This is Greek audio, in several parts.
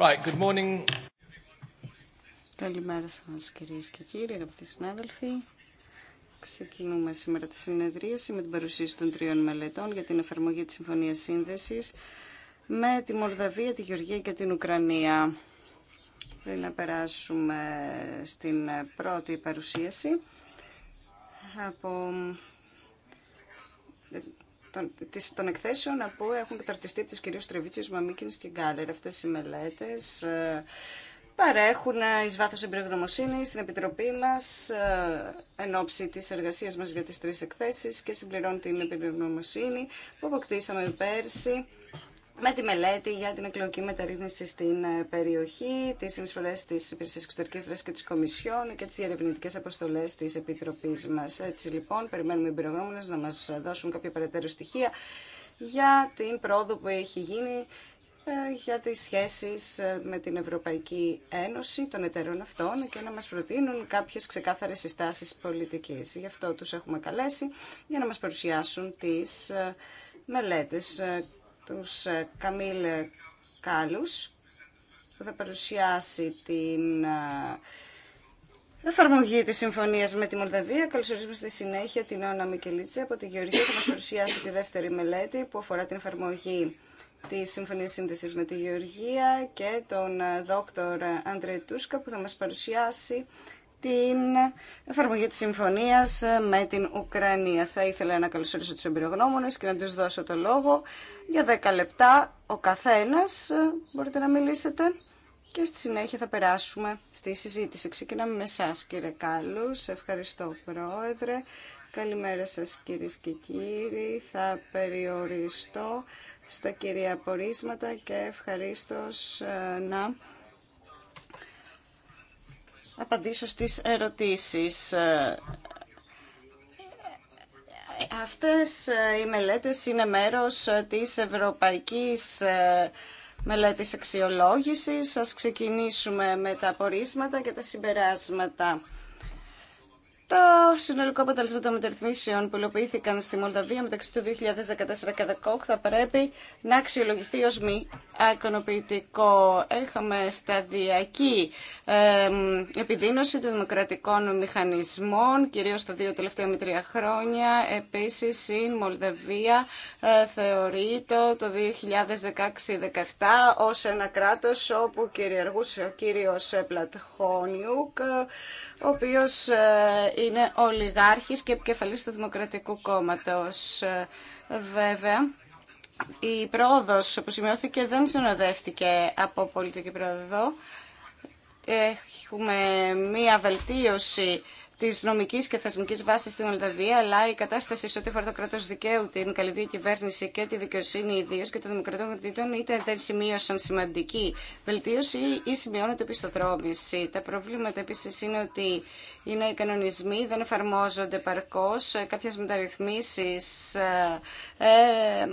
Right, good morning. Καλημέρα σας κυρίες και κύριοι, αγαπητοί συνάδελφοι. Ξεκινούμε σήμερα τη συνεδρίαση με την παρουσίαση των τριών μελετών για την εφαρμογή τη Συμφωνίας σύνδεση με τη Μολδαβία, τη Γεωργία και την Ουκρανία. Πριν να περάσουμε στην πρώτη παρουσίαση από των, εκθέσεων που έχουν καταρτιστεί από τους κυρίους Τρεβίτσιους, Μαμίκινς και Γκάλερ. Αυτές οι μελέτες ε, παρέχουν ε, εις βάθος εμπειρογνωμοσύνη στην Επιτροπή μας ε, εν ώψη της εργασίας μας για τις τρεις εκθέσεις και συμπληρώνουν την εμπειρογνωμοσύνη που αποκτήσαμε πέρσι με τη μελέτη για την εκλογική μεταρρύθμιση στην ε, περιοχή, τι συνεισφορέ τη Υπηρεσία Εξωτερική Δράση και τη Κομισιόν και τι ερευνητικέ αποστολέ τη Επιτροπή μα. Έτσι λοιπόν, περιμένουμε οι εμπειρογνώμονε να μα δώσουν κάποια περαιτέρω στοιχεία για την πρόοδο που έχει γίνει ε, για τις σχέσεις ε, με την Ευρωπαϊκή Ένωση των εταιρών αυτών και να μας προτείνουν κάποιες ξεκάθαρες συστάσεις πολιτικής. Γι' αυτό τους έχουμε καλέσει για να μας παρουσιάσουν τις μελέτες τους ε, Καμίλ Κάλους που θα παρουσιάσει την ε, εφαρμογή της συμφωνίας με τη Μολδαβία. Καλωσορίζουμε στη συνέχεια την Όνα Μικελίτσα από τη Γεωργία θα μας παρουσιάσει τη δεύτερη μελέτη που αφορά την εφαρμογή τη Συμφωνία Σύνδεση με τη Γεωργία και τον ε, δόκτωρ Άντρε Τούσκα που θα μας παρουσιάσει την εφαρμογή της συμφωνίας με την Ουκρανία. Θα ήθελα να καλωσορίσω τους εμπειρογνώμονες και να τους δώσω το λόγο για 10 λεπτά ο καθένας. Ε, μπορείτε να μιλήσετε και στη συνέχεια θα περάσουμε στη συζήτηση. Ξεκινάμε με εσά, κύριε Κάλλους. Ευχαριστώ πρόεδρε. Καλημέρα σας κύριε και κύριοι. Θα περιοριστώ στα κυρία απορίσματα και ευχαρίστω ε, να απαντήσω στις ερωτήσεις. Ε, αυτές ε, οι μελέτες είναι μέρος ε, της Ευρωπαϊκής Μελέτης Αξιολόγησης. Ας ξεκινήσουμε με τα απορίσματα και τα συμπεράσματα. Το συνολικό αποτέλεσμα των μεταρρυθμίσεων που υλοποιήθηκαν στη Μολδαβία μεταξύ του 2014 και 2018 θα πρέπει να αξιολογηθεί ως μη ακονοποιητικό. Έχαμε σταδιακή επιδείνωση των δημοκρατικών μηχανισμών, κυρίως τα δύο τελευταία με τρία χρόνια. Επίσης, η Μολδαβία ε, θεωρεί το 2016-2017 ως ένα κράτος όπου κυριαρχούσε ο κύριος Πλατχόνιουκ, ο οποίος ε, είναι ολιγάρχης και επικεφαλής του Δημοκρατικού Κόμματος. Ε, βέβαια, η πρόοδος που σημειώθηκε δεν συνοδεύτηκε από πολιτική πρόοδο. Έχουμε μία βελτίωση τη νομική και θεσμική βάση στην Μολδαβία, αλλά η κατάσταση σε ό,τι αφορά το κράτο δικαίου, την καλή διακυβέρνηση και τη δικαιοσύνη ιδίω και των δημοκρατών κρατήτων, είτε δεν σημείωσαν σημαντική βελτίωση ή σημειώνονται πιστοδρόμηση. Τα προβλήματα επίση είναι ότι οι κανονισμοί δεν εφαρμόζονται παρκώ, κάποιε μεταρρυθμίσει ε, ε,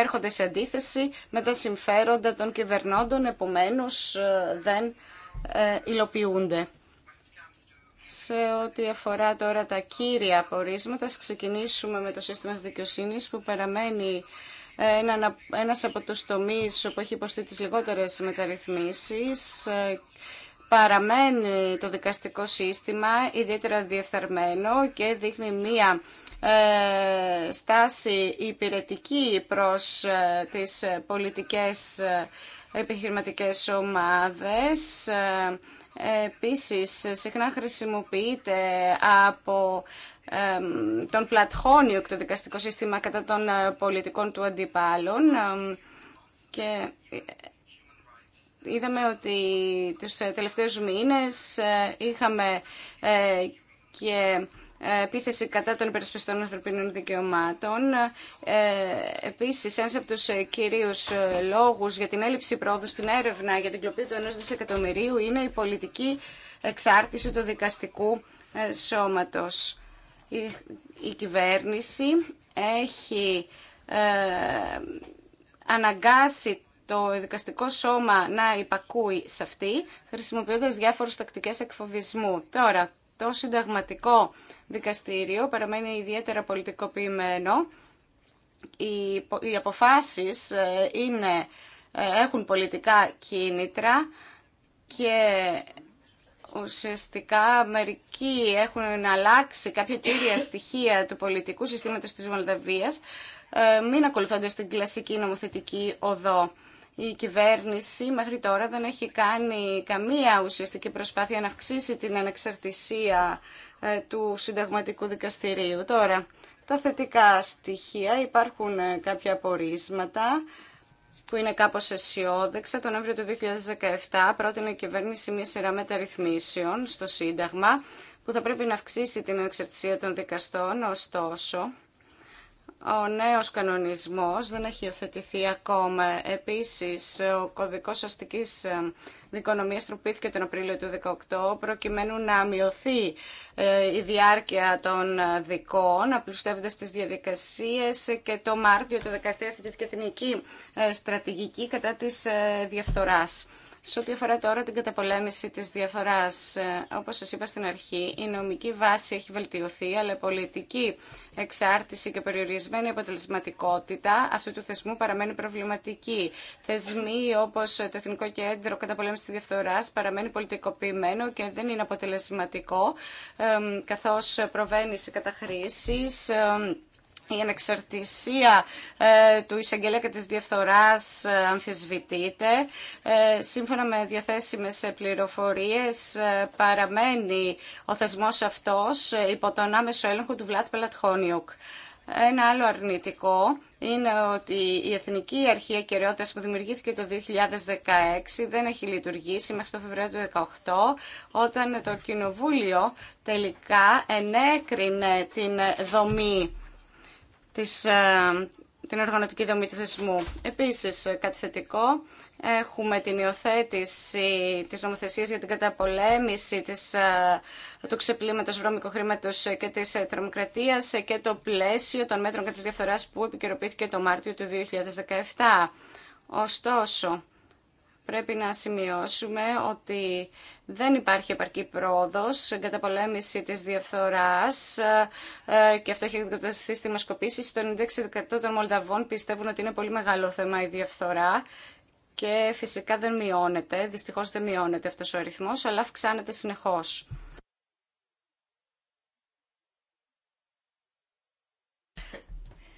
έρχονται σε αντίθεση με τα συμφέροντα των κυβερνώντων, επομένω ε, δεν υλοποιούνται. Σε ό,τι αφορά τώρα τα κύρια απορίσματα, θα ξεκινήσουμε με το σύστημα της δικαιοσύνης που παραμένει ε, ένα, ένας από τους τομείς όπου έχει υποστεί τις λιγότερες μεταρρυθμίσεις. Ε, παραμένει το δικαστικό σύστημα ιδιαίτερα διεφθαρμένο και δείχνει μία ε, στάση υπηρετική προς τις πολιτικές επιχειρηματικές ομάδες. Επίσης, συχνά χρησιμοποιείται από τον πλατχόνιο και το δικαστικό σύστημα κατά των ε, πολιτικών του αντιπάλων και ε, είδαμε ότι τους ε, τελευταίους μήνες είχαμε και επίθεση κατά των υπερασπιστών ανθρωπίνων δικαιωμάτων. Ε, επίσης, ένας από τους ε, κυρίους ε, λόγους για την έλλειψη πρόοδου στην έρευνα για την κλοπή του ενός δισεκατομμυρίου είναι η πολιτική εξάρτηση του δικαστικού σώματος. Η κυβέρνηση έχει αναγκάσει το δικαστικό σώμα να υπακούει σε αυτή, χρησιμοποιώντας διάφορες τακτικές εκφοβισμού. Τώρα, το συνταγματικό δικαστήριο παραμένει ιδιαίτερα πολιτικοποιημένο. Οι αποφάσεις ε, είναι, ε, έχουν πολιτικά κίνητρα και ουσιαστικά μερικοί έχουν αλλάξει κάποια κύρια στοιχεία του πολιτικού συστήματος της Μολδαβίας, ε, μην ακολουθώντας την κλασική νομοθετική οδό η κυβέρνηση μέχρι τώρα δεν έχει κάνει καμία ουσιαστική προσπάθεια να αυξήσει την ανεξαρτησία ε, του συνταγματικού δικαστηρίου. Τώρα, τα θετικά στοιχεία υπάρχουν ε, κάποια απορίσματα που είναι κάπως αισιόδεξα. Τον Νοέμβριο του 2017 πρότεινε η κυβέρνηση μια σειρά μεταρρυθμίσεων στο Σύνταγμα που θα πρέπει να αυξήσει την ανεξαρτησία των δικαστών. Ωστόσο, ο νέος κανονισμός δεν έχει υιοθετηθεί ακόμα. Επίσης, ο κωδικός αστικής ε, δικονομίας τροπήθηκε τον Απρίλιο του 2018 προκειμένου να μειωθεί ε, η διάρκεια των δικών, απλουστεύοντας τις διαδικασίες και το Μάρτιο του 2017 θετήθηκε εθνική ε, στρατηγική κατά της διαφθοράς. Σε ό,τι αφορά τώρα την καταπολέμηση της διαφοράς, ε, όπως σας είπα στην αρχή, η νομική βάση έχει βελτιωθεί, αλλά η πολιτική εξάρτηση και περιορισμένη αποτελεσματικότητα αυτού του θεσμού παραμένει προβληματική. Θεσμοί όπως το Εθνικό Κέντρο Καταπολέμησης της Διαφθοράς παραμένει πολιτικοποιημένο και δεν είναι αποτελεσματικό, ε, καθώς προβαίνει σε καταχρήσεις, ε, η ανεξαρτησία ε, του εισαγγελέα και της διαφθοράς ε, αμφισβητείται. Ε, σύμφωνα με διαθέσιμες πληροφορίες παραμένει ο θεσμός αυτός υπό τον άμεσο έλεγχο του Βλάτ Πελατχόνιουκ. Ένα άλλο αρνητικό είναι ότι η Εθνική Αρχή Ακαιρεότητας που δημιουργήθηκε το 2016 δεν έχει λειτουργήσει μέχρι το Φεβρουάριο του 2018 όταν το Κοινοβούλιο τελικά ενέκρινε την δομή της, ε, την οργανωτική δομή του θεσμού. Επίσης, ε, κάτι θετικό, έχουμε την υιοθέτηση της νομοθεσίας για την καταπολέμηση της, ε, του ξεπλήματος βρώμικου χρήματος και της τρομοκρατίας και το πλαίσιο των μέτρων κατά της διαφθοράς που επικαιροποιήθηκε το Μάρτιο του 2017. Ωστόσο, πρέπει να σημειώσουμε ότι δεν υπάρχει επαρκή πρόοδος στην καταπολέμηση της διαφθοράς ε, και αυτό έχει εκδοτηθεί στη μασκοπήση. Το 96% των Μολδαβών πιστεύουν ότι είναι πολύ μεγάλο θέμα η διαφθορά και φυσικά δεν μειώνεται, δυστυχώς δεν μειώνεται αυτός ο αριθμό, αλλά αυξάνεται συνεχώς.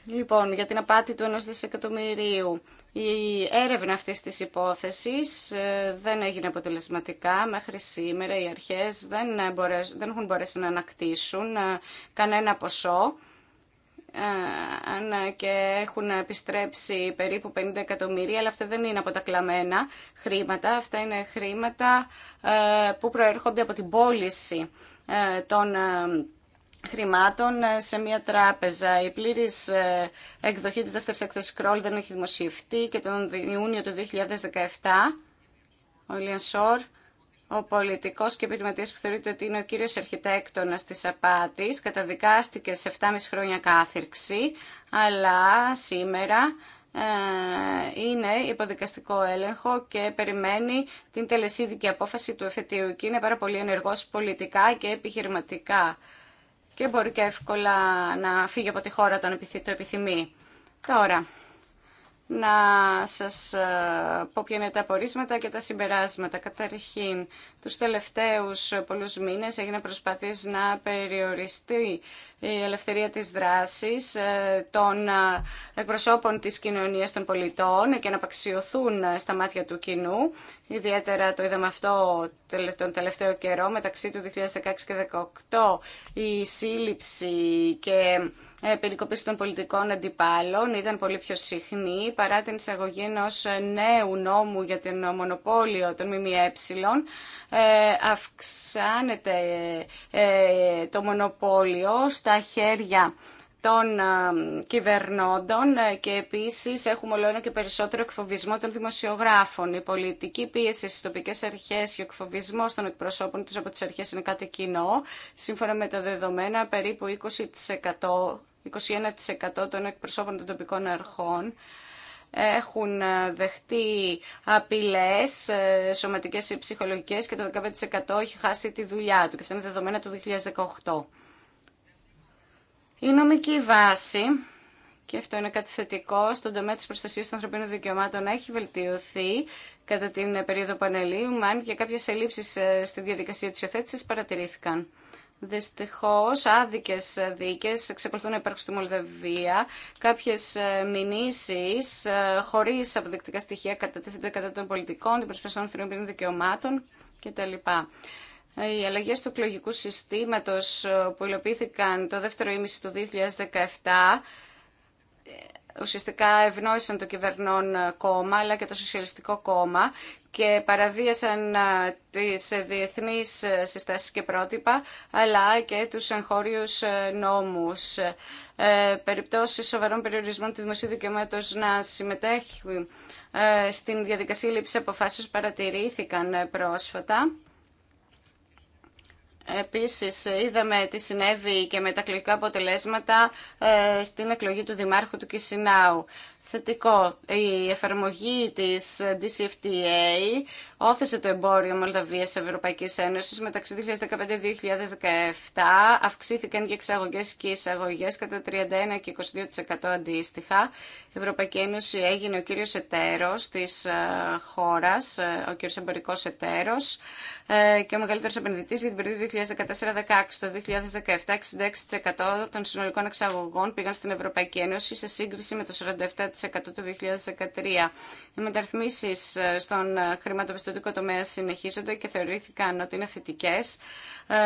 Λοιπόν, για την απάτη του ενός δισεκατομμυρίου. Η έρευνα αυτής της υπόθεσης ε, δεν έγινε αποτελεσματικά. Μέχρι σήμερα οι αρχές δεν, ε, δεν έχουν μπορέσει να ανακτήσουν ε, κανένα ποσό και έχουν επιστρέψει περίπου 50 εκατομμύρια, αλλά αυτά δεν είναι από τα κλαμμένα χρήματα. Αυτά είναι χρήματα που προέρχονται από την πώληση των χρημάτων ε, σε μια τράπεζα. Η πλήρης ε, εκδοχή τη δεύτερη εκθέση Κρόλ δεν έχει δημοσιευτεί και τον Ιούνιο του 2017 ο Ιλιαν Σόρ, ο πολιτικό και επιχειρηματία που θεωρείται ότι είναι ο κύριο αρχιτέκτονα τη απάτη, καταδικάστηκε σε 7,5 χρόνια κάθυρξη, αλλά σήμερα ε, είναι υποδικαστικό έλεγχο και περιμένει την τελεσίδικη απόφαση του εφετείου και είναι πάρα πολύ ενεργός πολιτικά και επιχειρηματικά και μπορεί και εύκολα να φύγει από τη χώρα το επιθυμεί. Τώρα, να σας ε, πω ποια είναι τα απορίσματα και τα συμπεράσματα. Καταρχήν, τους τελευταίους πολλούς μήνες έγινε προσπάθειες να περιοριστεί η ελευθερία της δράσης ε, των ε, εκπροσώπων της κοινωνίας των πολιτών και να απαξιωθούν ε, στα μάτια του κοινού. Ιδιαίτερα το είδαμε αυτό τον τελευταίο καιρό, μεταξύ του 2016 και 2018, η σύλληψη και περικοπή των πολιτικών αντιπάλων ήταν πολύ πιο συχνή, παρά την εισαγωγή ενό νέου νόμου για την μονοπόλιο των ΜΜΕ, αυξάνεται το μονοπόλιο στα χέρια των ε, κυβερνώντων ε, και επίσης έχουμε όλο ένα και περισσότερο εκφοβισμό των δημοσιογράφων. Η πολιτική πίεση στις τοπικές αρχές και ο εκφοβισμός των εκπροσώπων τους από τις αρχές είναι κάτι κοινό. Σύμφωνα με τα δεδομένα, περίπου 20%, 21% των εκπροσώπων των τοπικών αρχών έχουν ε, δεχτεί απειλές σωματικές ή ψυχολογικές και το 15% έχει χάσει τη δουλειά του και αυτά είναι δεδομένα του 2018. Η νομική βάση, και αυτό είναι κάτι θετικό, στον τομέα της προστασίας των ανθρωπίνων δικαιωμάτων έχει βελτιωθεί κατά την περίοδο πανελίου, αν και κάποιες ελλείψεις ε, στη διαδικασία της υιοθέτηση παρατηρήθηκαν. Δυστυχώ, άδικε δίκε εξακολουθούν να υπάρχουν στη Μολδαβία. Κάποιε μηνύσει ε, χωρί αποδεκτικά στοιχεία κατατίθενται κατά των πολιτικών, την των ανθρωπίνων δικαιωμάτων κτλ. Οι αλλαγές του εκλογικού συστήματος ε, που υλοποιήθηκαν το δεύτερο ήμιση του 2017 ε, ουσιαστικά ευνόησαν το κυβερνών ε, κόμμα αλλά και το σοσιαλιστικό κόμμα και παραβίασαν τις διεθνείς συστάσεις και πρότυπα αλλά και τους εγχώριους νόμους. Ε, περιπτώσεις σοβαρών περιορισμών του δημοσίου δικαιωμάτως να συμμετέχει στην διαδικασία λήψης αποφάσεως παρατηρήθηκαν πρόσφατα Επίσης είδαμε τι συνέβη και με τα εκλογικά αποτελέσματα ε, στην εκλογή του Δημάρχου του Κισινάου θετικό. Η εφαρμογή της DCFTA όθεσε το εμπόριο Μολδαβίας της Ευρωπαϊκής Ένωσης μεταξύ 2015-2017. Αυξήθηκαν και εξαγωγές και εισαγωγές κατά 31 και 22% αντίστοιχα. Η Ευρωπαϊκή Ένωση έγινε ο κύριος εταίρος της ε, χώρας, ε, ο κύριος εμπορικός εταίρος ε, και ο μεγαλύτερος επενδυτής για την περίοδο 2014-2016. Το 2017, 66% των συνολικών εξαγωγών πήγαν στην Ευρωπαϊκή Ένωση σε σύγκριση με το 47% το 2013. Οι μεταρρυθμίσει ε, στον ε, χρηματοπιστωτικό τομέα συνεχίζονται και θεωρήθηκαν ότι είναι θετικές. Ε,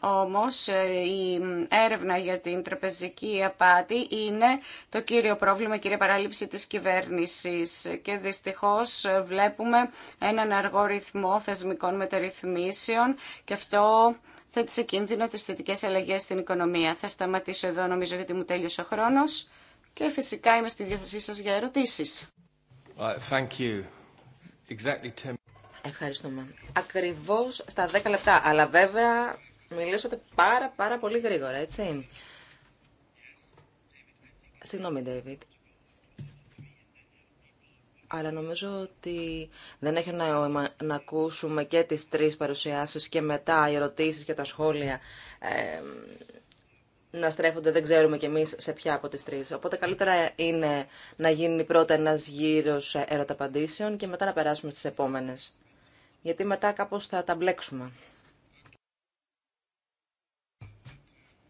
όμως η έρευνα για την τραπεζική απάτη είναι το κύριο πρόβλημα, η κυρία παράληψη της κυβέρνησης και δυστυχώς βλέπουμε έναν αργό ρυθμό θεσμικών μεταρρυθμίσεων και αυτό θέτει σε κίνδυνο τις θετικές αλλαγές στην οικονομία. Θα σταματήσω εδώ νομίζω γιατί μου τέλειωσε ο χρόνος και φυσικά είμαι στη διάθεσή σας για ερωτήσεις. Ευχαριστούμε. Ακριβώς στα 10 λεπτά, αλλά βέβαια μιλήσατε πάρα πάρα πολύ γρήγορα, έτσι. Συγγνώμη, David. Αλλά νομίζω ότι δεν έχει να, να ακούσουμε και τις τρεις παρουσιάσεις και μετά οι ερωτήσεις και τα σχόλια. Ε, να στρέφονται, δεν ξέρουμε κι εμείς σε ποια από τις τρεις. Οπότε καλύτερα είναι να γίνει πρώτα ένας γύρος ερωταπαντήσεων και μετά να περάσουμε στις επόμενες. Γιατί μετά κάπως θα τα μπλέξουμε.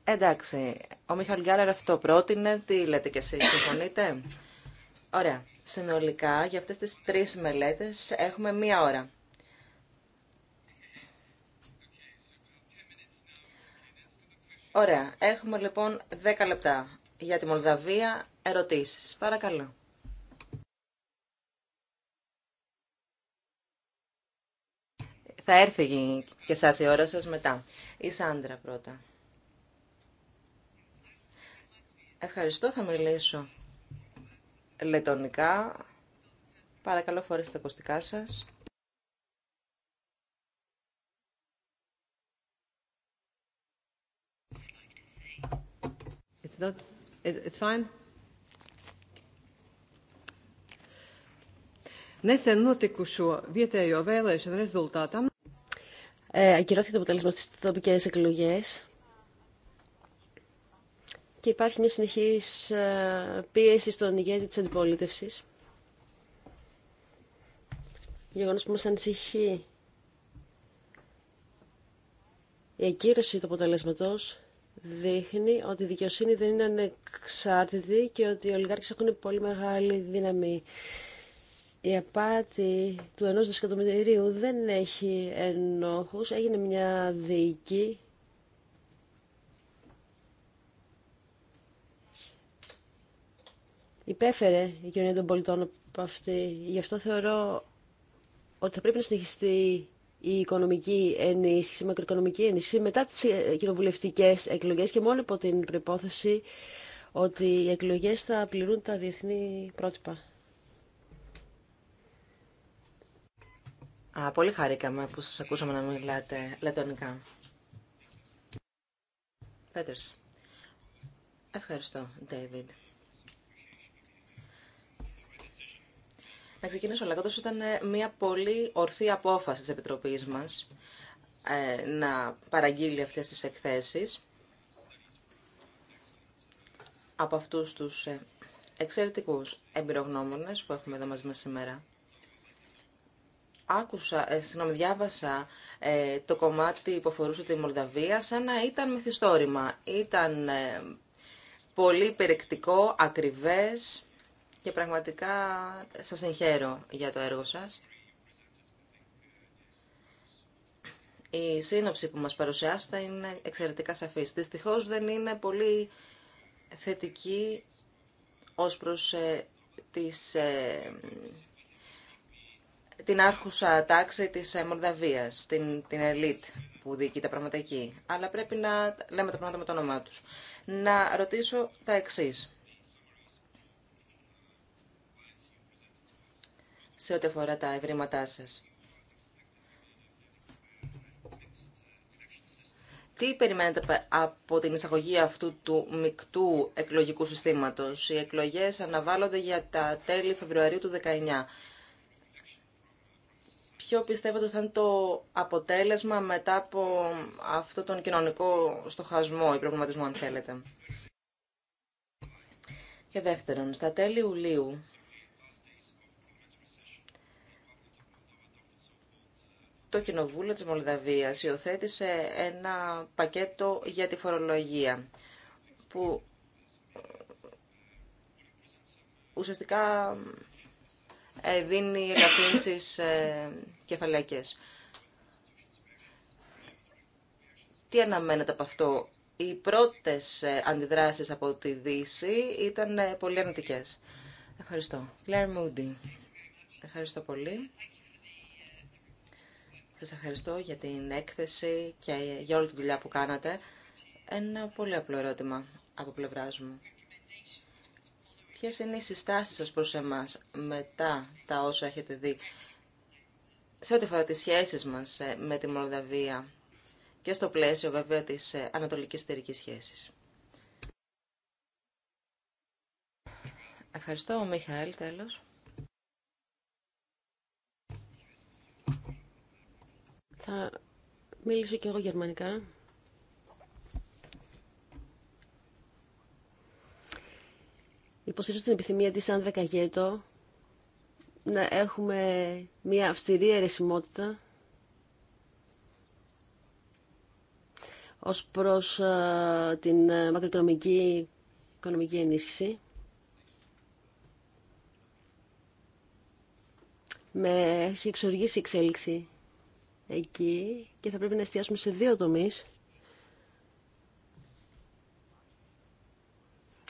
Εντάξει, ο Μιχαλ Γκάλερ αυτό πρότεινε, τι λέτε κι εσείς, συμφωνείτε. Ωραία, συνολικά για αυτές τις τρεις μελέτες έχουμε μία ώρα. Ωραία. Έχουμε λοιπόν 10 λεπτά για τη Μολδαβία. Ερωτήσεις. Παρακαλώ. Θα έρθει και σας η ώρα σας μετά. Η Σάντρα πρώτα. Ευχαριστώ. Θα μιλήσω λετωνικά. Παρακαλώ φορέστε τα ακουστικά σας. It's fine. Nesen notikušo vietējo vēlēšanu ε, ακυρώθηκε το αποτέλεσμα στις τοπικές εκλογές και υπάρχει μια συνεχής ε, πίεση στον ηγέτη της αντιπολίτευσης. Γεγονός που μας ανησυχεί η ακύρωση του αποτελέσματος δείχνει ότι η δικαιοσύνη δεν είναι ανεξάρτητη και ότι οι ολιγάρχες έχουν πολύ μεγάλη δύναμη. Η απάτη του ενός δισεκατομμυρίου δεν έχει ενόχους. Έγινε μια δίκη υπέφερε η κοινωνία των πολιτών από αυτή. Γι' αυτό θεωρώ ότι θα πρέπει να συνεχιστεί η οικονομική ενίσχυση, η μακροοικονομική ενίσχυση μετά τις ε, κοινοβουλευτικές εκλογές και μόνο υπό την προπόθεση ότι οι εκλογές θα πληρούν τα διεθνή πρότυπα. Α, πολύ χαρήκαμε που σας ακούσαμε να μιλάτε λετωνικά. Πέτερς. Ευχαριστώ, David. Να ξεκινήσω λέγοντα ότι ήταν ε, μια πολύ ορθή απόφαση της Επιτροπής μας ε, να παραγγείλει αυτές τις εκθέσεις από αυτούς τους ε, εξαιρετικούς εμπειρογνώμονες που έχουμε εδώ μαζί μας σήμερα. Άκουσα, ε, συγγνώμη, διάβασα το κομμάτι που αφορούσε τη Μολδαβία σαν να ήταν μυθιστόρημα. Ήταν πολύ περιεκτικό, ακριβές και πραγματικά σας συγχαίρω για το έργο σας. Η σύνοψη που μας παρουσιάσετε είναι εξαιρετικά σαφής. Δυστυχώς δεν είναι πολύ θετική ως προς ε, ε, την άρχουσα τάξη της ε, την, την ελίτ που διοικεί τα πραγματική. Αλλά πρέπει να λέμε τα πράγματα με το όνομά τους. Να ρωτήσω τα εξής. σε ό,τι αφορά τα ευρήματά σας. Τι περιμένετε από την εισαγωγή αυτού του μικτού εκλογικού συστήματος. Οι εκλογές αναβάλλονται για τα τέλη Φεβρουαρίου του 19. Ποιο πιστεύετε ότι θα είναι το αποτέλεσμα μετά από αυτό τον κοινωνικό στοχασμό ή προβληματισμό, αν θέλετε. Και δεύτερον, στα τέλη Ιουλίου το Κοινοβούλιο της Μολδαβίας υιοθέτησε ένα πακέτο για τη φορολογία που ουσιαστικά ε, δίνει ελαφρύνσεις ε, κεφαλαϊκές. Τι αναμένεται από αυτό. Οι πρώτες ε, αντιδράσεις από τη Δύση ήταν πολύ αρνητικές. Ευχαριστώ. Claire Moody. Ευχαριστώ πολύ. Σας ευχαριστώ για την έκθεση και για όλη τη δουλειά που κάνατε. Ένα πολύ απλό ερώτημα από πλευρά μου. Ποιες είναι οι συστάσεις σας προς εμάς μετά τα όσα έχετε δει σε ό,τι αφορά τις σχέσεις μας ε, με τη Μολδαβία και στο πλαίσιο βέβαια της ε, ανατολικής εταιρικής σχέσης. Ευχαριστώ, Μιχαήλ, τέλος. Θα μιλήσω και εγώ γερμανικά. Υποστηρίζω την επιθυμία της Άνδρα Καγέτο να έχουμε μια αυστηρή αιρεσιμότητα ως προς ε, την ε, μακροοικονομική οικονομική ενίσχυση με έχει εξοργήσει η εξέλιξη εκεί και θα πρέπει να εστιάσουμε σε δύο τομείς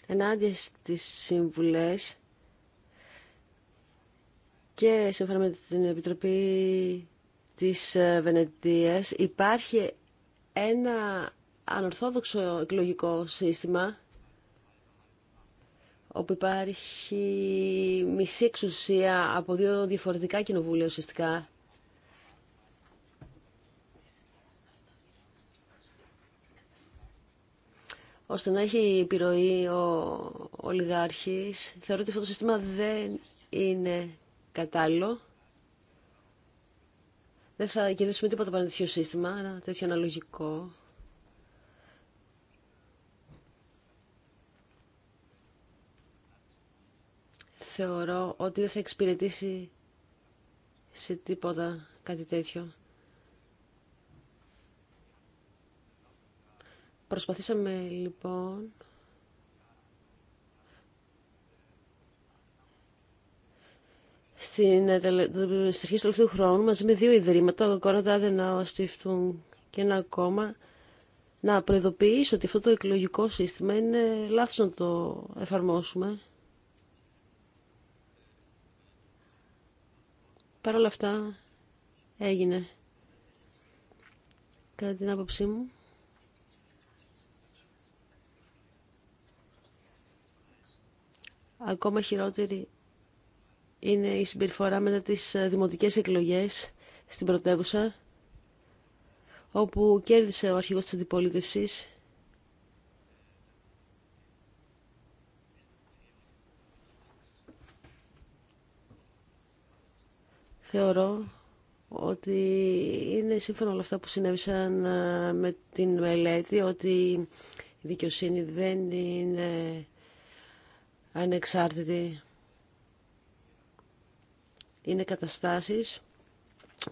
ενάντια στις συμβουλές και σύμφωνα με την Επιτροπή της ε, Βενετίας υπάρχει ένα ανορθόδοξο εκλογικό σύστημα όπου υπάρχει μισή εξουσία από δύο διαφορετικά κοινοβούλια ουσιαστικά ώστε να έχει επιρροή ο ολιγάρχης. Θεωρώ ότι αυτό το σύστημα δεν είναι κατάλληλο. Δεν θα κερδίσουμε τίποτα από ένα τέτοιο σύστημα, ένα τέτοιο αναλογικό. Θεωρώ ότι δεν θα εξυπηρετήσει σε τίποτα κάτι τέτοιο. Προσπαθήσαμε λοιπόν στην ε, αρχή του τελευταίου χρόνου μαζί με δύο ιδρύματα, ο Κόναντα να Αστίφτουν και ένα ακόμα, να προειδοποιήσω ότι αυτό το εκλογικό σύστημα είναι λάθος να το εφαρμόσουμε. Παρ' όλα αυτά έγινε. Κατά την άποψή μου. Ακόμα χειρότερη είναι η συμπεριφορά μετά τις ε, δημοτικές εκλογές στην πρωτεύουσα, όπου κέρδισε ο αρχηγός της αντιπολίτευσης θεωρώ ότι είναι σύμφωνα όλα αυτά που συνέβησαν ε, με την μελέτη ότι η δικαιοσύνη δεν είναι ανεξάρτητη. Είναι καταστάσεις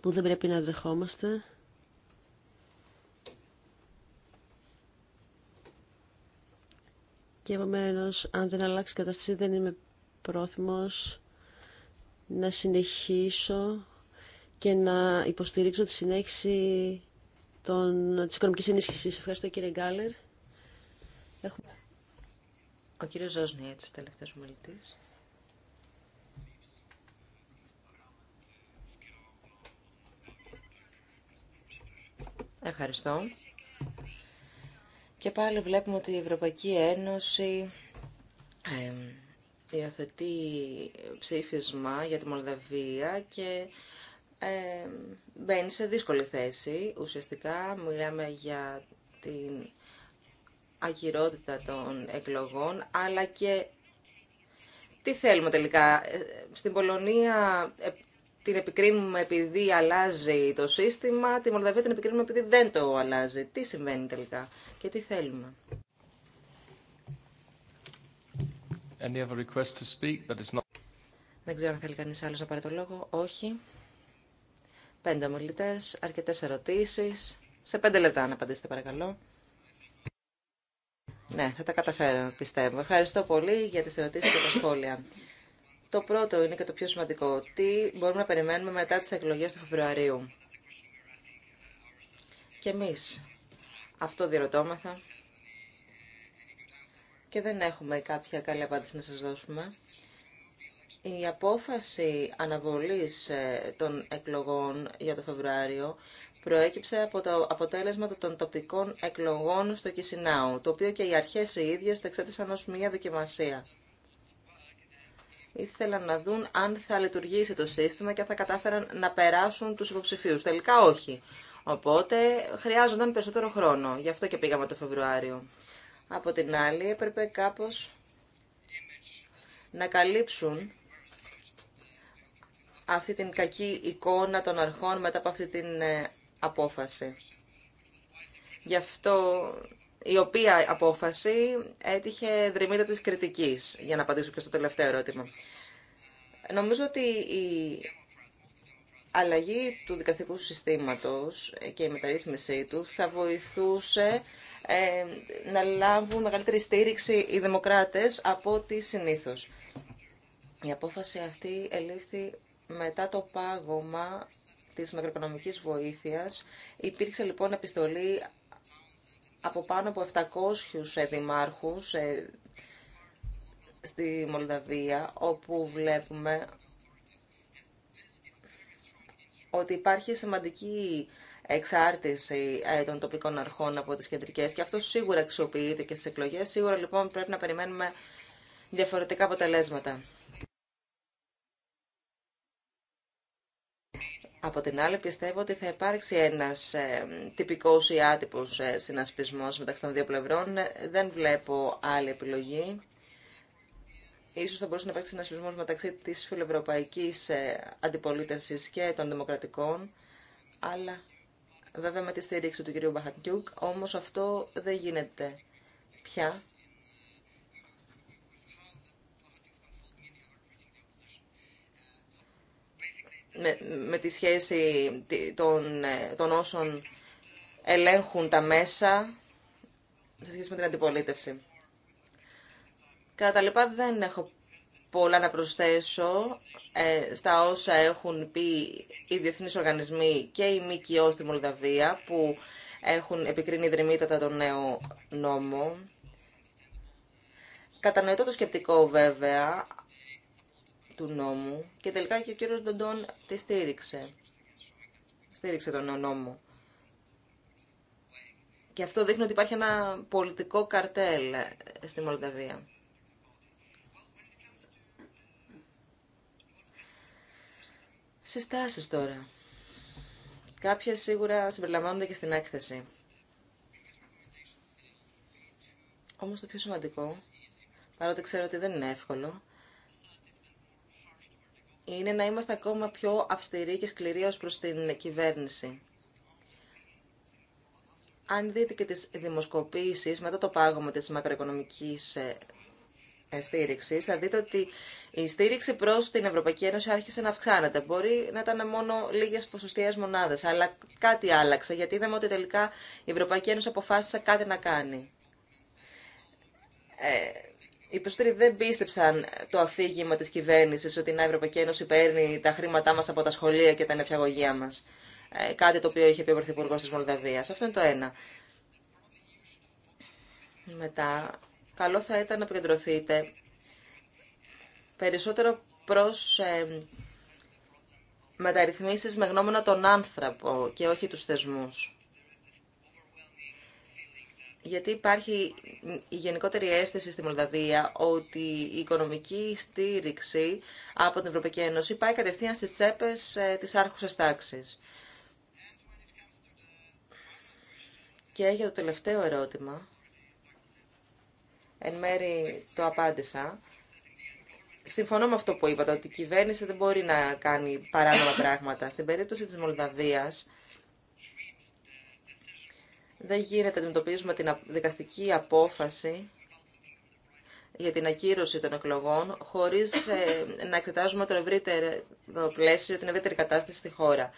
που δεν πρέπει να δεχόμαστε. Και επομένω, αν δεν αλλάξει η κατάσταση, δεν είμαι πρόθυμος να συνεχίσω και να υποστηρίξω τη συνέχιση των, της οικονομικής ενίσχυσης. Ευχαριστώ κύριε Γκάλερ. Έχουμε... Ο κύριος Ζωσνιέτς, τελευταίος ομιλητής. Ευχαριστώ. Και πάλι βλέπουμε ότι η Ευρωπαϊκή Ένωση ε, υιοθετεί ψήφισμα για τη Μολδαβία και μπαίνει σε δύσκολη θέση. Ουσιαστικά μιλάμε για την αγυρότητα των εκλογών, αλλά και τι θέλουμε τελικά. Ε, στην Πολωνία ε, την επικρίνουμε επειδή αλλάζει το σύστημα, τη Μολδαβία την επικρίνουμε επειδή δεν το αλλάζει. Τι συμβαίνει τελικά και τι θέλουμε. Any request to speak not... Δεν ξέρω αν θέλει κανείς άλλος να πάρει το λόγο. Όχι. Πέντε ομιλητές, αρκετές ερωτήσεις. Σε πέντε λεπτά να απαντήσετε παρακαλώ. Ναι, θα τα καταφέρω, πιστεύω. Ευχαριστώ πολύ για τις ερωτήσεις και τα σχόλια. Το πρώτο είναι και το πιο σημαντικό. Τι μπορούμε να περιμένουμε μετά τις εκλογές του Φεβρουαρίου. Και εμείς αυτό διερωτώμεθα και δεν έχουμε κάποια καλή απάντηση να σας δώσουμε. Η απόφαση αναβολής ε, των εκλογών για το Φεβρουάριο προέκυψε από το αποτέλεσμα των τοπικών εκλογών στο Κισινάου, το οποίο και οι αρχές οι ίδιες το εξέτασαν ως μια δοκιμασία. Ήθελαν να δουν αν θα λειτουργήσει το σύστημα και αν θα κατάφεραν να περάσουν τους υποψηφίους. Τελικά όχι. Οπότε χρειάζονταν περισσότερο χρόνο. Γι' αυτό και πήγαμε το Φεβρουάριο. Από την άλλη έπρεπε κάπως να καλύψουν αυτή την κακή εικόνα των αρχών μετά από αυτή την ε, απόφαση. Γι' αυτό η οποία απόφαση έτυχε δρυμύτα της κριτικής, για να απαντήσω και στο τελευταίο ερώτημα. Νομίζω ότι η αλλαγή του δικαστικού συστήματος και η μεταρρύθμιση του θα βοηθούσε ε, να λάβουν μεγαλύτερη στήριξη οι δημοκράτες από ό,τι συνήθως. Η απόφαση αυτή ελήφθη μετά το πάγωμα της μακροοικονομικής βοήθειας. Υπήρξε λοιπόν επιστολή από πάνω από 700 ε, δημάρχους ε, στη Μολδαβία, όπου βλέπουμε ότι υπάρχει σημαντική εξάρτηση ε, των τοπικών αρχών από τις κεντρικές και αυτό σίγουρα αξιοποιείται και στις εκλογές. Σίγουρα λοιπόν πρέπει να περιμένουμε διαφορετικά αποτελέσματα. Από την άλλη πιστεύω ότι θα υπάρξει ένας ε, τυπικός ή άτυπος ε, συνασπισμός μεταξύ των δύο πλευρών. Δεν βλέπω άλλη επιλογή. Ίσως θα μπορούσε να υπάρξει συνασπισμός μεταξύ της φιλοευρωπαϊκής ε, αντιπολίτευσης και των δημοκρατικών, αλλά βέβαια με τη στήριξη του κυρίου Μπαχατιούκ, όμως αυτό δεν γίνεται πια με, με τη σχέση των, ε, των όσων ελέγχουν τα μέσα σε σχέση με την αντιπολίτευση. Κατά λοιπά δεν έχω πολλά να προσθέσω ε, στα όσα έχουν πει οι διεθνείς οργανισμοί και η ΜΚΟ στη Μολδαβία που έχουν επικρίνει δρυμύτατα τον νέο νόμο. Κατανοητό το σκεπτικό βέβαια, του νόμου και τελικά και ο κύριος Ντοντών τη στήριξε. Στήριξε τον νόμο. Και αυτό δείχνει ότι υπάρχει ένα πολιτικό καρτέλ στη Μολδαβία. Συστάσεις τώρα. Κάποια σίγουρα συμπεριλαμβάνονται και στην έκθεση. Όμως το πιο σημαντικό, παρότι ξέρω ότι δεν είναι εύκολο, είναι να είμαστε ακόμα πιο αυστηροί και σκληροί ως προς την κυβέρνηση. Αν δείτε και τις δημοσκοπήσεις μετά το πάγωμα της μακροοικονομικής ε, ε, στήριξης, θα δείτε ότι η στήριξη προς την Ευρωπαϊκή Ένωση άρχισε να αυξάνεται. Μπορεί να ήταν μόνο λίγες ποσοστιαίες μονάδες, αλλά κάτι άλλαξε, γιατί είδαμε ότι τελικά η Ευρωπαϊκή Ένωση αποφάσισε κάτι να κάνει. Ε, οι περισσότεροι δεν πίστεψαν το αφήγημα της κυβέρνηση ότι η Ευρωπαϊκή Ένωση παίρνει τα χρήματά μας από τα σχολεία και τα μα. μας. Ε, κάτι το οποίο είχε πει ο Πρωθυπουργό τη Μολδαβίας. Αυτό είναι το ένα. Μετά, καλό θα ήταν να επικεντρωθείτε περισσότερο προς ε, μεταρρυθμίσεις με γνώμονα τον άνθρωπο και όχι τους θεσμούς γιατί υπάρχει η γενικότερη αίσθηση στη Μολδαβία ότι η οικονομική στήριξη από την Ευρωπαϊκή Ένωση πάει κατευθείαν στις τσέπες ε, της άρχουσας τάξης. Και για το τελευταίο ερώτημα, εν μέρη το απάντησα, συμφωνώ με αυτό που είπατε, ότι η κυβέρνηση δεν μπορεί να κάνει παράνομα πράγματα. Στην περίπτωση της Μολδαβίας, δεν γίνεται να αντιμετωπίζουμε την δικαστική απόφαση για την ακύρωση των εκλογών χωρίς ε, να εξετάζουμε το ευρύτερο πλαίσιο, την ευρύτερη κατάσταση στη χώρα.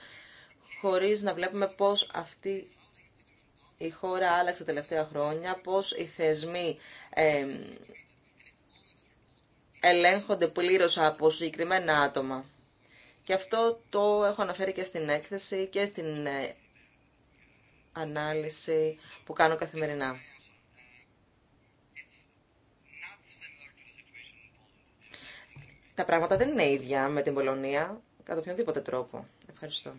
Χωρίς να βλέπουμε πώς αυτή η χώρα άλλαξε τα τελευταία χρόνια, πώς οι θεσμοί ε, ελέγχονται πλήρως από συγκεκριμένα άτομα. Και αυτό το έχω αναφέρει και στην έκθεση και στην ε, ανάλυση που κάνω καθημερινά. Τα πράγματα δεν είναι ίδια με την Πολωνία, κατά οποιονδήποτε τρόπο. Ευχαριστώ.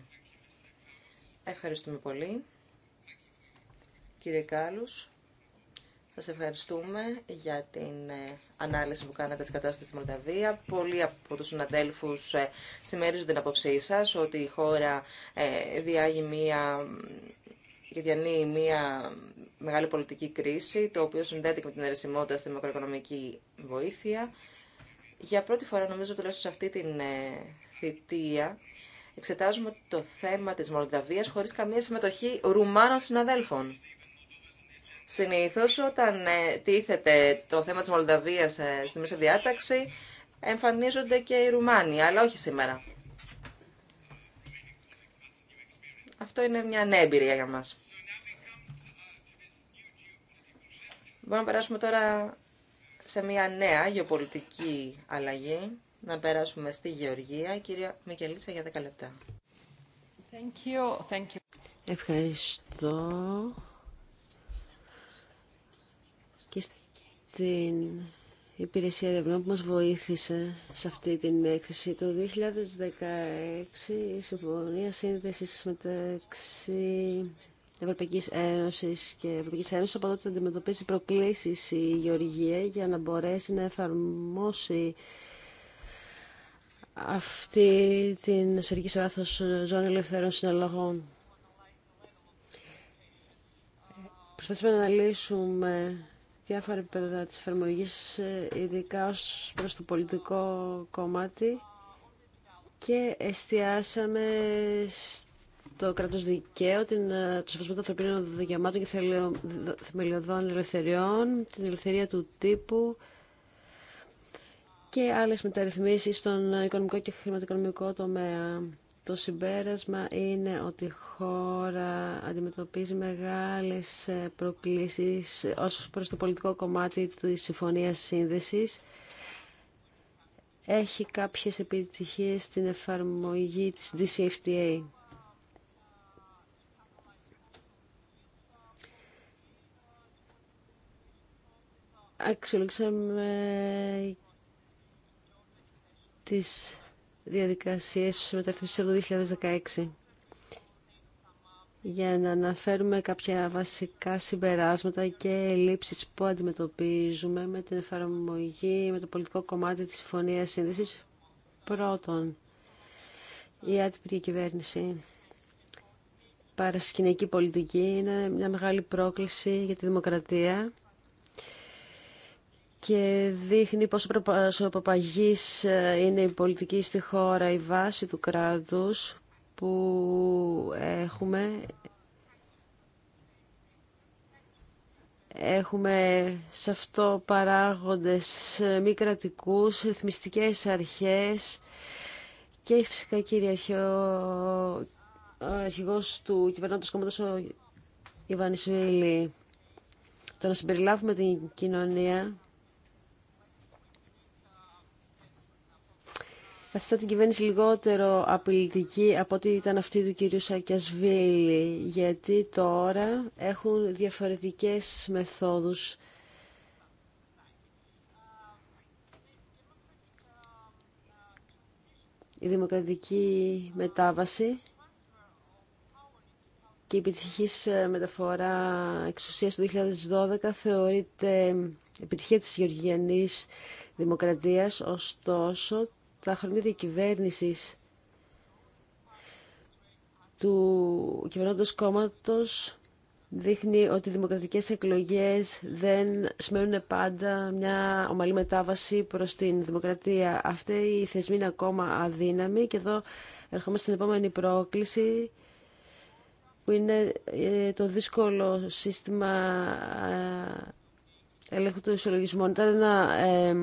Ευχαριστούμε πολύ. Κύριε Κάλους, σας ευχαριστούμε για την ε, ανάλυση που κάνατε της κατάστασης στη Μολδαβία. Πολλοί από τους συναδέλφους ε, συμμερίζουν την απόψή σας ότι η χώρα ε, διάγει μία και διανύει μια μεγάλη πολιτική κρίση, το οποίο συνδέεται και με την αιρεσιμότητα στη μακροοικονομική βοήθεια. Για πρώτη φορά, νομίζω, τουλάχιστον σε αυτή την ε, θητεία, εξετάζουμε το θέμα της Μολδαβίας χωρίς καμία συμμετοχή Ρουμάνων συναδέλφων. Συνήθως όταν ε, τίθεται το θέμα της Μολδαβίας ε, στη μέσα διάταξη εμφανίζονται και οι Ρουμάνοι, αλλά όχι σήμερα. Αυτό είναι μια νέα εμπειρία για μας. Μπορούμε να περάσουμε τώρα σε μια νέα γεωπολιτική αλλαγή. Να περάσουμε στη Γεωργία. Κυρία Μικελίτσα, για 10 λεπτά. Thank you. Thank you. Ευχαριστώ. Και στην η υπηρεσία ερευνών που μας βοήθησε σε αυτή την έκθεση. Το 2016 η Συμφωνία Σύνδεσης μεταξύ Ευρωπαϊκής Ένωσης και Ευρωπαϊκής Ένωσης από τότε αντιμετωπίζει προκλήσεις η Γεωργία για να μπορέσει να εφαρμόσει αυτή την σφαιρική σε βάθος ζώνη ελευθερών συναλλαγών. Προσπαθούμε να αναλύσουμε διάφορα επίπεδα της εφαρμογή, ε, ειδικά ως προς το πολιτικό κομμάτι και εστιάσαμε στο κράτος δικαίου, την, ε, το σεβασμό των ανθρωπίνων δικαιωμάτων και θεμελιωδών ελευθεριών, την ελευθερία του τύπου και άλλες μεταρρυθμίσεις στον οικονομικό και χρηματοοικονομικό τομέα. Το συμπέρασμα είναι ότι η χώρα αντιμετωπίζει μεγάλες ε, προκλήσεις ως προς το πολιτικό κομμάτι της Συμφωνίας Σύνδεσης. Έχει κάποιες επιτυχίες στην εφαρμογή της DCFTA. Αξιολογήσαμε τις διαδικασίες που μεταρρύθμισης του 2016 για να αναφέρουμε κάποια βασικά συμπεράσματα και λήψεις που αντιμετωπίζουμε με την εφαρμογή, με το πολιτικό κομμάτι της συμφωνία σύνδεση. Πρώτον, η άτυπη κυβέρνηση παρασκηνιακή πολιτική είναι μια μεγάλη πρόκληση για τη δημοκρατία και δείχνει πόσο προπαγής ε, είναι η πολιτική στη χώρα, η βάση του κράτους που έχουμε. Έχουμε σε αυτό παράγοντες ε, μη κρατικού, ρυθμιστικές αρχές και φυσικά κύριε ο αρχηγός του κυβερνώντος κόμματος ο Ιβάνης Το να συμπεριλάβουμε την κοινωνία καθιστά την κυβέρνηση λιγότερο απειλητική από ό,τι ήταν αυτή του κυρίου Σακιασβίλη, γιατί τώρα έχουν διαφορετικές μεθόδους η δημοκρατική μετάβαση και η επιτυχής μεταφορά εξουσίας του 2012 θεωρείται επιτυχία της γεωργιανής δημοκρατίας, ωστόσο τα χρόνια διακυβέρνηση του κυβερνώντο κόμματο δείχνει ότι οι δημοκρατικές εκλογές δεν σημαίνουν πάντα μια ομαλή μετάβαση προς την δημοκρατία. Αυτή η θεσμή είναι ακόμα αδύναμη και εδώ ερχόμαστε στην επόμενη πρόκληση που είναι ε, το δύσκολο σύστημα ε, ελέγχου του ισολογισμού. Ήταν ένα ε,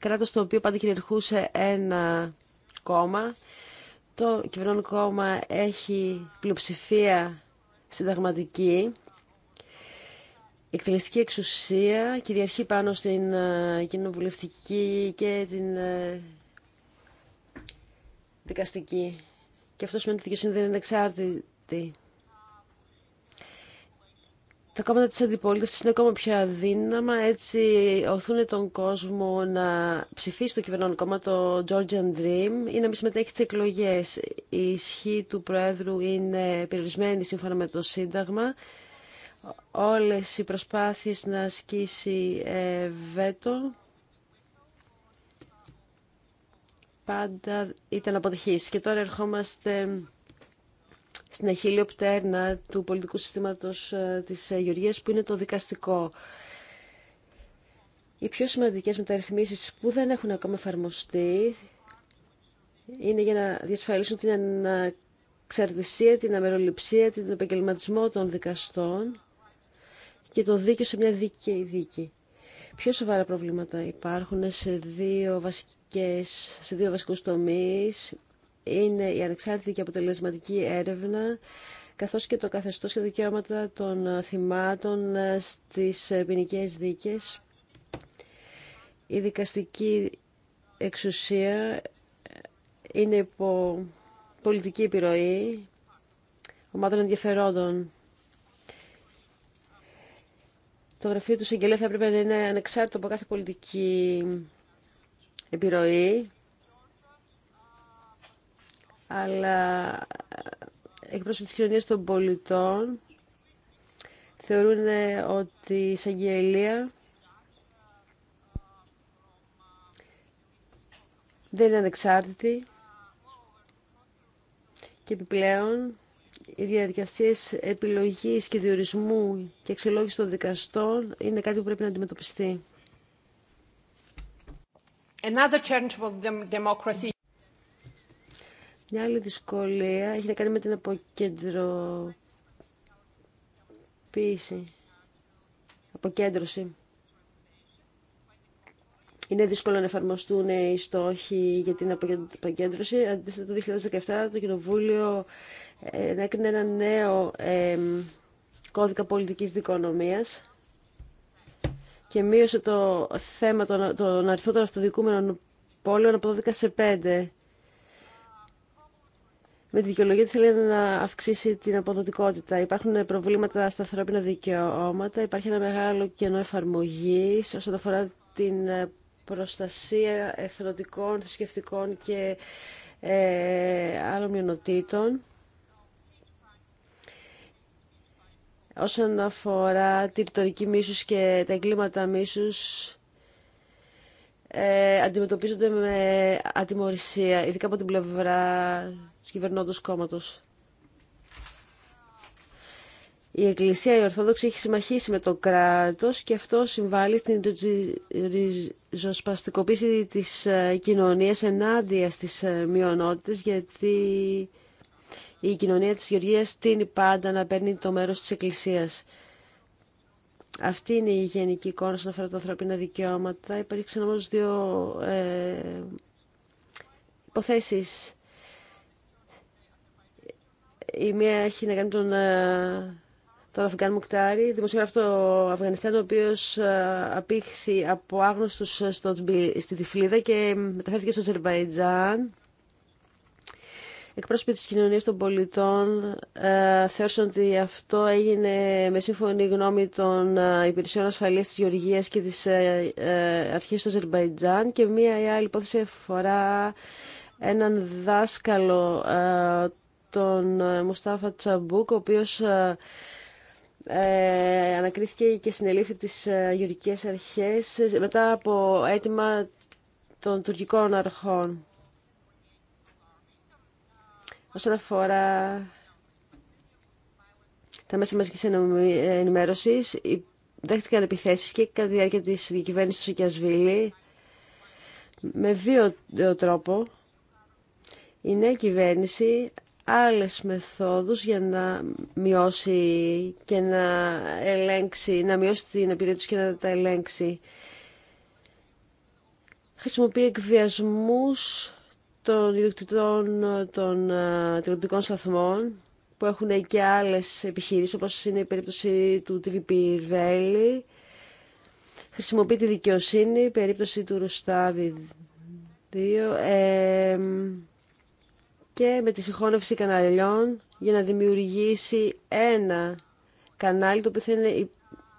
κράτος το οποίο πάντα κυριαρχούσε ένα κόμμα. Το κυβερνόν κόμμα έχει πλειοψηφία συνταγματική. Η εκτελεστική εξουσία κυριαρχεί πάνω στην ε, κοινοβουλευτική και την ε, δικαστική. Και αυτό σημαίνει ότι η δικαιοσύνη δεν είναι εξάρτητη τα κόμματα της αντιπολίτευσης είναι ακόμα πιο αδύναμα, έτσι οθούν τον κόσμο να ψηφίσει το κυβερνόν κόμμα, το Georgian Dream, ή να μην συμμετέχει στις εκλογές. Η ισχύ του Προέδρου είναι περιορισμένη σύμφωνα με το Σύνταγμα. Όλες οι προσπάθειες να ασκήσει ε, βέτο πάντα ήταν αποτυχής. Και τώρα ερχόμαστε στην αχίλιο πτέρνα του πολιτικού συστήματος ε, της ε, Γεωργίας που είναι το δικαστικό. Οι πιο σημαντικές μεταρρυθμίσεις που δεν έχουν ακόμα εφαρμοστεί είναι για να διασφαλίσουν την αναξαρτησία, την αμεροληψία, την επαγγελματισμό των δικαστών και το δίκαιο σε μια δίκαιη δίκη. Πιο σοβαρά προβλήματα υπάρχουν σε δύο, βασικές, σε δύο βασικούς είναι η ανεξάρτητη και αποτελεσματική έρευνα, καθώς και το καθεστώς και δικαιώματα των θυμάτων ε, στις ε, ποινικέ δίκες, η δικαστική εξουσία ε, είναι υπό πολιτική επιρροή ομάδων ενδιαφερόντων. Το γραφείο του Συγγελέα θα έπρεπε να είναι ανεξάρτητο από κάθε πολιτική επιρροή αλλά ε, εκπρόσωποι της κοινωνίας των πολιτών θεωρούν ε, ότι η εισαγγελία δεν είναι ανεξάρτητη και επιπλέον οι διαδικασίες επιλογής και διορισμού και εξελόγηση των δικαστών είναι κάτι που πρέπει να αντιμετωπιστεί. Another μια άλλη δυσκολία έχει να κάνει με την αποκεντροποίηση. Αποκέντρωση. Είναι δύσκολο να εφαρμοστούν οι στόχοι για την αποκέντρωση. Αντίθετα, το 2017 το Κοινοβούλιο ε, έκρινε ένα νέο κώδικα πολιτικής δικονομίας και μείωσε το θέμα των, αριθμών των αυτοδικούμενων πόλεων από 12 σε 5 με τη δικαιολογία ότι θέλει να αυξήσει την αποδοτικότητα. Υπάρχουν προβλήματα στα ανθρώπινα δικαιώματα, υπάρχει ένα μεγάλο κενό εφαρμογή όσον αφορά την ε, προστασία εθνοτικών, θρησκευτικών και ε, άλλων μειονοτήτων. Όσον αφορά τη ρητορική μίσους και τα εγκλήματα μίσους, ε, αντιμετωπίζονται με ατιμορρησία, ειδικά από την πλευρά κυβερνώντος κόμματος. Η Εκκλησία η Ορθόδοξη έχει συμμαχήσει με το κράτος και αυτό συμβάλλει στην ριζοσπαστικοποίηση της ε, κοινωνία ενάντια στις ε, μειονότητε, γιατί η κοινωνία της Γεωργίας τίνει πάντα να παίρνει το μέρος της Εκκλησίας. Αυτή είναι η γενική εικόνα σχετικά αφορά τα ανθρωπίνα δικαιώματα. Υπήρξαν όμως δύο ε, υποθέσεις η μία έχει να κάνει τον, ε, τον Αφγάν Μουκτάρη, δημοσιογράφο του Αφγανιστάν, ο οποίο ε, απήχθη από άγνωστου ε, στη Τυφλίδα και μεταφέρθηκε στο Αζερβαϊτζάν. Εκπρόσωποι τη κοινωνία των πολιτών ε, θεώρησαν ότι αυτό έγινε με σύμφωνη γνώμη των υπηρεσιών ασφαλείας της Γεωργίας και της ε, αρχής του Αζερβαϊτζάν και μία άλλη υπόθεση αφορά έναν δάσκαλο τον ε, Μουστάφα Τσαμπούκ, ο οποίος ε, ε ανακρίθηκε και συνελήφθη τις ε, γεωργικές αρχές μετά από αίτημα των τουρκικών αρχών. Όσον αφορά τα μέσα μαζικής ενημέρωσης, δέχτηκαν επιθέσεις και κατά τη διάρκεια της κυβέρνησης του Σοκιασβίλη με δύο τρόπο η νέα κυβέρνηση άλλες μεθόδους για να μειώσει και να ελέγξει, να μειώσει την επιρροή τους και να τα ελέγξει. Χρησιμοποιεί εκβιασμούς των ιδιοκτητών των ε, τηλεοπτικών σταθμών που έχουν και άλλες επιχειρήσεις όπως είναι η περίπτωση του TVP Βέλη. Χρησιμοποιεί τη δικαιοσύνη, περίπτωση του Ρουστάβη 2 και με τη συγχώνευση καναλιών για να δημιουργήσει ένα κανάλι το οποίο θα είναι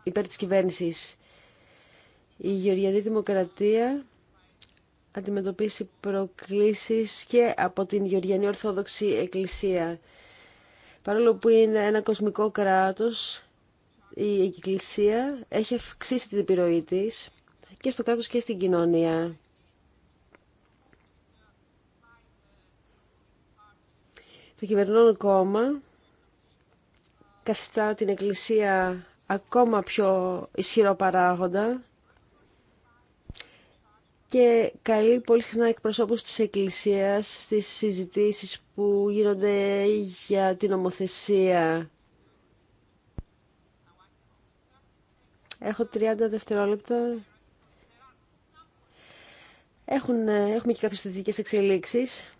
υπέρ της κυβέρνησης. Η Γεωργιανή Δημοκρατία αντιμετωπίσει προκλήσεις και από την Γεωργιανή Ορθόδοξη Εκκλησία. Παρόλο που είναι ένα κοσμικό κράτος, η Εκκλησία έχει αυξήσει την επιρροή της και στο κράτος και στην κοινωνία. Το κυβερνών κόμμα καθιστά την Εκκλησία ακόμα πιο ισχυρό παράγοντα και καλεί πολύ συχνά εκπροσώπους της Εκκλησίας στις συζητήσεις που γίνονται για την ομοθεσία. Έχω 30 δευτερόλεπτα. Έχουν, έχουμε και κάποιες θετικές εξελίξεις.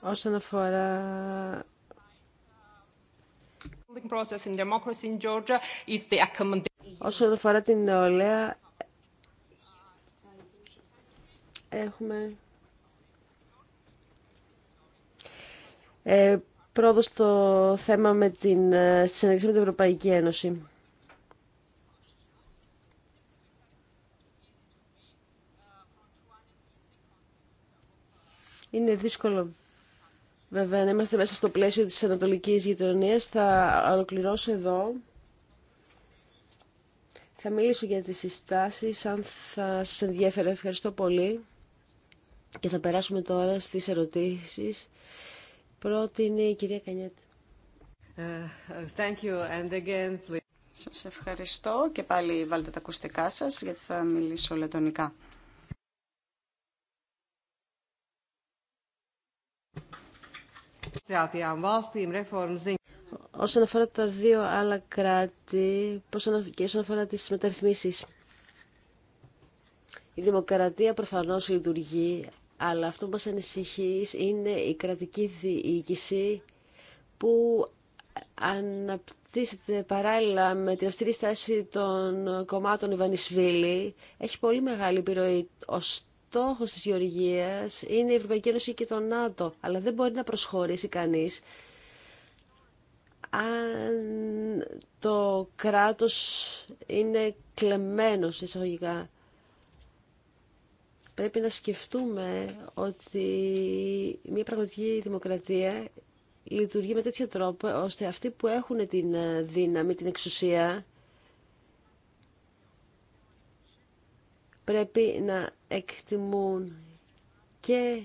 όσον αφορά Όσον αφορά την νεολαία, έχουμε ε, πρόοδο στο θέμα με την ε, συνεργασία με την Ευρωπαϊκή Ένωση. Είναι δύσκολο Βέβαια, να είμαστε μέσα στο πλαίσιο της ανατολικής γειτονίας. Θα ολοκληρώσω εδώ. Θα μιλήσω για τις συστάσεις, αν θα σας ενδιαφέρει. Ευχαριστώ πολύ. Και θα περάσουμε τώρα στις ερωτήσεις. Πρώτη είναι η κυρία Κανιέτη. Ε, thank Σας ευχαριστώ και πάλι βάλτε τα ακουστικά σας γιατί θα μιλήσω λετωνικά. Όσον αφορά τα δύο άλλα κράτη και όσον αφορά τις μεταρρυθμίσεις. Η δημοκρατία προφανώς λειτουργεί, αλλά αυτό που μας ανησυχεί είναι η κρατική διοίκηση που αναπτύσσεται παράλληλα με την αυστηρή στάση των κομμάτων Ιβανισβήλη. Έχει πολύ μεγάλη επιρροή στόχο τη γεωργία είναι η Ευρωπαϊκή Ένωση και το ΝΑΤΟ, αλλά δεν μπορεί να προσχωρήσει κανεί αν το κράτο είναι κλεμμένο εισαγωγικά. Πρέπει να σκεφτούμε ότι μια πραγματική δημοκρατία λειτουργεί με τέτοιο τρόπο ώστε αυτοί που έχουν την δύναμη, την εξουσία πρέπει να εκτιμούν και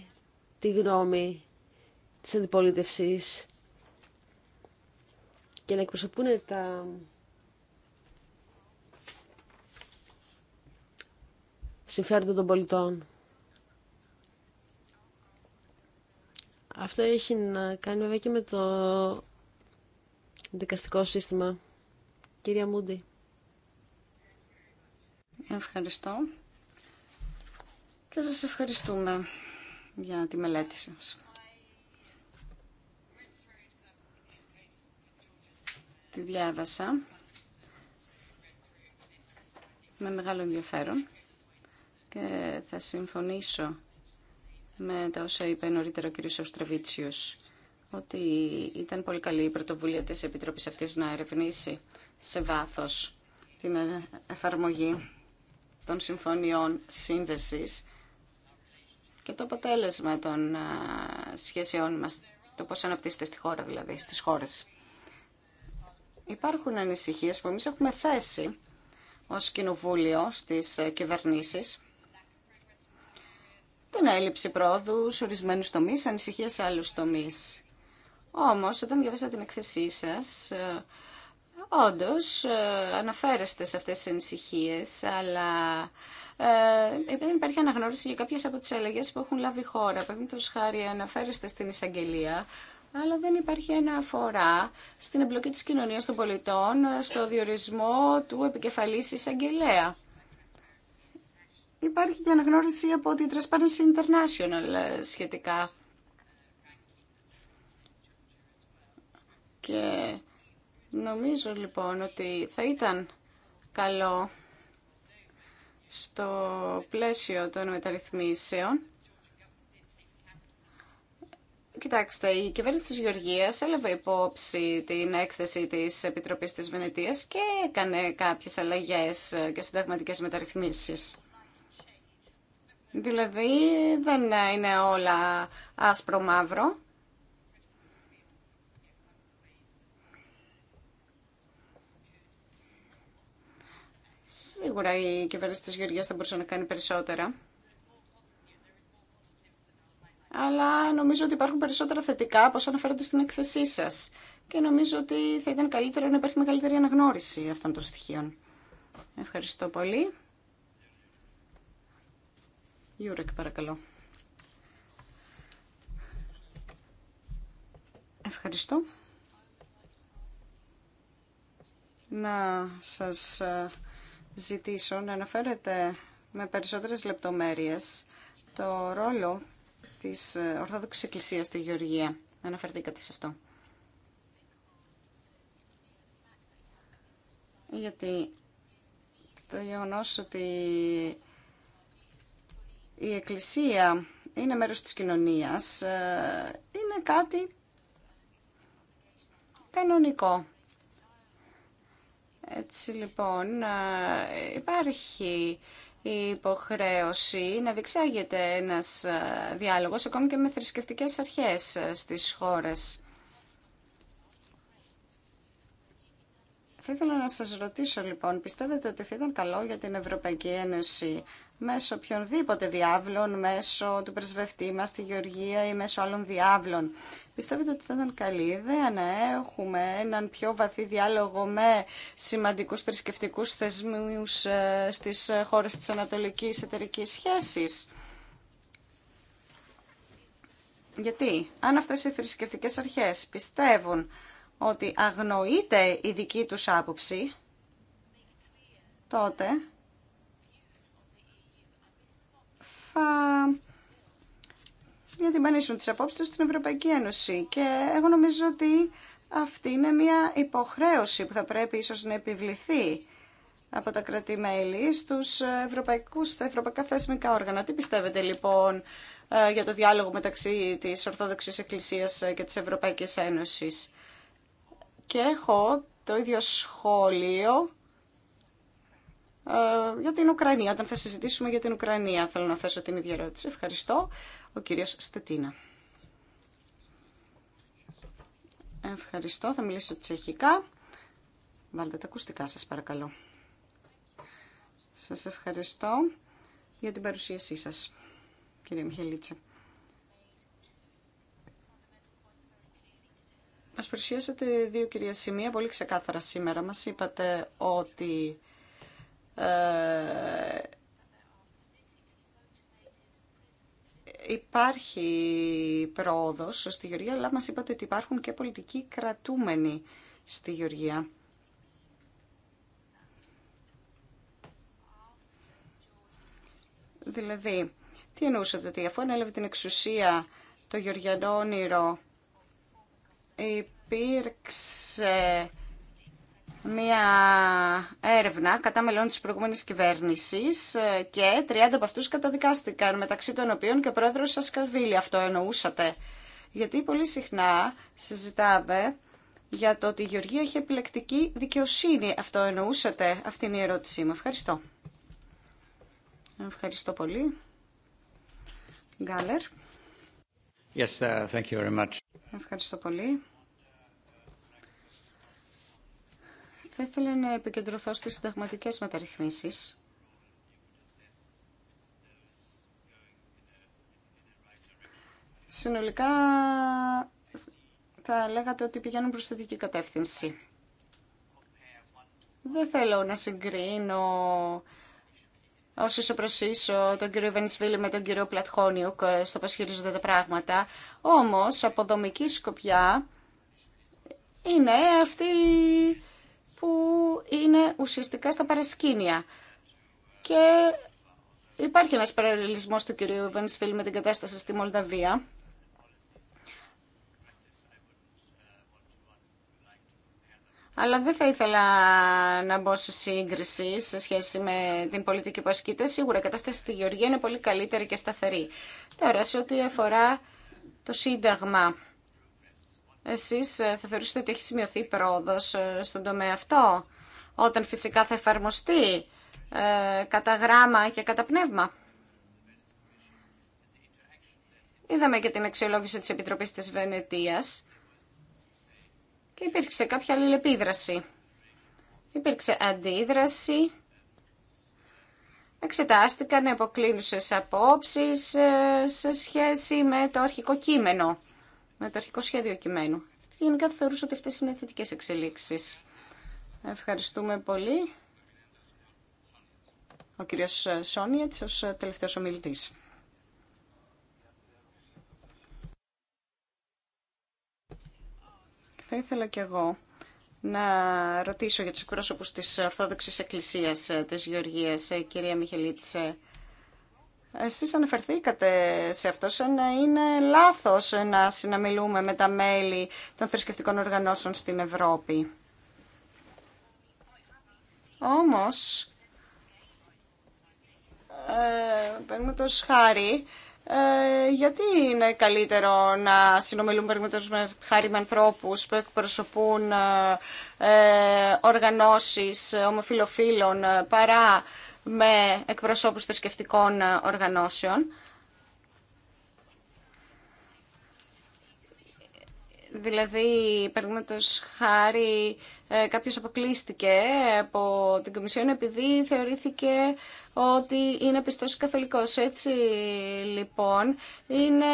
τη γνώμη της αντιπολίτευσης και να εκπροσωπούν τα συμφέροντα των πολιτών. Αυτό έχει να κάνει βέβαια και με το δικαστικό σύστημα. Κυρία Μούντι. Ευχαριστώ και σας ευχαριστούμε για τη μελέτη σας. Τη διάβασα με μεγάλο ενδιαφέρον και θα συμφωνήσω με τα όσα είπε νωρίτερα ο κ. Στρεβίτσιος ότι ήταν πολύ καλή η πρωτοβουλία της Επιτροπής αυτής να ερευνήσει σε βάθος την εφαρμογή των συμφωνιών σύνδεσης και το αποτέλεσμα των ε, σχέσεών μας, το πώς αναπτύσσεται στη χώρα δηλαδή, στις χώρες. Υπάρχουν ανησυχίες που εμείς έχουμε θέσει ως κοινοβούλιο στις ε, κυβερνήσεις. Την έλλειψη πρόοδου σε ορισμένους τομείς, ανησυχίες σε άλλους τομείς. Όμως, όταν διαβάζετε την εκθεσή σας, ε, όντως αναφέρεστε σε αυτές τις ανησυχίες, αλλά δεν υπάρχει αναγνώριση για κάποιες από τις αλλαγέ που έχουν λάβει η χώρα. Παραδείγματο χάρη αναφέρεστε στην εισαγγελία, αλλά δεν υπάρχει αναφορά στην εμπλοκή της κοινωνίας των πολιτών στο διορισμό του επικεφαλής εισαγγελέα. Υπάρχει και αναγνώριση από την Transparency International ε, σχετικά. Και νομίζω λοιπόν ότι θα ήταν καλό στο πλαίσιο των μεταρρυθμίσεων. Κοιτάξτε, η κυβέρνηση της Γεωργίας έλαβε υπόψη την έκθεση της Επιτροπής της Βενετίας και έκανε κάποιες αλλαγές και συνταγματικές μεταρρυθμίσεις. Δηλαδή δεν είναι όλα άσπρο-μαύρο. Σίγουρα η κυβέρνηση της Γεωργίας θα μπορούσε να κάνει περισσότερα. Αλλά νομίζω ότι υπάρχουν περισσότερα θετικά από όσα αναφέρονται στην εκθεσή σας. Και νομίζω ότι θα ήταν καλύτερο να υπάρχει μεγαλύτερη αναγνώριση αυτών των στοιχείων. Ευχαριστώ πολύ. Γιούρεκ, παρακαλώ. Ευχαριστώ. Να σας ε, ζητήσω να αναφέρετε με περισσότερες λεπτομέρειες το ρόλο της Ορθόδοξης Εκκλησίας στη Γεωργία. Αναφερθήκατε σε αυτό. Γιατί το γεγονό ότι η Εκκλησία είναι μέρος της κοινωνίας ε, είναι κάτι κανονικό. Έτσι λοιπόν υπάρχει η υποχρέωση να διεξάγεται ένας διάλογος ακόμη και με θρησκευτικές αρχές στις χώρες. Θα ήθελα να σας ρωτήσω λοιπόν, πιστεύετε ότι θα ήταν καλό για την Ευρωπαϊκή Ένωση μέσω οποιονδήποτε διάβλων, μέσω του πρεσβευτή μας στη Γεωργία ή μέσω άλλων διάβλων Πιστεύετε ότι θα ήταν καλή ιδέα να έχουμε έναν πιο βαθύ διάλογο με σημαντικούς θρησκευτικού θεσμούς ε, στις χώρες της Ανατολικής Εταιρικής Σχέσης. Γιατί αν αυτές οι θρησκευτικές αρχές πιστεύουν ότι αγνοείται η δική τους άποψη, τότε θα διατυμπανίσουν τις απόψεις τους στην Ευρωπαϊκή Ένωση. Και εγώ νομίζω ότι αυτή είναι μια υποχρέωση που θα πρέπει ίσως να επιβληθεί από τα κρατή-μέλη στους ε, ευρωπαϊκούς, στα ευρωπαϊκά θεσμικά όργανα. Τι πιστεύετε λοιπόν ε, για το διάλογο μεταξύ της Ορθόδοξης Εκκλησίας και της Ευρωπαϊκής Ένωσης. Και έχω το ίδιο σχόλιο ε, για την Ουκρανία. Όταν θα συζητήσουμε για την Ουκρανία θέλω να θέσω την ίδια ερώτηση. Ευχαριστώ. Ο κύριος Στετίνα. Ευχαριστώ. Θα μιλήσω τσεχικά. Βάλτε τα ακουστικά σας παρακαλώ. Σας ευχαριστώ για την παρουσίασή σας, κύριε Μιχελίτσα. Μας παρουσίασατε δύο κυρία σημεία πολύ ξεκάθαρα σήμερα. Μας είπατε ότι ε, υπάρχει πρόοδος στη Γεωργία, αλλά μας είπατε ότι υπάρχουν και πολιτικοί κρατούμενοι στη Γεωργία. Δηλαδή, τι εννοούσατε ότι αφού ανέλαβε την εξουσία το Γεωργιανό όνειρο, υπήρξε μία έρευνα κατά μελών της προηγούμενης κυβέρνησης ε, και 30 από αυτούς καταδικάστηκαν, μεταξύ των οποίων και ο πρόεδρος σας Καρβίλη. Αυτό εννοούσατε. Γιατί πολύ συχνά συζητάμε για το ότι η Γεωργία έχει επιλεκτική δικαιοσύνη. Αυτό εννοούσατε. Αυτή είναι η ερώτησή μου. Ευχαριστώ. Ευχαριστώ πολύ. Γκάλερ. Yes, uh, thank you very much. Ευχαριστώ πολύ. Θα ήθελα να επικεντρωθώ στις συνταγματικές μεταρρυθμίσεις. Συνολικά θα λέγατε ότι πηγαίνουν προς θετική κατεύθυνση. Δεν θέλω να συγκρίνω ως ίσο προς ίσο τον κύριο Βενισβίλη με τον κύριο Πλατχόνιουκ ε, στο πώς χειρίζονται τα πράγματα. Όμως, από δομική σκοπιά είναι αυτή που είναι ουσιαστικά στα παρασκήνια. Και υπάρχει ένας παραλληλισμός του κυρίου Βενσφίλ με την κατάσταση στη Μολδαβία. Αλλά δεν θα ήθελα να μπω σε σύγκριση σε σχέση με την πολιτική που ασκείται. Σίγουρα η κατάσταση στη Γεωργία είναι πολύ καλύτερη και σταθερή. Τώρα, σε ό,τι αφορά το Σύνταγμα εσείς ε, θα θεωρήσετε ότι έχει σημειωθεί πρόοδος ε, στον τομέα αυτό, όταν φυσικά θα εφαρμοστεί ε, κατά γράμμα και κατά πνεύμα. Είδαμε και την αξιολόγηση της Επιτροπής της Βενετίας και υπήρξε κάποια αλληλεπίδραση. Υπήρξε αντίδραση, εξετάστηκαν αποκλίνουσες απόψεις σε σχέση με το αρχικό κείμενο με το αρχικό σχέδιο κειμένου. Γενικά θεωρούσα ότι αυτές είναι θετικές εξελίξεις. Ευχαριστούμε πολύ. Ο κύριος Σόνιετς ως τελευταίος ομιλητής. Θα ήθελα κι εγώ να ρωτήσω για τους εκπρόσωπους της Ορθόδοξης Εκκλησίας ε, της Γεωργίας, ε, κυρία Μιχελίτσε. Εσείς αναφερθήκατε σε αυτό σαν να είναι λάθος να συναμιλούμε με τα μέλη των θρησκευτικών οργανώσεων στην Ευρώπη. Όμως, ε, το χάρη, ε, γιατί είναι καλύτερο να συνομιλούμε παραδείγματος χάρη με ανθρώπους που εκπροσωπούν ε, ε οργανώσεις ομοφιλοφίλων παρά με εκπροσώπους θρησκευτικών ε, οργανώσεων Δηλαδή, παραδείγματο χάρη, ε, κάποιο αποκλείστηκε από την Κομισιόν επειδή θεωρήθηκε ότι είναι πιστός καθολικός. Έτσι, λοιπόν, είναι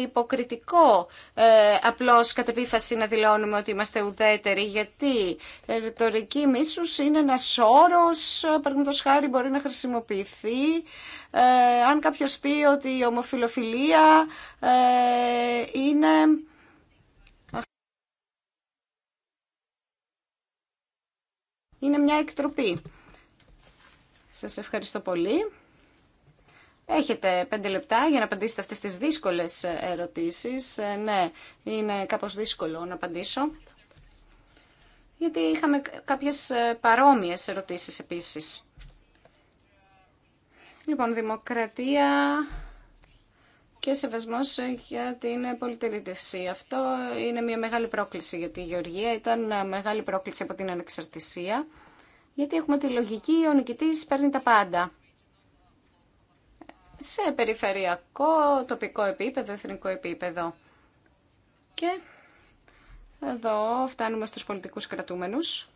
υποκριτικό απλώ ε, απλώς κατ' επίφαση να δηλώνουμε ότι είμαστε ουδέτεροι, γιατί ρητορική μίσους είναι ένας όρος, παραδείγματος χάρη μπορεί να χρησιμοποιηθεί, ε, αν κάποιος πει ότι η ομοφιλοφιλία ε, είναι Είναι μια εκτροπή. Σας ευχαριστώ πολύ. Έχετε πέντε λεπτά για να απαντήσετε αυτές τις δύσκολες ερωτήσεις. Ε, ναι, είναι κάπως δύσκολο να απαντήσω. Γιατί είχαμε κάποιες ε, παρόμοιες ερωτήσεις επίσης. Λοιπόν, δημοκρατία και σεβασμό ε, για την πολυτελήτευση. Αυτό είναι μια μεγάλη πρόκληση για τη Γεωργία ήταν ε, μεγάλη πρόκληση από την ανεξαρτησία γιατί έχουμε τη λογική ο νικητή παίρνει τα πάντα. Σε περιφερειακό, τοπικό επίπεδο, εθνικό επίπεδο. Και εδώ φτάνουμε στους πολιτικούς κρατούμενους.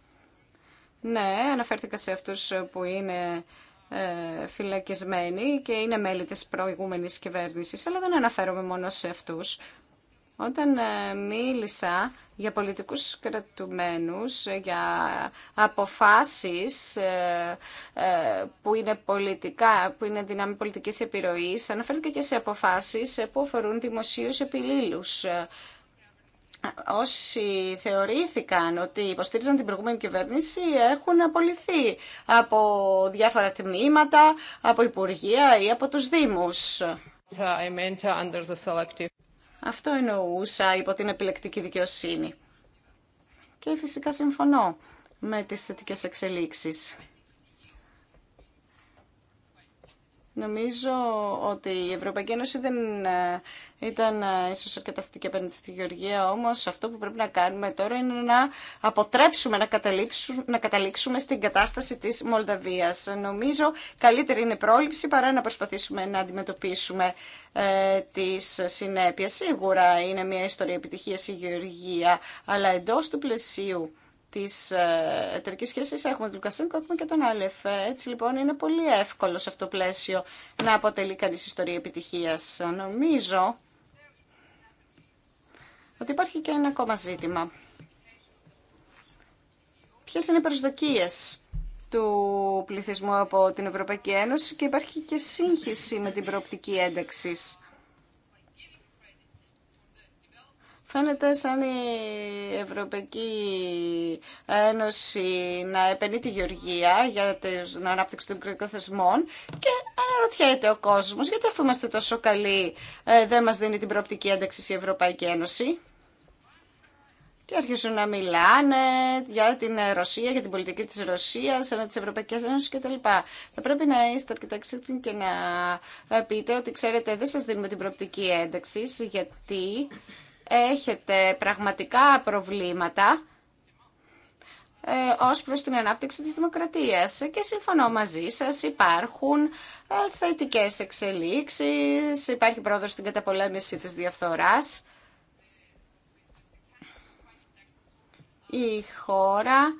Ναι, αναφέρθηκα σε αυτούς που είναι ε, φυλακισμένοι και είναι μέλη της προηγούμενης κυβέρνησης, αλλά δεν αναφέρομαι μόνο σε αυτούς. Όταν ε, μίλησα για πολιτικούς κρατουμένους, ε, για αποφάσεις που είναι πολιτικά, που είναι δυνάμει πολιτικής επιρροής, αναφέρθηκα και σε αποφάσεις που αφορούν δημοσίους επιλήλους όσοι θεωρήθηκαν ότι υποστήριζαν την προηγούμενη κυβέρνηση έχουν απολυθεί από διάφορα τμήματα, από υπουργεία ή από τους δήμους. Αυτό εννοούσα υπό την επιλεκτική δικαιοσύνη. Και φυσικά συμφωνώ με τις θετικές εξελίξεις. Νομίζω ότι η Ευρωπαϊκή Ένωση δεν ε, ήταν ε, ίσω αρκετά θετική απέναντι στη Γεωργία, όμω αυτό που πρέπει να κάνουμε τώρα είναι να αποτρέψουμε να, να καταλήξουμε στην κατάσταση τη Μολδαβία. Νομίζω καλύτερη είναι πρόληψη παρά να προσπαθήσουμε να αντιμετωπίσουμε ε, τι συνέπειε. Σίγουρα είναι μια ιστορία επιτυχία η Γεωργία, αλλά εντό του πλαισίου τι ε, εταιρικέ σχέσει έχουμε τον Λουκασένκο, έχουμε και τον Άλεφ. Ε, έτσι λοιπόν είναι πολύ εύκολο σε αυτό το πλαίσιο να αποτελεί κανεί ιστορία επιτυχία. Νομίζω ότι υπάρχει και ένα ακόμα ζήτημα. Ποιε είναι οι προσδοκίε του πληθυσμού από την Ευρωπαϊκή Ένωση και υπάρχει και σύγχυση με την προοπτική ένταξης. Φαίνεται σαν η Ευρωπαϊκή Ένωση να επενεί τη Γεωργία για την ανάπτυξη των κρυκοθεσμών και αναρωτιέται ο κόσμος γιατί αφού είμαστε τόσο καλοί ε, δεν μας δίνει την προοπτική ένταξη η Ευρωπαϊκή Ένωση. Και αρχίζουν να μιλάνε για την Ρωσία, για την πολιτική της Ρωσίας, ένα της Ευρωπαϊκής Ένωσης κτλ. Θα πρέπει να είστε αρκετά και να πείτε ότι ξέρετε δεν σας δίνουμε την προοπτική ένταξη γιατί έχετε πραγματικά προβλήματα ε, ως προς την ανάπτυξη της δημοκρατίας. Και συμφωνώ μαζί σας, υπάρχουν ε, θετικές εξελίξεις, υπάρχει πρόοδος στην καταπολέμηση της διαφθοράς. Η χώρα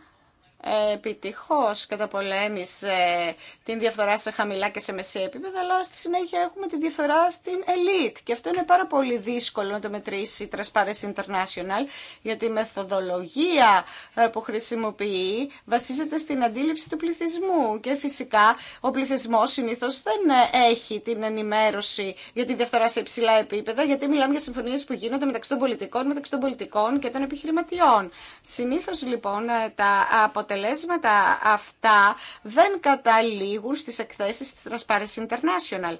επιτυχώς καταπολέμησε την διαφθορά σε χαμηλά και σε μεσαία επίπεδα, αλλά στη συνέχεια έχουμε τη διαφθορά στην ελίτ. Και αυτό είναι πάρα πολύ δύσκολο να το μετρήσει η Transparency International, γιατί η μεθοδολογία ε, που χρησιμοποιεί βασίζεται στην αντίληψη του πληθυσμού. Και φυσικά ο πληθυσμό συνήθω δεν ε, έχει την ενημέρωση για τη διαφθορά σε υψηλά επίπεδα, γιατί μιλάμε για συμφωνίες που γίνονται μεταξύ των πολιτικών, μεταξύ των πολιτικών και των επιχειρηματιών. Συνήθως λοιπόν ε, τα αποτελέσματα αποτελέσματα αυτά δεν καταλήγουν στις εκθέσεις της Transparency International.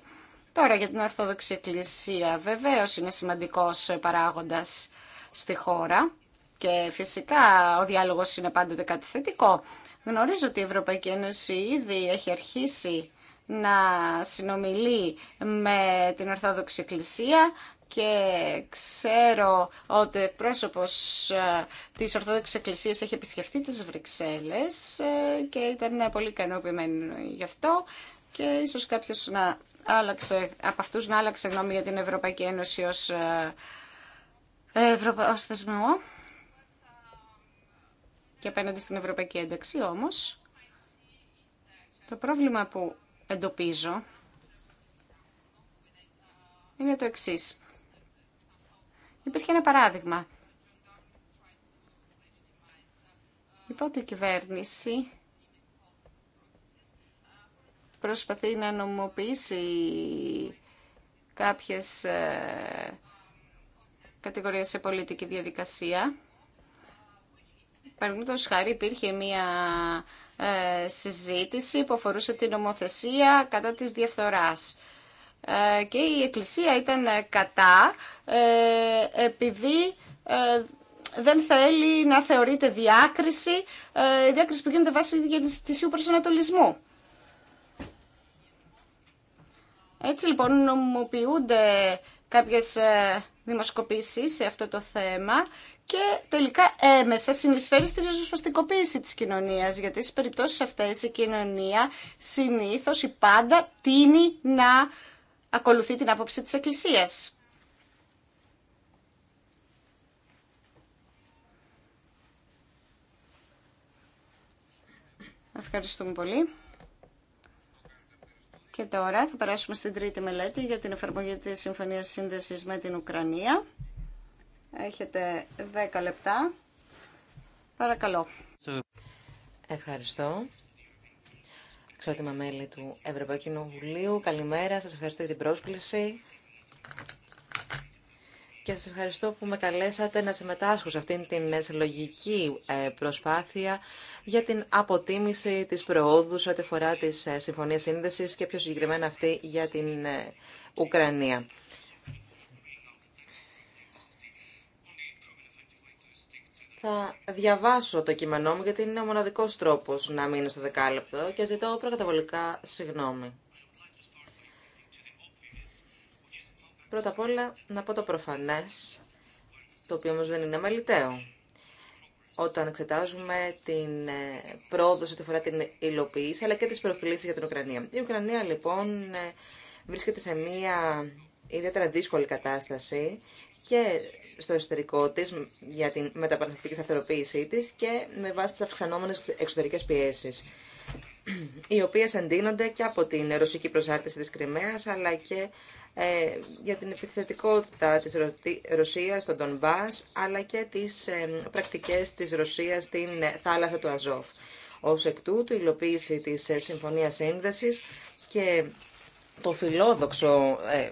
Τώρα για την Ορθόδοξη Εκκλησία βεβαίως είναι σημαντικός παράγοντας στη χώρα και φυσικά ο διάλογος είναι πάντοτε κάτι θετικό. Γνωρίζω ότι η Ευρωπαϊκή Ένωση ήδη έχει αρχίσει να συνομιλεί με την Ορθόδοξη Εκκλησία και ξέρω ότι πρόσωπος ε, της Ορθόδοξης Εκκλησίας έχει επισκεφτεί τις Βρυξέλλες ε, και ήταν πολύ ικανοποιημένοι γι' αυτό και ίσως κάποιος να άλλαξε, από αυτούς να άλλαξε γνώμη για την Ευρωπαϊκή Ένωση ως, ε, ως θεσμό και απέναντι στην Ευρωπαϊκή Ένταξη όμως το πρόβλημα που εντοπίζω είναι το εξής. Υπήρχε ένα παράδειγμα. Η κυβέρνηση προσπαθεί να νομοποιήσει κάποιες ε, κατηγορίες σε πολιτική διαδικασία. Παραδείγματο χάρη υπήρχε μία ε, συζήτηση που αφορούσε την νομοθεσία κατά της διαφθοράς. Ε, και η Εκκλησία ήταν κατά ε, επειδή ε, δεν θέλει να θεωρείται διάκριση, διάκριση που γίνεται βάσει θυσίου προσανατολισμού. Έτσι λοιπόν νομοποιούνται κάποιες δημοσκοπήσεις σε αυτό το θέμα και τελικά έμεσα συνεισφέρει στη ριζοσπαστικοποίηση της κοινωνίας, γιατί στις περιπτώσεις αυτές η κοινωνία συνήθως η πάντα τίνει να ακολουθεί την άποψη της Εκκλησίας. Ευχαριστούμε πολύ. Και τώρα θα περάσουμε στην τρίτη μελέτη για την εφαρμογή της Συμφωνίας Σύνδεσης με την Ουκρανία. Έχετε 10 λεπτά. Παρακαλώ. Ευχαριστώ εξότιμα μέλη του Ευρωπαϊκού Κοινοβουλίου. Καλημέρα, σας ευχαριστώ για την πρόσκληση και σας ευχαριστώ που με καλέσατε να συμμετάσχω σε αυτήν την ε, συλλογική ε, προσπάθεια για την αποτίμηση της προόδου σε ό,τι αφορά τις ε, συμφωνίες σύνδεσης και πιο συγκεκριμένα αυτή για την Ουκρανία. θα διαβάσω το κείμενό μου γιατί είναι ο μοναδικός τρόπος να μείνω στο δεκάλεπτο και ζητώ προκαταβολικά συγγνώμη. Πρώτα απ' όλα να πω το προφανές, το οποίο όμως δεν είναι μελιτέο. Όταν εξετάζουμε την ε, πρόοδο σε ό,τι αφορά την υλοποίηση, αλλά και τις προκλήσεις για την Ουκρανία. Η Ουκρανία λοιπόν ε, βρίσκεται σε μια ιδιαίτερα δύσκολη κατάσταση και στο εσωτερικό της για την μεταπαραθετική σταθεροποίησή της και με βάση τις αυξανόμενες εξωτερικές πιέσεις οι οποίες εντείνονται και από την ρωσική προσάρτηση της Κρυμαίας αλλά και ε, για την επιθετικότητα της Ρωσίας στον Βάσ αλλά και τις ε, πρακτικές της Ρωσίας στην θάλασσα του Αζόφ. Ως εκ τούτου, η υλοποίηση της ε, Συμφωνίας Σύνδεσης και το φιλόδοξο ε,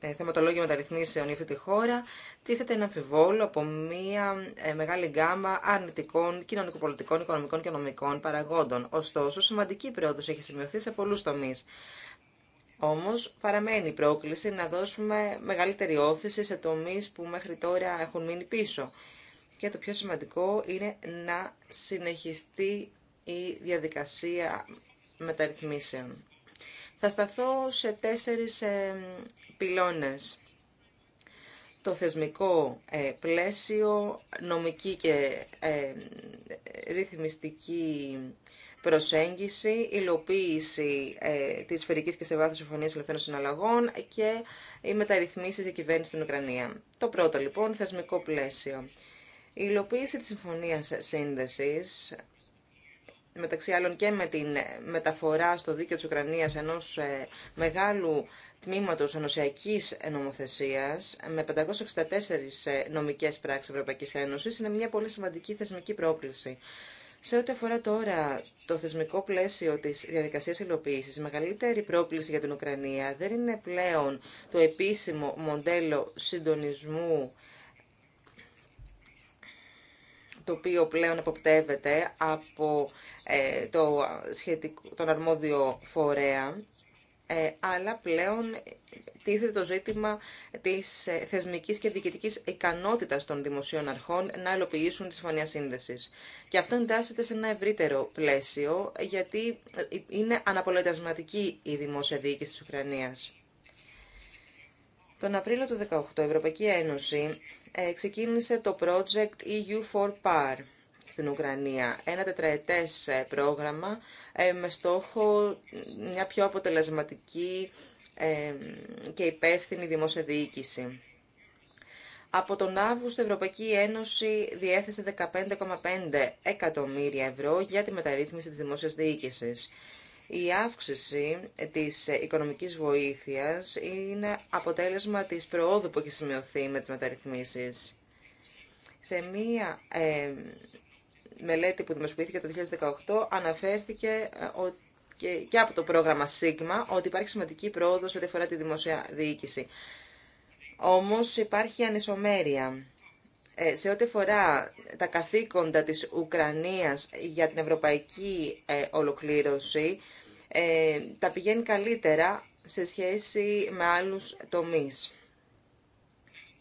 ε, θεματολόγιο μεταρρυθμίσεων για αυτή τη χώρα τίθεται ένα αμφιβόλο από μια ε, μεγάλη γκάμα αρνητικών κοινωνικοπολιτικών, οικονομικών και νομικών παραγόντων. Ωστόσο, σημαντική προοδο έχει σημειωθεί σε πολλου τομει ομω παραμένει η πρόκληση να δώσουμε μεγαλύτερη όθηση σε τομείς που μέχρι τώρα έχουν μείνει πίσω. Και το πιο σημαντικό είναι να συνεχιστεί η διαδικασία μεταρρυθμίσεων. Θα σταθώ σε τέσσερις ε, πυλώνες. Το θεσμικό ε, πλαίσιο, νομική και ε, ρυθμιστική προσέγγιση, υλοποίηση ε, της σφαιρικής και σε βάθος συμφωνίας ελευθέρων συναλλαγών και οι μεταρρυθμίσεις για κυβέρνηση στην Ουκρανία. Το πρώτο λοιπόν, θεσμικό πλαίσιο. Η υλοποίηση της συμφωνίας σύνδεσης μεταξύ άλλων και με την μεταφορά στο δίκαιο της Ουκρανίας ενός ε, μεγάλου τμήματος ενωσιακής νομοθεσίας με 564 ε, νομικές πράξεις Ευρωπαϊκής Ένωσης είναι μια πολύ σημαντική θεσμική πρόκληση. Σε ό,τι αφορά τώρα το θεσμικό πλαίσιο τη διαδικασία υλοποίησης, η μεγαλύτερη πρόκληση για την Ουκρανία δεν είναι πλέον το επίσημο μοντέλο συντονισμού το οποίο πλέον εποπτεύεται από ε, το σχετικό, τον αρμόδιο φορέα, ε, αλλά πλέον τίθεται το ζήτημα της ε, θεσμικής και διοικητικής ικανότητας των δημοσίων αρχών να ελοποιήσουν τη Συμφωνία Σύνδεσης. Και αυτό εντάσσεται σε ένα ευρύτερο πλαίσιο, γιατί είναι αναπολετασματική η δημόσια διοίκηση της Ουκρανίας. Τον Απρίλιο του 2018 η Ευρωπαϊκή Ένωση ε, ξεκίνησε το project EU4PAR στην Ουκρανία. Ένα τετραετές ε, πρόγραμμα ε, με στόχο μια πιο αποτελεσματική και υπεύθυνη δημόσια διοίκηση. Από τον Αύγουστο η Ευρωπαϊκή Ένωση διέθεσε 15,5 εκατομμύρια ευρώ για τη μεταρρύθμιση της δημόσιας διοίκησης. Η αύξηση της οικονομικής βοήθειας είναι αποτέλεσμα της προόδου που έχει σημειωθεί με τις μεταρρυθμίσεις. Σε μία ε, μελέτη που δημοσιοποιήθηκε το 2018 αναφέρθηκε ε, και, και από το πρόγραμμα ΣΥΓΜΑ ότι υπάρχει σημαντική πρόοδος ό,τι αφορά τη δημόσια διοίκηση. Όμως υπάρχει ανισομέρεια ε, σε ό,τι αφορά τα καθήκοντα της Ουκρανίας για την ευρωπαϊκή ολοκλήρωση ε, τα πηγαίνει καλύτερα σε σχέση με άλλους τομείς.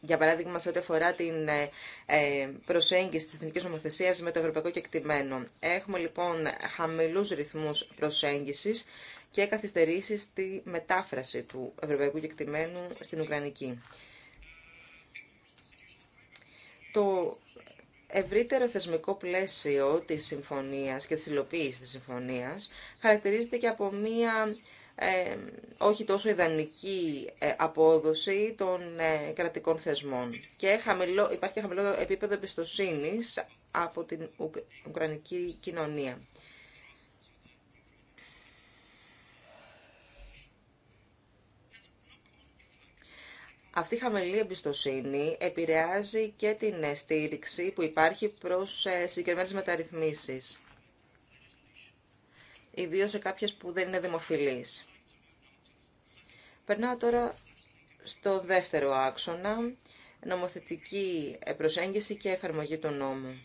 Για παράδειγμα, σε ό,τι αφορά την ε, ε, προσέγγιση της εθνικής νομοθεσίας με το ευρωπαϊκό κεκτημένο. Έχουμε λοιπόν χαμηλούς ρυθμούς προσέγγισης και καθυστερήσεις στη μετάφραση του ευρωπαϊκού κεκτημένου στην Ουκρανική. Το ευρύτερο θεσμικό πλαίσιο της συμφωνίας και της υλοποίησης της συμφωνίας χαρακτηρίζεται και από μία ε, όχι τόσο ιδανική ε, απόδοση των ε, κρατικών θεσμών και χαμηλό, υπάρχει χαμηλό επίπεδο εμπιστοσύνη από την Ουκρανική κοινωνία. Αυτή η χαμηλή εμπιστοσύνη επηρεάζει και την στήριξη που υπάρχει προς ε, συγκεκριμένες μεταρρυθμίσεις, ιδίως σε κάποιες που δεν είναι δημοφιλείς. Περνάω τώρα στο δεύτερο άξονα, νομοθετική προσέγγιση και εφαρμογή του νόμου.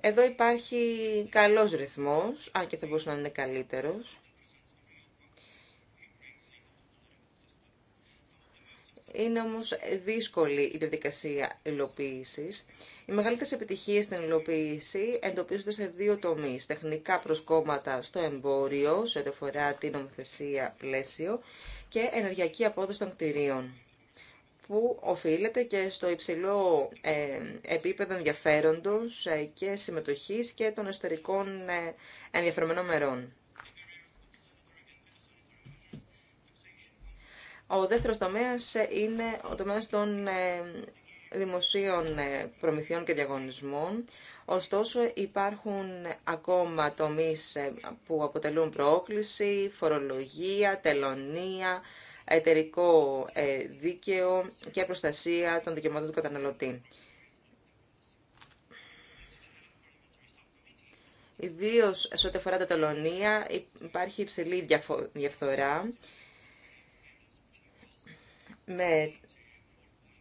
Εδώ υπάρχει καλός ρυθμός, αν και θα μπορούσε να είναι καλύτερος. Είναι όμως δύσκολη η διαδικασία υλοποίησης. Οι μεγαλύτερες επιτυχίες στην υλοποίηση εντοπίζονται σε δύο τομείς. Τεχνικά προσκόμματα στο εμπόριο, σε ό,τι αφορά την νομοθεσία πλαίσιο και ενεργειακή απόδοση των κτηρίων που οφείλεται και στο υψηλό ε, επίπεδο ενδιαφέροντος ε, και συμμετοχής και των εσωτερικών ε, ενδιαφερομένων μερών. Ο δεύτερος τομέας είναι ο τομέας των ε, δημοσίων ε, προμηθειών και διαγωνισμών. Ωστόσο υπάρχουν ακόμα τομείς ε, που αποτελούν προόκληση, φορολογία, τελωνία, εταιρικό δίκαιο και προστασία των δικαιωμάτων του καταναλωτή. Ιδίω σε ό,τι αφορά τα τελωνία υπάρχει υψηλή διαφθορά με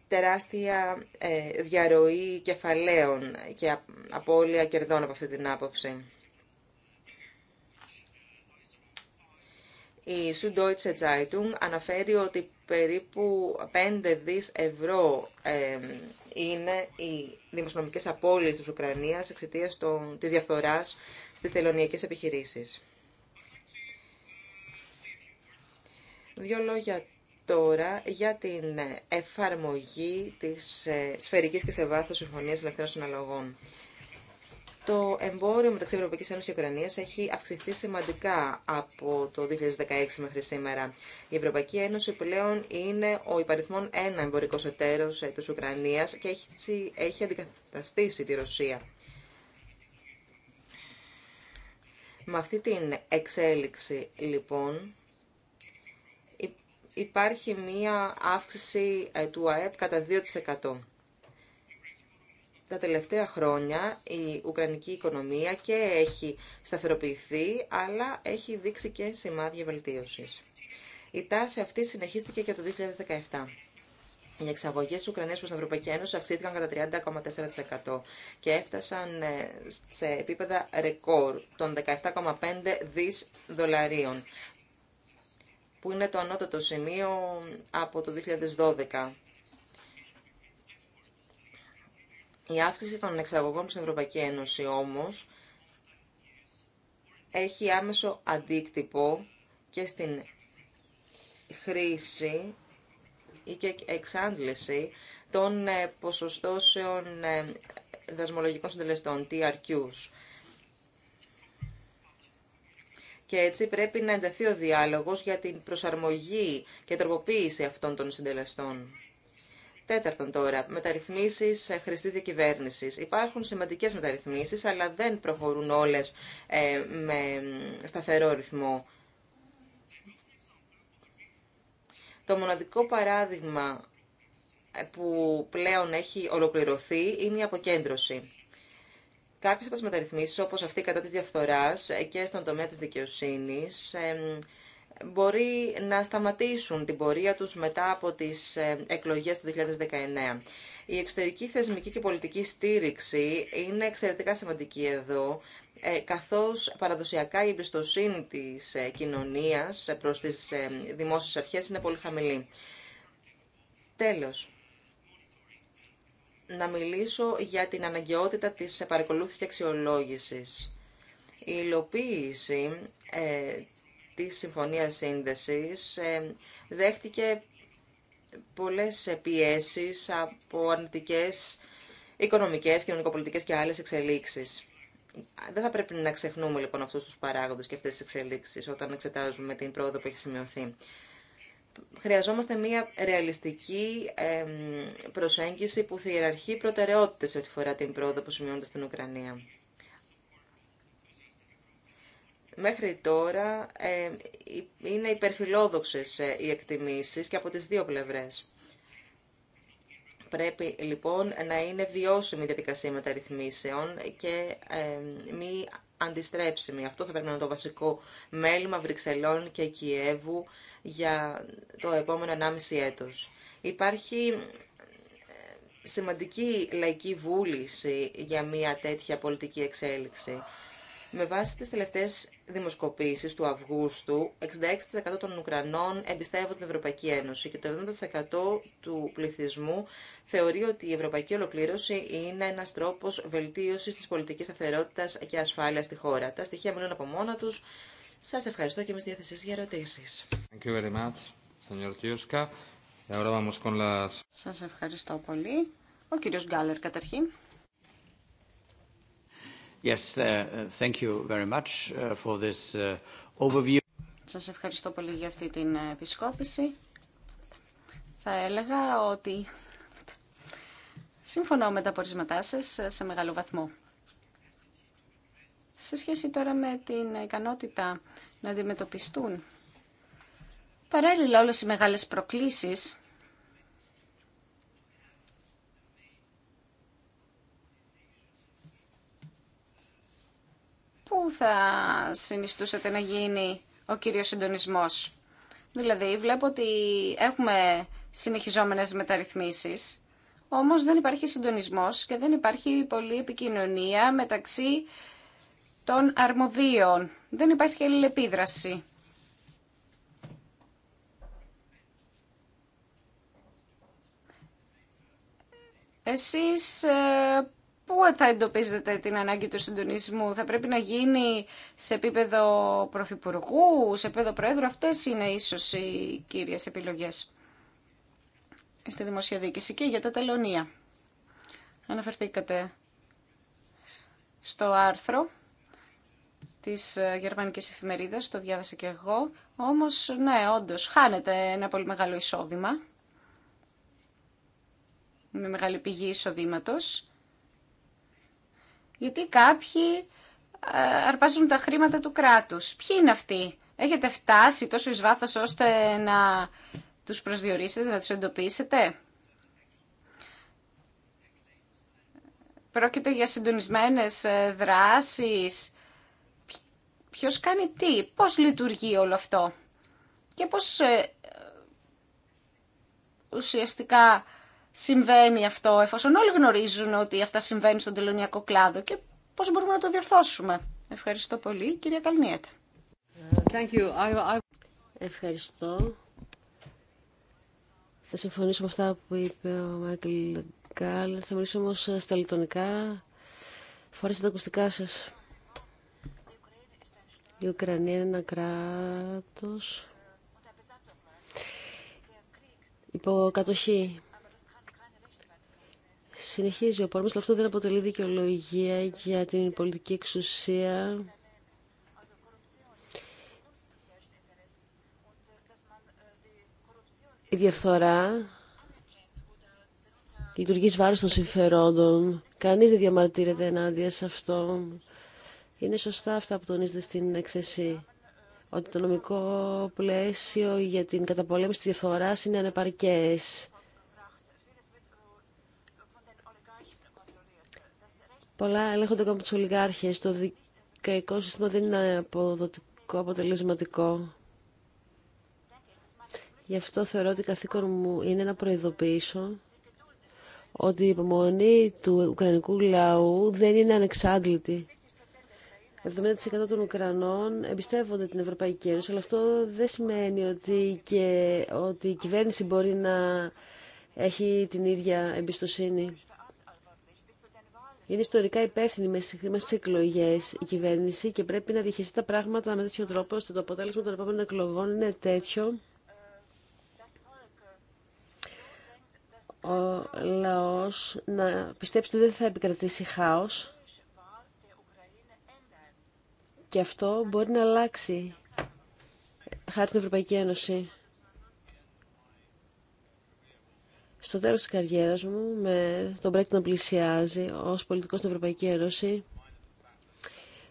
τεράστια ε, διαρροή κεφαλαίων και απώλεια κερδών από αυτή την άποψη. Η Süddeutsche Zeitung αναφέρει ότι περίπου 5 δις ευρώ ε, είναι οι δημοσιονομικές απώλειες της Ουκρανίας εξαιτίας των, της διαφθοράς στις θελωνιακές επιχειρήσεις. Δύο Τώρα για την ε, εφαρμογή της ε, σφαιρικής και σε βάθος συμφωνίας ελευθερών συναλλαγών. Το εμπόριο μεταξύ Ευρωπαϊκής Ένωσης και Ουκρανίας έχει αυξηθεί σημαντικά από το 2016 μέχρι σήμερα. Η Ευρωπαϊκή Ένωση πλέον είναι ο υπαριθμόν ένα εμπορικός εταίρος ε, της Ουκρανίας και έχει, έχει αντικαταστήσει τη Ρωσία. Με αυτή την εξέλιξη λοιπόν υπάρχει μία αύξηση ε, του ΑΕΠ κατά 2%. Τα τελευταία χρόνια η Ουκρανική οικονομία και έχει σταθεροποιηθεί, αλλά έχει δείξει και σημάδια βελτίωσης. Η τάση αυτή συνεχίστηκε και το 2017. Οι εξαγωγέ της Ουκρανία προ την Ευρωπαϊκή Ένωση αυξήθηκαν κατά 30,4% και έφτασαν ε, σε επίπεδα ρεκόρ των 17,5 δι δολαρίων που είναι το ανώτατο σημείο από το 2012. Η αύξηση των εξαγωγών στην Ευρωπαϊκή Ένωση όμως έχει άμεσο αντίκτυπο και στην χρήση ή και εξάντληση των ε, ποσοστώσεων ε, δασμολογικών συντελεστών, TRQs και έτσι πρέπει να ενταθεί ο διάλογος για την προσαρμογή και τροποποίηση αυτών των συντελεστών. Τέταρτον τώρα, μεταρρυθμίσει ε, χρηστή διακυβέρνηση. Υπάρχουν σημαντικέ μεταρρυθμίσει, αλλά δεν προχωρούν όλε ε, με σταθερό ρυθμό. Το μοναδικό παράδειγμα ε, που πλέον έχει ολοκληρωθεί είναι η αποκέντρωση. Κάποιες από τις μεταρρυθμίσεις, όπως αυτή κατά της διαφθοράς ε, και στον τομέα της δικαιοσύνης, μπορεί να σταματήσουν την πορεία τους μετά από τις ε, εκλογές του 2019. Η εξωτερική θεσμική και πολιτική στήριξη είναι εξαιρετικά σημαντική εδώ, ε, καθώς παραδοσιακά η εμπιστοσύνη της κοινωνίας προς τις δημόσιες αρχές είναι πολύ χαμηλή. Τέλος, να μιλήσω για την αναγκαιότητα της παρακολούθησης και αξιολόγησης. Η υλοποίηση ε, της Συμφωνίας Σύνδεσης ε, δέχτηκε πολλές πιέσεις από αρνητικές οικονομικές, κοινωνικοπολιτικές και άλλες εξελίξεις. Δεν θα πρέπει να ξεχνούμε λοιπόν αυτούς τους παράγοντες και αυτές τις εξελίξεις όταν εξετάζουμε την πρόοδο που έχει σημειωθεί χρειαζόμαστε μια ρεαλιστική προσέγγιση που θα ιεραρχεί προτεραιότητες τη φορά την πρόοδο που σημειώνεται στην Ουκρανία. Μέχρι τώρα είναι υπερφιλόδοξες ε, οι εκτιμήσεις και από τις δύο πλευρές. Πρέπει λοιπόν να είναι βιώσιμη η διαδικασία μεταρρυθμίσεων και μη αντιστρέψιμη. Αυτό θα πρέπει να είναι το βασικό μέλημα Βρυξελών και Κιέβου για το επόμενο 1,5 έτος. Υπάρχει ε, σημαντική λαϊκή βούληση για μια τέτοια πολιτική εξέλιξη. Με βάση τις τελευταίες δημοσκοπήσεις του Αυγούστου, 66% των Ουκρανών εμπιστεύονται την Ευρωπαϊκή Ένωση και το 70% του πληθυσμού θεωρεί ότι η ευρωπαϊκή ολοκλήρωση είναι ένας τρόπος βελτίωσης της πολιτικής σταθερότητας και ασφάλειας στη χώρα. Τα στοιχεία μιλούν από μόνα τους σας ευχαριστώ και με στη διάθεσή για ερωτήσεις. Thank Σας ευχαριστώ πολύ. Ο κύριος Γκάλερ καταρχήν. Yes, uh, thank you very much uh, for this uh, overview. Σας ευχαριστώ πολύ για αυτή την επισκόπηση. Θα έλεγα ότι συμφωνώ με τα πορίσματά σας σε μεγάλο βαθμό. Σε σχέση τώρα με την ικανότητα να αντιμετωπιστούν παράλληλα όλες οι μεγάλες προκλήσεις πού θα συνιστούσατε να γίνει ο κύριος συντονισμός. Δηλαδή βλέπω ότι έχουμε συνεχιζόμενες μεταρρυθμίσεις, όμως δεν υπάρχει συντονισμός και δεν υπάρχει πολλή επικοινωνία μεταξύ των αρμοδίων. Δεν υπάρχει αλληλεπίδραση. Εσείς ε, πού θα εντοπίζετε την ανάγκη του συντονισμού, θα πρέπει να γίνει σε επίπεδο πρωθυπουργού, σε επίπεδο προέδρου, αυτές είναι ίσως οι κύριες επιλογές στη δημοσία διοίκηση και για τα τελωνία. Αναφερθήκατε στο άρθρο της ε, γερμανικής εφημερίδας, το διάβασα και εγώ. Όμως, ναι, όντως, χάνεται ένα πολύ μεγάλο εισόδημα. Με μεγάλη πηγή εισοδήματο. Γιατί κάποιοι ε, αρπάζουν τα χρήματα του κράτους. Ποιοι είναι αυτοί. Έχετε φτάσει τόσο εις βάθος ώστε να τους προσδιορίσετε, να τους εντοπίσετε. Πρόκειται για συντονισμένες ε, δράσεις Ποιος κάνει τι, πώς λειτουργεί όλο αυτό και πώς ε, ουσιαστικά συμβαίνει αυτό εφόσον όλοι γνωρίζουν ότι αυτά συμβαίνουν στον τελωνιακό κλάδο και πώς μπορούμε να το διορθώσουμε. Ευχαριστώ πολύ, κυρία Καλνιέτ. Ευχαριστώ. Θα συμφωνήσω με αυτά που είπε ο Μάικλ Γκάλ. Θα μιλήσω όμως στα λιτωνικά. Φορέστε τα ακουστικά σας. Η Ουκρανία είναι ένα κράτος υποκατοχή. Συνεχίζει ο πόλεμος, αλλά αυτό δεν αποτελεί δικαιολογία για την πολιτική εξουσία Η διαφθορά λειτουργεί βάρος των συμφερόντων. Κανείς δεν διαμαρτύρεται ενάντια σε αυτό. Είναι σωστά αυτά που τονίζεται στην έκθεση ότι το νομικό πλαίσιο για την καταπολέμηση της διαφοράς είναι ανεπαρκές. Πολλά ελέγχονται από τους ολιγάρχες. Το δικαϊκό σύστημα δεν είναι αποδοτικό, αποτελεσματικό. Γι' αυτό θεωρώ ότι καθήκον μου είναι να προειδοποιήσω ότι η υπομονή του Ουκρανικού λαού δεν είναι ανεξάντλητη. 70% των Ουκρανών εμπιστεύονται την Ευρωπαϊκή Ένωση, αλλά αυτό δεν σημαίνει ότι, και, ότι η κυβέρνηση μπορεί να έχει την ίδια εμπιστοσύνη. Είναι ιστορικά υπεύθυνη με στι εκλογέ η κυβέρνηση και πρέπει να διαχειριστεί τα πράγματα με τέτοιο τρόπο ώστε το αποτέλεσμα των επόμενων εκλογών είναι τέτοιο. Ο λαός να πιστέψει ότι δεν θα επικρατήσει χάος και αυτό μπορεί να αλλάξει χάρη στην Ευρωπαϊκή Ένωση. Στο τέλος της καριέρας μου, με τον Brexit να πλησιάζει ως πολιτικός στην Ευρωπαϊκή Ένωση,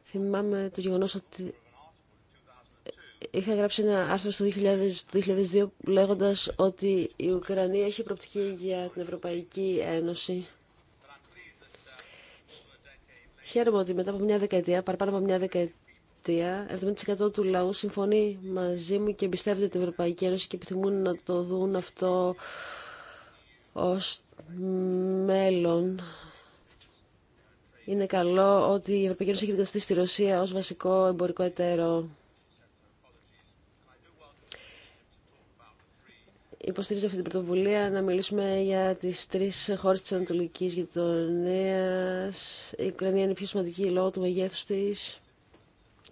θυμάμαι το γεγονός ότι είχα γράψει ένα άρθρο στο 2002 λέγοντας ότι η Ουκρανία έχει προοπτική για την Ευρωπαϊκή Ένωση. Χαίρομαι ότι μετά από μια δεκαετία, παραπάνω από μια δεκαετία, Κροατία, 70% του λαού συμφωνεί μαζί μου και εμπιστεύεται την Ευρωπαϊκή Ένωση και επιθυμούν να το δουν αυτό ως μέλλον. Είναι καλό ότι η Ευρωπαϊκή Ένωση έχει δικαστεί στη Ρωσία ως βασικό εμπορικό εταίρο. Υποστηρίζω αυτή την πρωτοβουλία να μιλήσουμε για τις τρεις χώρες της Ανατολικής Γειτονίας. Η Ουκρανία είναι η πιο σημαντική λόγω του μεγέθους της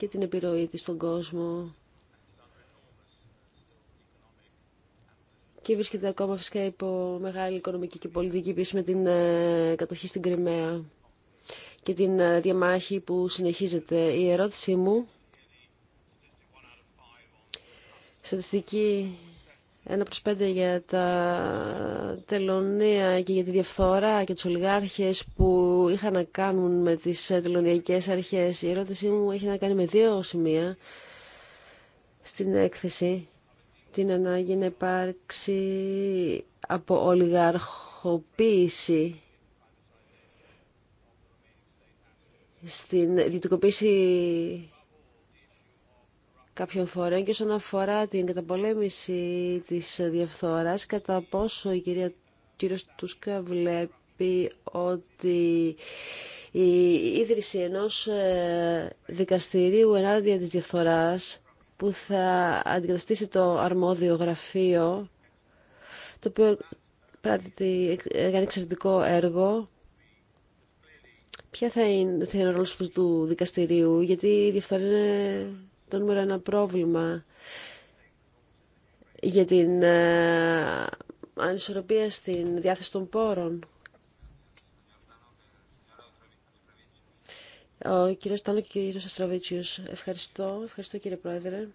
και την επιρροή της στον κόσμο. Και βρίσκεται ακόμα φυσικά υπό μεγάλη οικονομική και πολιτική πίεση με την ε, κατοχή στην Κρυμαία και την ε, διαμάχη που συνεχίζεται. Η ερώτησή μου, στατιστική 1 προς 5 για τα τελωνία και για τη διαφθορά και τους ολιγάρχες που είχα να κάνουν με τις ε, τελωνιακές αρχές. Η ερώτησή μου έχει να κάνει με δύο σημεία στην έκθεση. Την ανάγκη να υπάρξει από ολιγαρχοποίηση στην δυτικοποίηση κάποιων φορέων και όσον αφορά την καταπολέμηση της διαφθοράς κατά πόσο η κυρία κύριος Τούσκα βλέπει ότι η ίδρυση ενός ε, δικαστηρίου ενάντια της διαφθοράς που θα αντικαταστήσει το αρμόδιο γραφείο το οποίο πράττει έκανε εξαιρετικό έργο Ποια θα είναι, θα είναι του δικαστηρίου, γιατί η διαφθορά είναι το νούμερο ένα πρόβλημα για την ε, ανισορροπία στην διάθεση των πόρων. Ο κύριο Τάνο και ο κύριο Ευχαριστώ. Ευχαριστώ κύριε Πρόεδρε.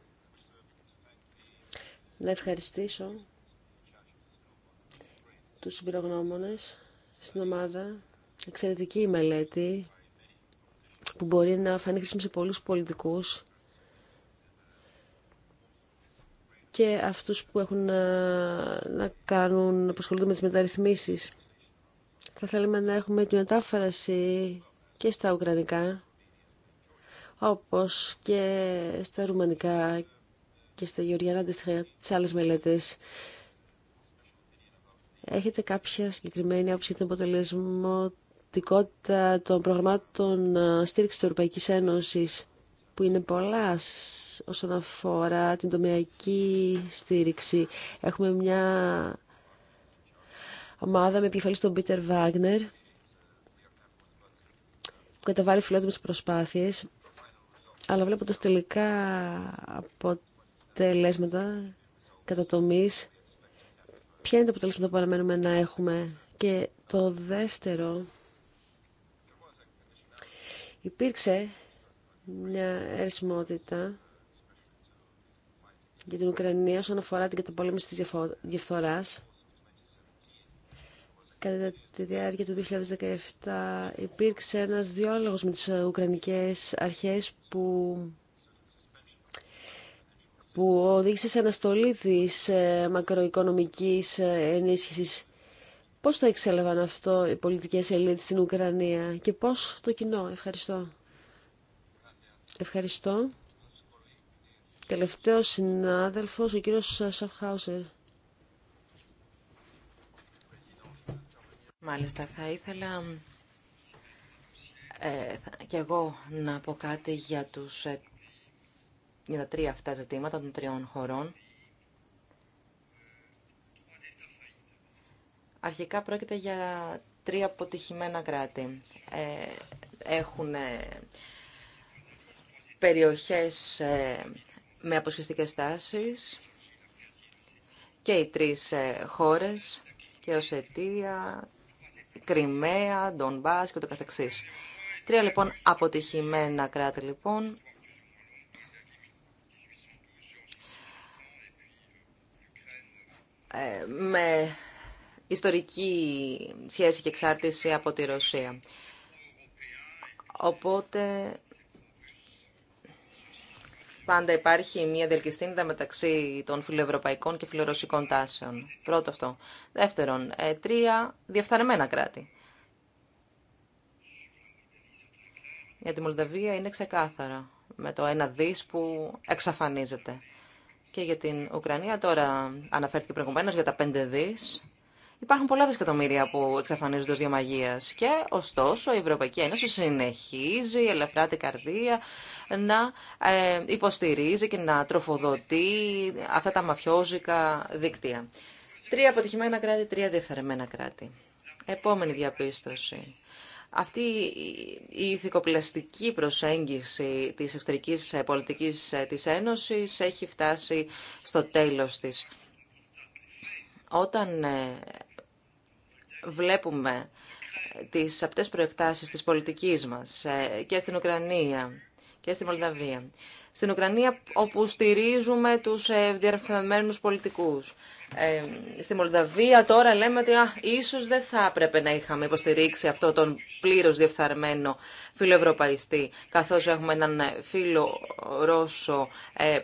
Να ευχαριστήσω τους συμπυρογνώμονες στην ομάδα. Εξαιρετική η μελέτη που μπορεί να φανεί χρήσιμη σε πολλούς πολιτικούς και αυτούς που έχουν ε, να κάνουν, να με τις μεταρρυθμίσεις. Θα θέλαμε να έχουμε τη μετάφραση και στα Ουκρανικά, όπως και στα Ρουμανικά και στα Γεωργιανά αντίστοιχα τις άλλες μελέτες. Έχετε κάποια συγκεκριμένη άποψη για την αποτελεσματικότητα των προγραμμάτων ε, στήριξης της Ευρωπαϊκής Ένωσης που είναι πολλά όσον αφορά την τομεακή στήριξη. Έχουμε μια ομάδα με επιφαλή στον Πίτερ Βάγνερ καταβάλει φιλότιμες προσπάθειες, αλλά βλέποντας τελικά αποτελέσματα κατά ποια είναι τα αποτελέσματα που αναμένουμε να έχουμε. Και το δεύτερο, υπήρξε μια αρισμότητα για την Ουκρανία όσον αφορά την καταπολέμηση της διαφθοράς κατά τη διάρκεια του 2017 υπήρξε ένας διάλογος με τις Ουκρανικές αρχές που που οδήγησε σε αναστολή της ε, μακροοικονομικής ε, ενίσχυσης. Πώς το εξέλαβαν αυτό οι πολιτικές ελίτ στην Ουκρανία και πώς το κοινό. Ευχαριστώ. Ευχαριστώ. Τελευταίος συνάδελφος, ο κύριος Σαφχάουσερ. Μάλιστα, θα ήθελα ε, και εγώ να πω κάτι για, τους, ε, για τα τρία αυτά ζητήματα των τριών χωρών. Αρχικά πρόκειται για τρία αποτυχημένα κράτη. Ε, έχουν περιοχές ε, με αποσχεστικές τάσεις και οι τρεις χώρες και ως αιτία Κρυμαία, Ντονμπάς και το καθεξής. Τρία λοιπόν αποτυχημένα κράτη λοιπόν. Ε, με ιστορική σχέση και εξάρτηση από τη Ρωσία. Οπότε πάντα υπάρχει μια διελκυστίνδα μεταξύ των φιλοευρωπαϊκών και φιλορωσικών τάσεων. Πρώτο αυτό. Δεύτερον, ε, τρία διεφθαρμένα κράτη. Για τη Μολδαβία είναι ξεκάθαρα με το ένα δις που εξαφανίζεται. Και για την Ουκρανία τώρα αναφέρθηκε προηγουμένως για τα πέντε δις Υπάρχουν πολλά δισεκατομμύρια που εξαφανίζονται ω διαμαγεία. και ωστόσο η Ευρωπαϊκή Ένωση συνεχίζει ελαφρά την καρδία να ε, υποστηρίζει και να τροφοδοτεί αυτά τα μαφιόζικα δίκτυα. Τρία αποτυχημένα κράτη, τρία διεφθαρμένα κράτη. Επόμενη διαπίστωση. Αυτή η ηθικοπλαστική προσέγγιση της εξωτερικής πολιτικής της Ένωσης έχει φτάσει στο τέλος της. Όταν ε, βλέπουμε τις απτές προεκτάσεις της πολιτικής μας ε, και στην Ουκρανία και στη Μολδαβία. Στην Ουκρανία όπου στηρίζουμε τους ε, διαρρευθυνμένους πολιτικούς. Ε, στη Μολδαβία τώρα λέμε ότι α, ίσως δεν θα έπρεπε να είχαμε υποστηρίξει αυτό τον πλήρως διεφθαρμένο φιλοευρωπαϊστή, καθώς έχουμε έναν φίλο Ρώσο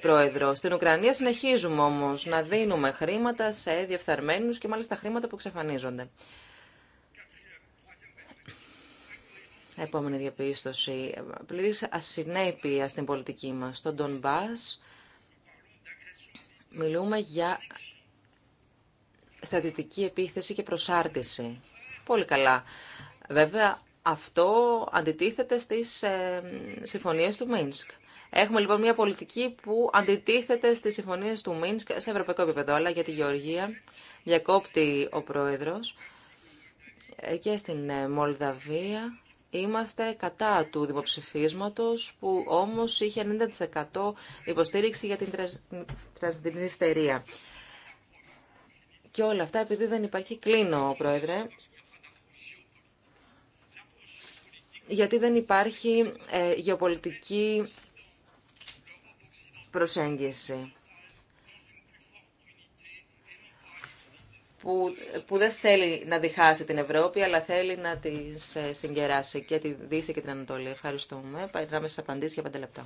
πρόεδρο. Στην Ουκρανία συνεχίζουμε όμως να δίνουμε χρήματα σε διεφθαρμένους και μάλιστα χρήματα που εξαφανίζονται. Επόμενη διαπίστωση. Πλήρη ασυνέπεια στην πολιτική μας. Στον Τον μιλούμε για στρατιωτική επίθεση και προσάρτηση. Πολύ καλά. Βέβαια, αυτό αντιτίθεται στις ε, συμφωνίες του Μίνσκ. Έχουμε λοιπόν μια πολιτική που αντιτίθεται στις συμφωνίες του Μίνσκ σε ευρωπαϊκό επίπεδο, αλλά για τη Γεωργία διακόπτει ο πρόεδρος ε, και στην ε, Μολδαβία Είμαστε κατά του δημοψηφίσματος που όμως είχε 90% υποστήριξη για την τρανσδινιστερία. Και όλα αυτά επειδή δεν υπάρχει κλίνο, Πρόεδρε, γιατί δεν υπάρχει ε, γεωπολιτική προσέγγιση. που, δεν θέλει να διχάσει την Ευρώπη, αλλά θέλει να τη ε, συγκεράσει και τη Δύση και την Ανατολή. Ευχαριστούμε. Περνάμε στι απαντήσει για πέντε λεπτά.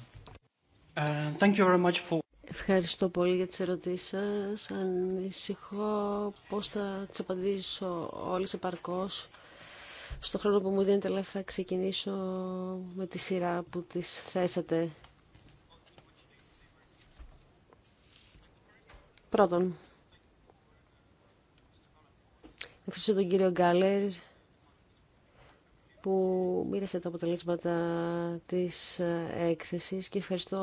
Ε, Ευχαριστώ πολύ για τις ερωτήσεις σας. Ανησυχώ πώς θα τις απαντήσω όλες επαρκώς. Στο χρόνο που μου δίνετε, αλλά θα ξεκινήσω με τη σειρά που τις θέσατε. Πρώτον, Ευχαριστώ τον κύριο Γκάλερ που μοίρασε τα αποτελέσματα της ε, έκθεσης και ευχαριστώ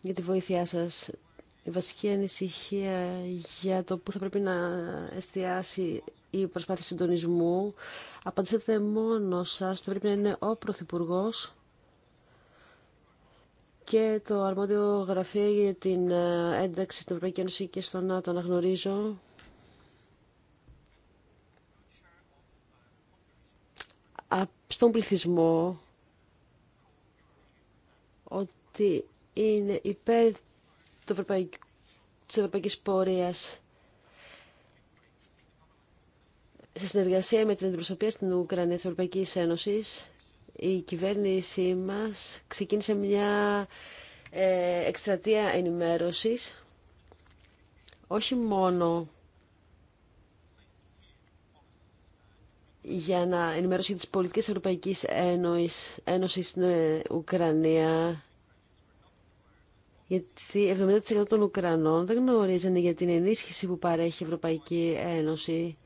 για τη βοήθειά σας. Η βασική ανησυχία για το που θα πρέπει να εστιάσει η προσπάθεια συντονισμού απαντήσετε μόνο σας, θα πρέπει να είναι ο Πρωθυπουργός και το αρμόδιο γραφείο για την ε, ένταξη στην Ευρωπαϊκή Ένωση και στο ΝΑΤΟ αναγνωρίζω. Στον πληθυσμό ότι είναι υπέρ της ευρωπαϊκής πορείας σε συνεργασία με την αντιπροσωπεία στην Ουκρανία της Ευρωπαϊκής Ένωσης η κυβέρνησή μας ξεκίνησε μια ε, εκστρατεία ενημέρωσης όχι μόνο για να ενημερώσει τις πολιτικές Ευρωπαϊκής Ένωσης, Ένωσης ε, στην Ουκρανία γιατί 70% των Ουκρανών δεν γνωρίζανε για την ενίσχυση που παρέχει η Ευρωπαϊκή Ένωση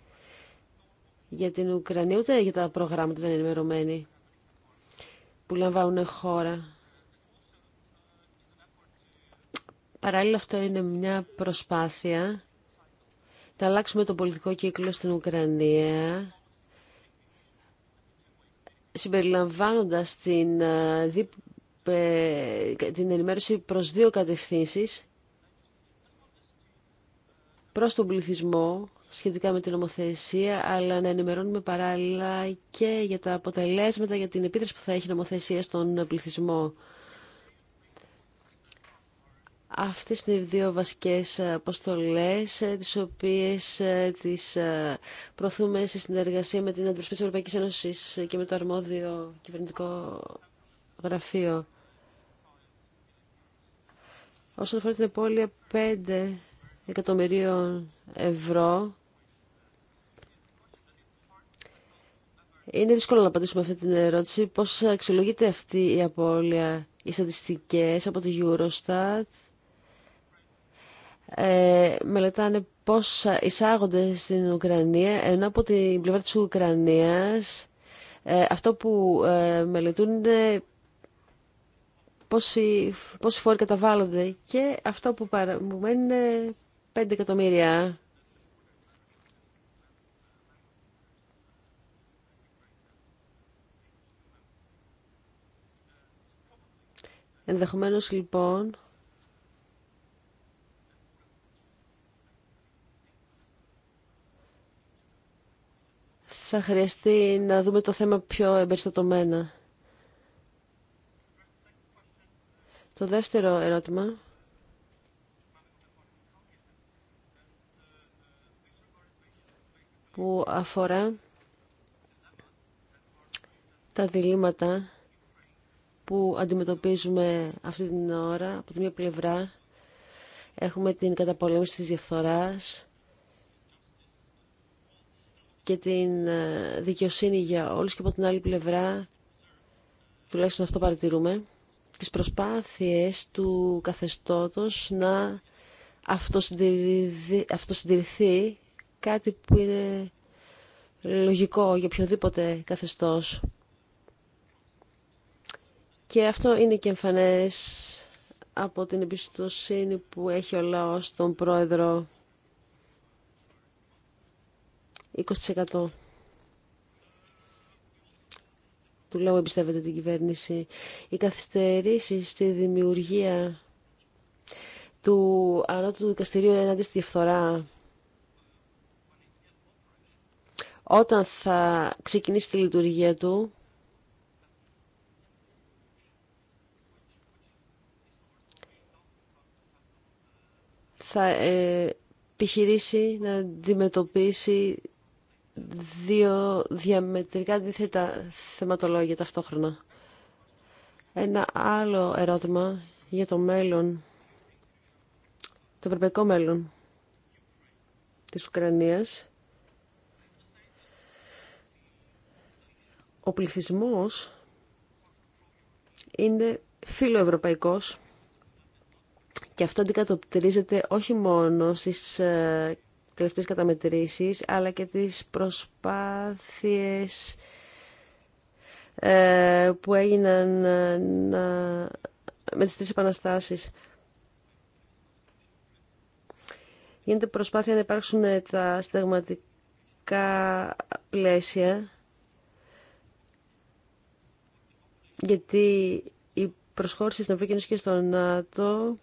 για την Ουκρανία ούτε για τα προγράμματα δεν είναι ενημερωμένοι που λαμβάνουν χώρα. Παράλληλα αυτό είναι μια προσπάθεια να αλλάξουμε τον πολιτικό κύκλο στην Ουκρανία συμπεριλαμβάνοντας την, ε, ε, την ενημέρωση προς δύο κατευθύνσεις προς τον πληθυσμό σχετικά με την νομοθεσία, αλλά να ενημερώνουμε παράλληλα και για τα αποτελέσματα, για την επίδραση που θα έχει η νομοθεσία στον πληθυσμό. Αυτές είναι οι δύο βασικές αποστολές, τις οποίες ε, τις ε, προωθούμε σε συνεργασία με την Αντιπροσπέση της Ευρωπαϊκής Ένωσης και με το αρμόδιο κυβερνητικό γραφείο. Όσον αφορά την επόλυα πέντε εκατομμυρίων ευρώ. Είναι δύσκολο να απαντήσουμε αυτή την ερώτηση. Πώς αξιολογείται αυτή η απώλεια, οι στατιστικές από το Eurostat. Ε, μελετάνε πώς εισάγονται στην Ουκρανία, ενώ από την πλευρά της Ουκρανίας ε, αυτό που ε, μελετούν είναι πόσοι, πόσοι φόροι καταβάλλονται και αυτό που, παρα, 5 εκατομμύρια Ενδεχομένως λοιπόν θα χρειαστεί να δούμε το θέμα πιο εμπεριστατωμένα. Το δεύτερο ερώτημα που αφορά τα διλήμματα που αντιμετωπίζουμε αυτή την ώρα. Από τη μία πλευρά έχουμε την καταπολέμηση της διαφθοράς και την ε, δικαιοσύνη για όλους και από την άλλη πλευρά, τουλάχιστον αυτό παρατηρούμε, τις προσπάθειες του καθεστώτος να αυτοσυντηρηθεί κάτι που είναι λογικό για οποιοδήποτε καθεστώς. Και αυτό είναι και εμφανές από την εμπιστοσύνη που έχει ο λαός στον πρόεδρο 20% του λαού εμπιστεύεται την κυβέρνηση. Οι καθυστερήσει στη δημιουργία του ανώτου δικαστηρίου εναντί στη διαφθορά όταν θα ξεκινήσει τη λειτουργία του θα ε, επιχειρήσει να αντιμετωπίσει δύο διαμετρικά αντίθετα θεματολόγια ταυτόχρονα. Ένα άλλο ερώτημα για το μέλλον, το ευρωπαϊκό μέλλον της Ουκρανίας. Ο πληθυσμός είναι φιλοευρωπαϊκός και αυτό αντικατοπτρίζεται όχι μόνο στις ε, τελευταίες καταμετρήσεις, αλλά και τις προσπάθειες ε, που έγιναν ε, με τις τρεις επαναστάσεις. Γίνεται προσπάθεια να υπάρξουν τα συνταγματικά πλαίσια γιατί οι προσχώρηση στην Ευρωπαϊκή και στο ΝΑΤΟ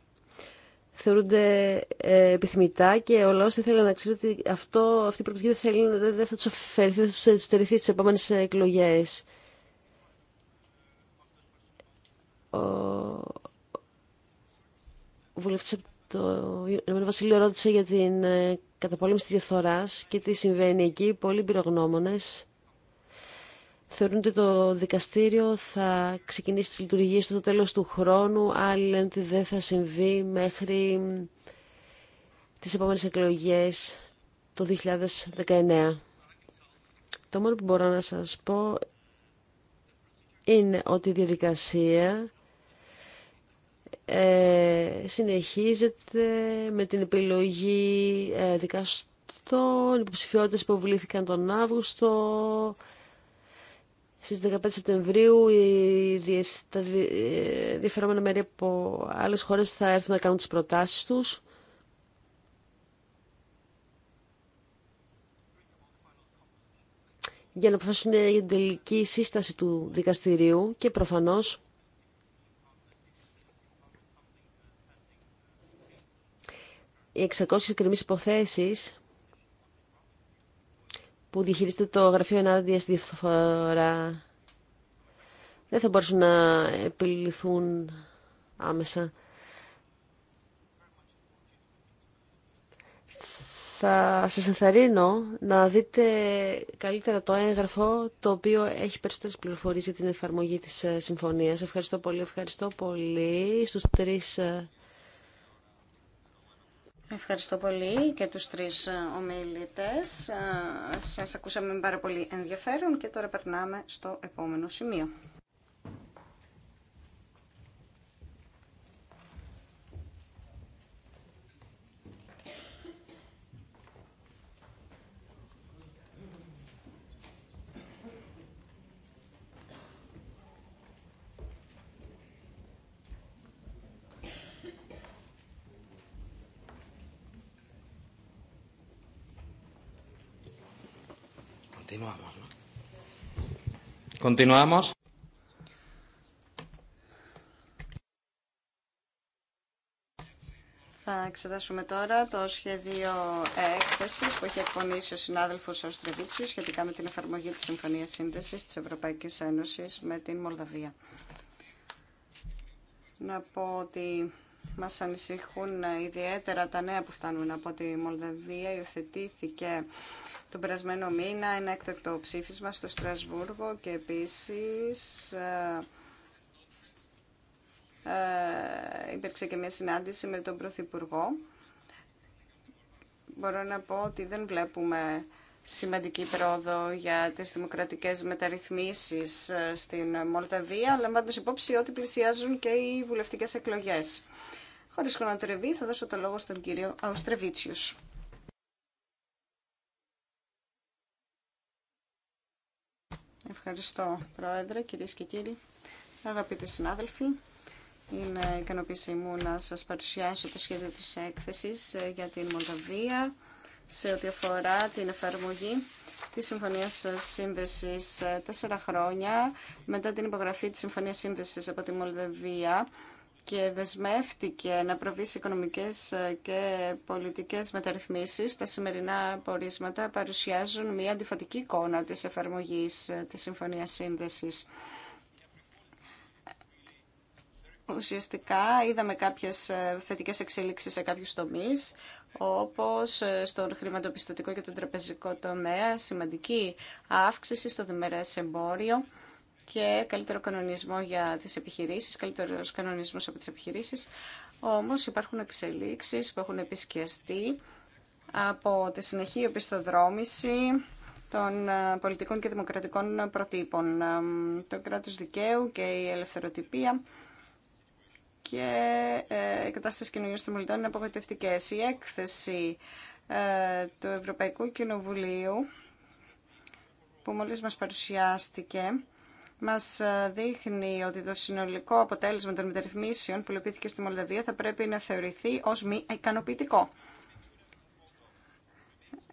θεωρούνται ε, επιθυμητά και ο λαός δεν ήθελε να ξέρει ότι αυτό, αυτή η προοπτική δεν, θα τους αφαιρεθεί, δεν θα τους στερηθεί στις επόμενες εκλογές. Ο βουλευτής από το Ινωμένο Βασίλειο ρώτησε για την ε, καταπολέμηση της διαφθοράς και τι συμβαίνει εκεί. Πολλοί πυρογνώμονες θεωρούν ότι το δικαστήριο θα ξεκινήσει τις λειτουργίες του το τέλος του χρόνου, άλλοι λένε ότι δεν θα συμβεί μέχρι τις επόμενες εκλογές το 2019. Το μόνο που μπορώ να σας πω είναι ότι η διαδικασία ε, συνεχίζεται με την επιλογή ε, δικαστών, υποψηφιότητες που βουλήθηκαν τον Αύγουστο, στις 15 Σεπτεμβρίου τα διαφερόμενα ε, μέρη από άλλες χώρες θα έρθουν να κάνουν τις προτάσεις τους. για να αποφασίσουν για την τελική σύσταση του δικαστηρίου και προφανώς οι 600 εκκρεμείς υποθέσεις που διαχειρίζεται το γραφείο ενάντια στη διαφθορά δεν θα μπορούσαν να επιληθούν άμεσα. Θα σας ενθαρρύνω να δείτε καλύτερα το έγγραφο το οποίο έχει περισσότερες πληροφορίες για την εφαρμογή της ε, συμφωνίας. Ευχαριστώ πολύ. Ευχαριστώ πολύ στους τρεις ε, Ευχαριστώ πολύ και τους τρεις ε, ομιλητές. Ε, σας ακούσαμε με πάρα πολύ ενδιαφέρον και τώρα περνάμε στο επόμενο σημείο. Continuamos, ¿no? Continuamos. Θα εξετάσουμε τώρα το σχέδιο έκθεση που έχει εκπονήσει ο συνάδελφο Αστροβίτσιο σχετικά με την εφαρμογή τη Συμφωνία Σύνδεση τη Ευρωπαϊκή Ένωση με την Μολδαβία. Να πω ότι μας ανησυχούν ιδιαίτερα τα νέα που φτάνουν από τη Μολδαβία. Υιοθετήθηκε τον περασμένο μήνα ένα έκτακτο ψήφισμα στο Στρασβούργο και επίσης ε, ε, υπήρξε και μια συνάντηση με τον Πρωθυπουργό. Μπορώ να πω ότι δεν βλέπουμε σημαντική πρόοδο για τις δημοκρατικές μεταρρυθμίσεις ε, στην Μολδαβία, λαμβάνοντας υπόψη ότι πλησιάζουν και οι βουλευτικές εκλογές. Χωρίς χρονοτρεβή θα δώσω το λόγο στον κύριο Αουστρεβίτσιους. Ευχαριστώ, Πρόεδρε, κυρίες και κύριοι, αγαπητοί συνάδελφοι. Είναι ικανοποίησή μου να σας παρουσιάσω το σχέδιο της έκθεσης ε, για την Μολδαβία σε ό,τι αφορά την εφαρμογή τη Συμφωνία Σύνδεση ε, τέσσερα χρόνια μετά την υπογραφή τη Συμφωνία Σύνδεση από τη Μολδαβία και δεσμεύτηκε να προβεί σε οικονομικές ε, και πολιτικές μεταρρυθμίσεις. Τα σημερινά πορίσματα παρουσιάζουν μια αντιφατική εικόνα της εφαρμογής ε, της συμφωνία σύνδεση. Ουσιαστικά είδαμε κάποιες θετικές εξελίξεις σε κάποιους τομείς, όπως ε, στον χρηματοπιστωτικό και τον τραπεζικό τομέα, σημαντική αύξηση στο διμερές εμπόριο και καλύτερο κανονισμό για τις επιχειρήσεις, καλύτερος κανονισμός από τις επιχειρήσεις. Όμως υπάρχουν εξελίξεις που έχουν επισκιαστεί από τη συνεχή επιστοδρόμηση των ε, πολιτικών και δημοκρατικών προτύπων, ε, το κράτος δικαίου και η ελευθεροτυπία και οι ε, κατάστασεις κοινωνίας των πολιτών είναι απογοητευτικές. Η έκθεση ε, του Ευρωπαϊκού Κοινοβουλίου που μόλις μας παρουσιάστηκε μας ε, δείχνει ότι το συνολικό αποτέλεσμα των μεταρρυθμίσεων που υλοποιήθηκε στη Μολδαβία θα πρέπει να θεωρηθεί ως μη ικανοποιητικό.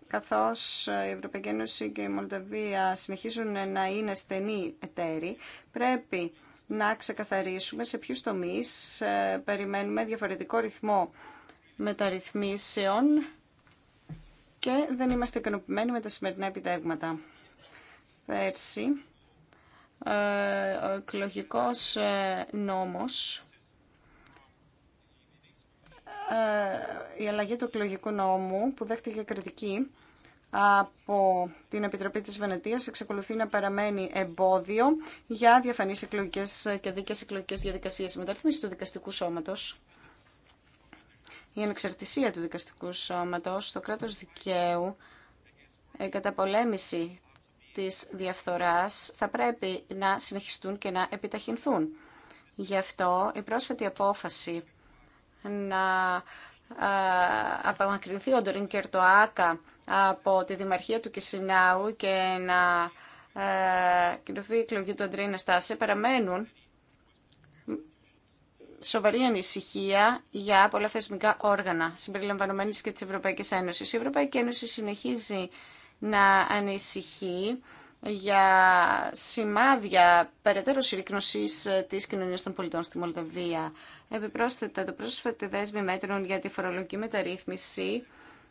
Καθώς η Ευρωπαϊκή Ένωση και η Μολδαβία συνεχίζουν να είναι στενοί εταίροι, πρέπει να ξεκαθαρίσουμε σε ποιους τομείς ε, περιμένουμε διαφορετικό ρυθμό μεταρρυθμίσεων και δεν είμαστε ικανοποιημένοι με τα σημερινά επιτέγματα. Πέρσι, ε, ο ε, νόμος, η αλλαγή του εκλογικού νόμου που δέχτηκε κριτική, από την Επιτροπή της Βενετίας εξακολουθεί να παραμένει εμπόδιο για διαφανείς εκλογικές και δίκαιες εκλογικές διαδικασίες. Η μεταρρύθμιση του δικαστικού σώματος, η ανεξαρτησία του δικαστικού σώματος, το κράτος δικαίου, η καταπολέμηση της διαφθοράς θα πρέπει να συνεχιστούν και να επιταχυνθούν. Γι' αυτό η πρόσφατη απόφαση να απομακρυνθεί ο Ντορίν Κερτοάκα από τη Δημαρχία του Κισινάου και να ε, κληρωθεί η εκλογή του Αντρέινα Στάση παραμένουν σοβαρή ανησυχία για πολλά θεσμικά όργανα, συμπεριλαμβανομένης και της Ευρωπαϊκής Ένωσης. Η Ευρωπαϊκή Ένωση συνεχίζει να ανησυχεί για σημάδια περαιτέρω συρρήκνωση ε, τη κοινωνία των πολιτών στη Μολδαβία. Επιπρόσθετα, το πρόσφατο δέσμη μέτρων για τη φορολογική μεταρρύθμιση,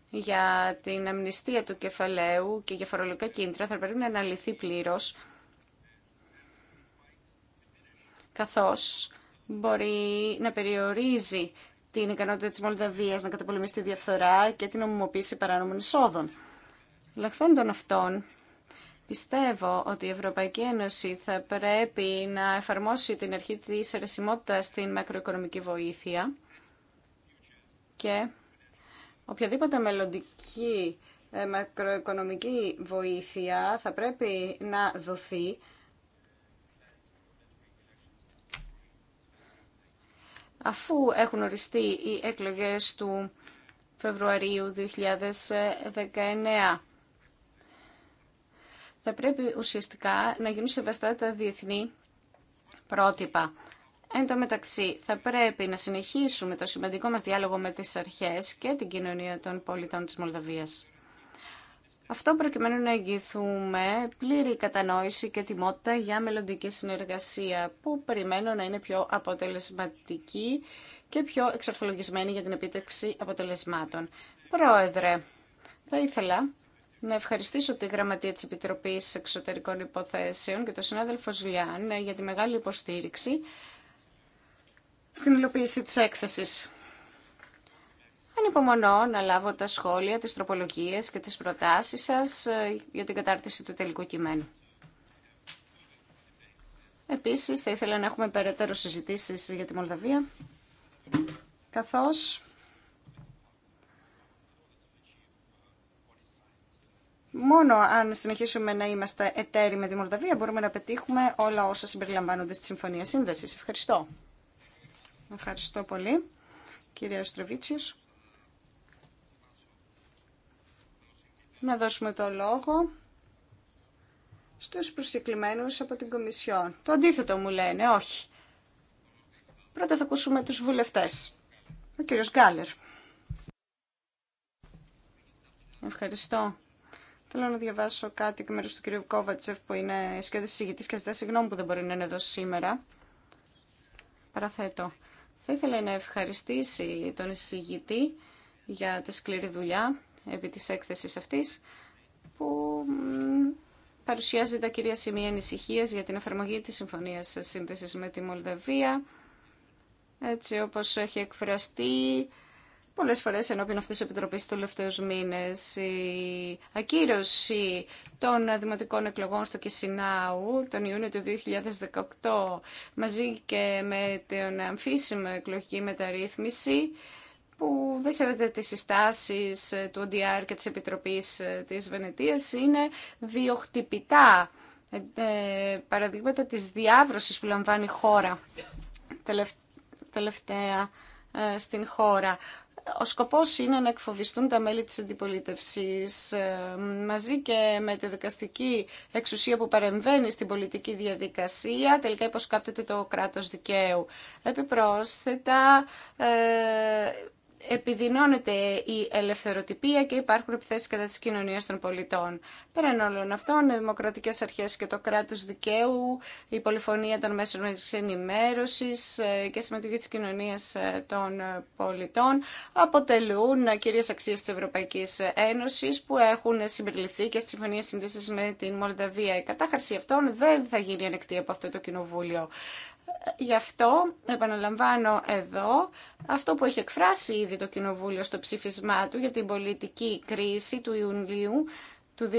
για την αμνηστία του κεφαλαίου και για φορολογικά κίνητρα θα πρέπει να αναλυθεί πλήρω, καθώ μπορεί να περιορίζει την ικανότητα της Μολδαβίας να καταπολεμήσει τη διαφθορά και την ομιμοποίηση παράνομων εισόδων. Λαχθόντων αυτών, Πιστεύω ότι η Ευρωπαϊκή Ένωση θα πρέπει να εφαρμόσει την αρχή της αιρεσιμότητας στην μακροοικονομική βοήθεια και οποιαδήποτε μελλοντική ε, μακροοικονομική βοήθεια θα πρέπει να δοθεί αφού έχουν οριστεί οι εκλογές του Φεβρουαρίου 2019 θα πρέπει ουσιαστικά να γίνουν σεβαστά τα διεθνή πρότυπα. Εν τω μεταξύ, θα πρέπει να συνεχίσουμε το σημαντικό μας διάλογο με τις αρχές και την κοινωνία των πολιτών της Μολδαβίας. Αυτό προκειμένου να εγγυηθούμε πλήρη κατανόηση και τιμότητα για μελλοντική συνεργασία, που περιμένω να είναι πιο αποτελεσματική και πιο εξορθολογισμένη για την επίτευξη αποτελεσμάτων. Πρόεδρε, θα ήθελα να ευχαριστήσω τη Γραμματεία της Επιτροπής Εξωτερικών Υποθέσεων και τον συνάδελφο Ζουλιάν ε, για τη μεγάλη υποστήριξη στην υλοποίηση της έκθεσης. Ανυπομονώ να λάβω τα σχόλια, τις τροπολογίες και τις προτάσεις σας ε, για την κατάρτιση του τελικού κειμένου. Επίσης, θα ήθελα να έχουμε περαιτέρω συζητήσεις για τη Μολδαβία, καθώς Μόνο αν συνεχίσουμε να είμαστε εταίροι με τη Μολδαβία μπορούμε να πετύχουμε όλα όσα συμπεριλαμβάνονται στη Συμφωνία σύνδεση. Ευχαριστώ. Ευχαριστώ πολύ, κύριε Αστροβίτσιο. Να δώσουμε το λόγο στους προσκεκλημένους από την Κομισιόν. Το αντίθετο μου λένε, όχι. Πρώτα θα ακούσουμε τους βουλευτές. Ο κύριος Γκάλερ. Ευχαριστώ. Θέλω να διαβάσω κάτι εκ μέρου του κ. Κόβατσεφ που είναι σχέδιο συζητητής και ζητά συγγνώμη που δεν μπορεί να είναι εδώ σήμερα. Παραθέτω. Θα ήθελα να ευχαριστήσει τον εισηγητή για τη σκληρή δουλειά επί της έκθεσης αυτής που παρουσιάζει τα κυρία σημεία ανησυχία για την εφαρμογή της Συμφωνίας σύνδεση με τη Μολδαβία έτσι όπως έχει εκφραστεί πολλές φορές ενώπιον αυτής της Επιτροπής του τελευταίους μήνες η ακύρωση των δημοτικών εκλογών στο Κισινάου τον Ιούνιο του 2018 μαζί και με την αμφίσιμη εκλογική μεταρρύθμιση που δεν σέβεται τις συστάσεις του ODR και της Επιτροπής της Βενετίας είναι διοχτυπητά ε, παραδείγματα της διάβρωσης που λαμβάνει η χώρα τελευταία ε, στην χώρα. Ο σκοπός είναι να εκφοβιστούν τα μέλη της αντιπολίτευσης ε, μαζί και με τη δικαστική εξουσία που παρεμβαίνει στην πολιτική διαδικασία τελικά υποσκάπτεται το κράτος δικαίου. Επιπρόσθετα ε, επιδεινώνεται η ελευθεροτυπία και υπάρχουν επιθέσεις κατά της κοινωνίας των πολιτών. Πέραν όλων αυτών, οι δημοκρατικές αρχές και το κράτος δικαίου, η πολυφωνία των μέσων ενημέρωσης ε, και η συμμετοχή της κοινωνίας ε, των ε, πολιτών αποτελούν κυρίες αξίες της Ευρωπαϊκής Ένωσης που έχουν συμπεριληφθεί και στη Συμφωνία με την Μολδαβία. Η κατάχαρση αυτών δεν θα γίνει ανεκτή από αυτό το Κοινοβούλιο. Γι' αυτό επαναλαμβάνω εδώ αυτό που έχει εκφράσει ήδη το Κοινοβούλιο στο ψήφισμά του για την πολιτική κρίση του Ιουνίου του